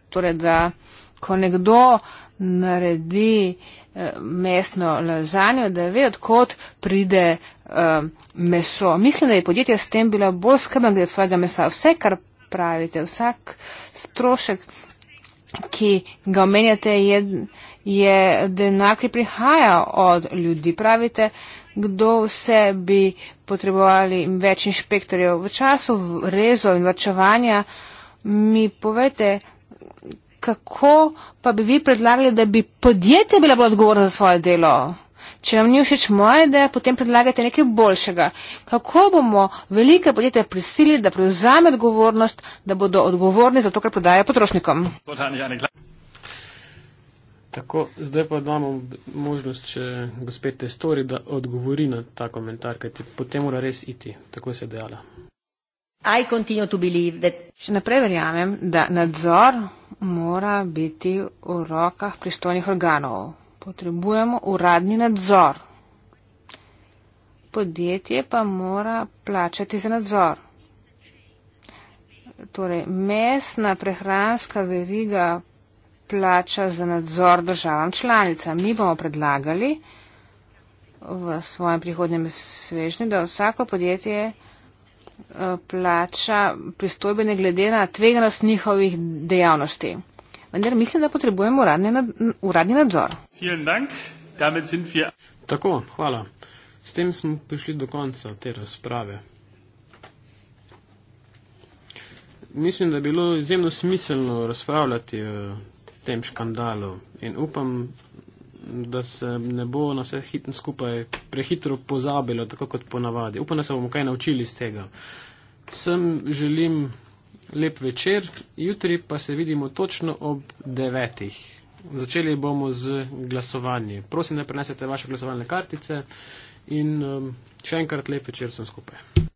Torej, da ko nekdo naredi eh, mesno lazanjo, da ve, odkot pride eh, meso. Mislim, da je podjetje s tem bila bolj skrbna glede svojega mesa. Vse, kar pravite, vsak strošek ki ga omenjate, je, je denar, ki prihaja od ljudi. Pravite, kdo vse bi potrebovali več inšpektorjev v času rezov in vrčevanja. Mi povete, kako pa bi vi predlagali, da bi podjetje bila bolj odgovorna za svoje delo? Če vam ni všeč moja ideja, potem predlagajte nekaj boljšega. Kako bomo velike podjetja prisilili, da prevzame odgovornost, da bodo odgovorni za to, kar prodajajo potrošnikom? Tako, zdaj pa imamo možnost, če gospod Testori, da odgovori na ta komentar, kajti potem mora res iti. Tako se je dejala. That... Še naprej verjamem, da nadzor mora biti v rokah pristojnih organov potrebujemo uradni nadzor. Podjetje pa mora plačati za nadzor. Torej, mesna prehranska veriga plača za nadzor državam članicam. Mi bomo predlagali v svojem prihodnjem svežnju, da vsako podjetje eh, plača pristojbene glede na tveganost njihovih dejavnosti vendar mislim, da potrebujemo uradni, nad, uradni nadzor. Tako, hvala. S tem smo prišli do konca te razprave. Mislim, da je bilo izjemno smiselno razpravljati o tem škandalu in upam, da se ne bo na vse hitno skupaj prehitro pozabilo, tako kot ponavadi. Upam, da se bomo kaj naučili iz tega. Sem želim lep večer, jutri pa se vidimo točno ob devetih. Začeli bomo z glasovanje. Prosim, da prenesete vaše glasovalne kartice in um, še enkrat lep večer vsem skupaj.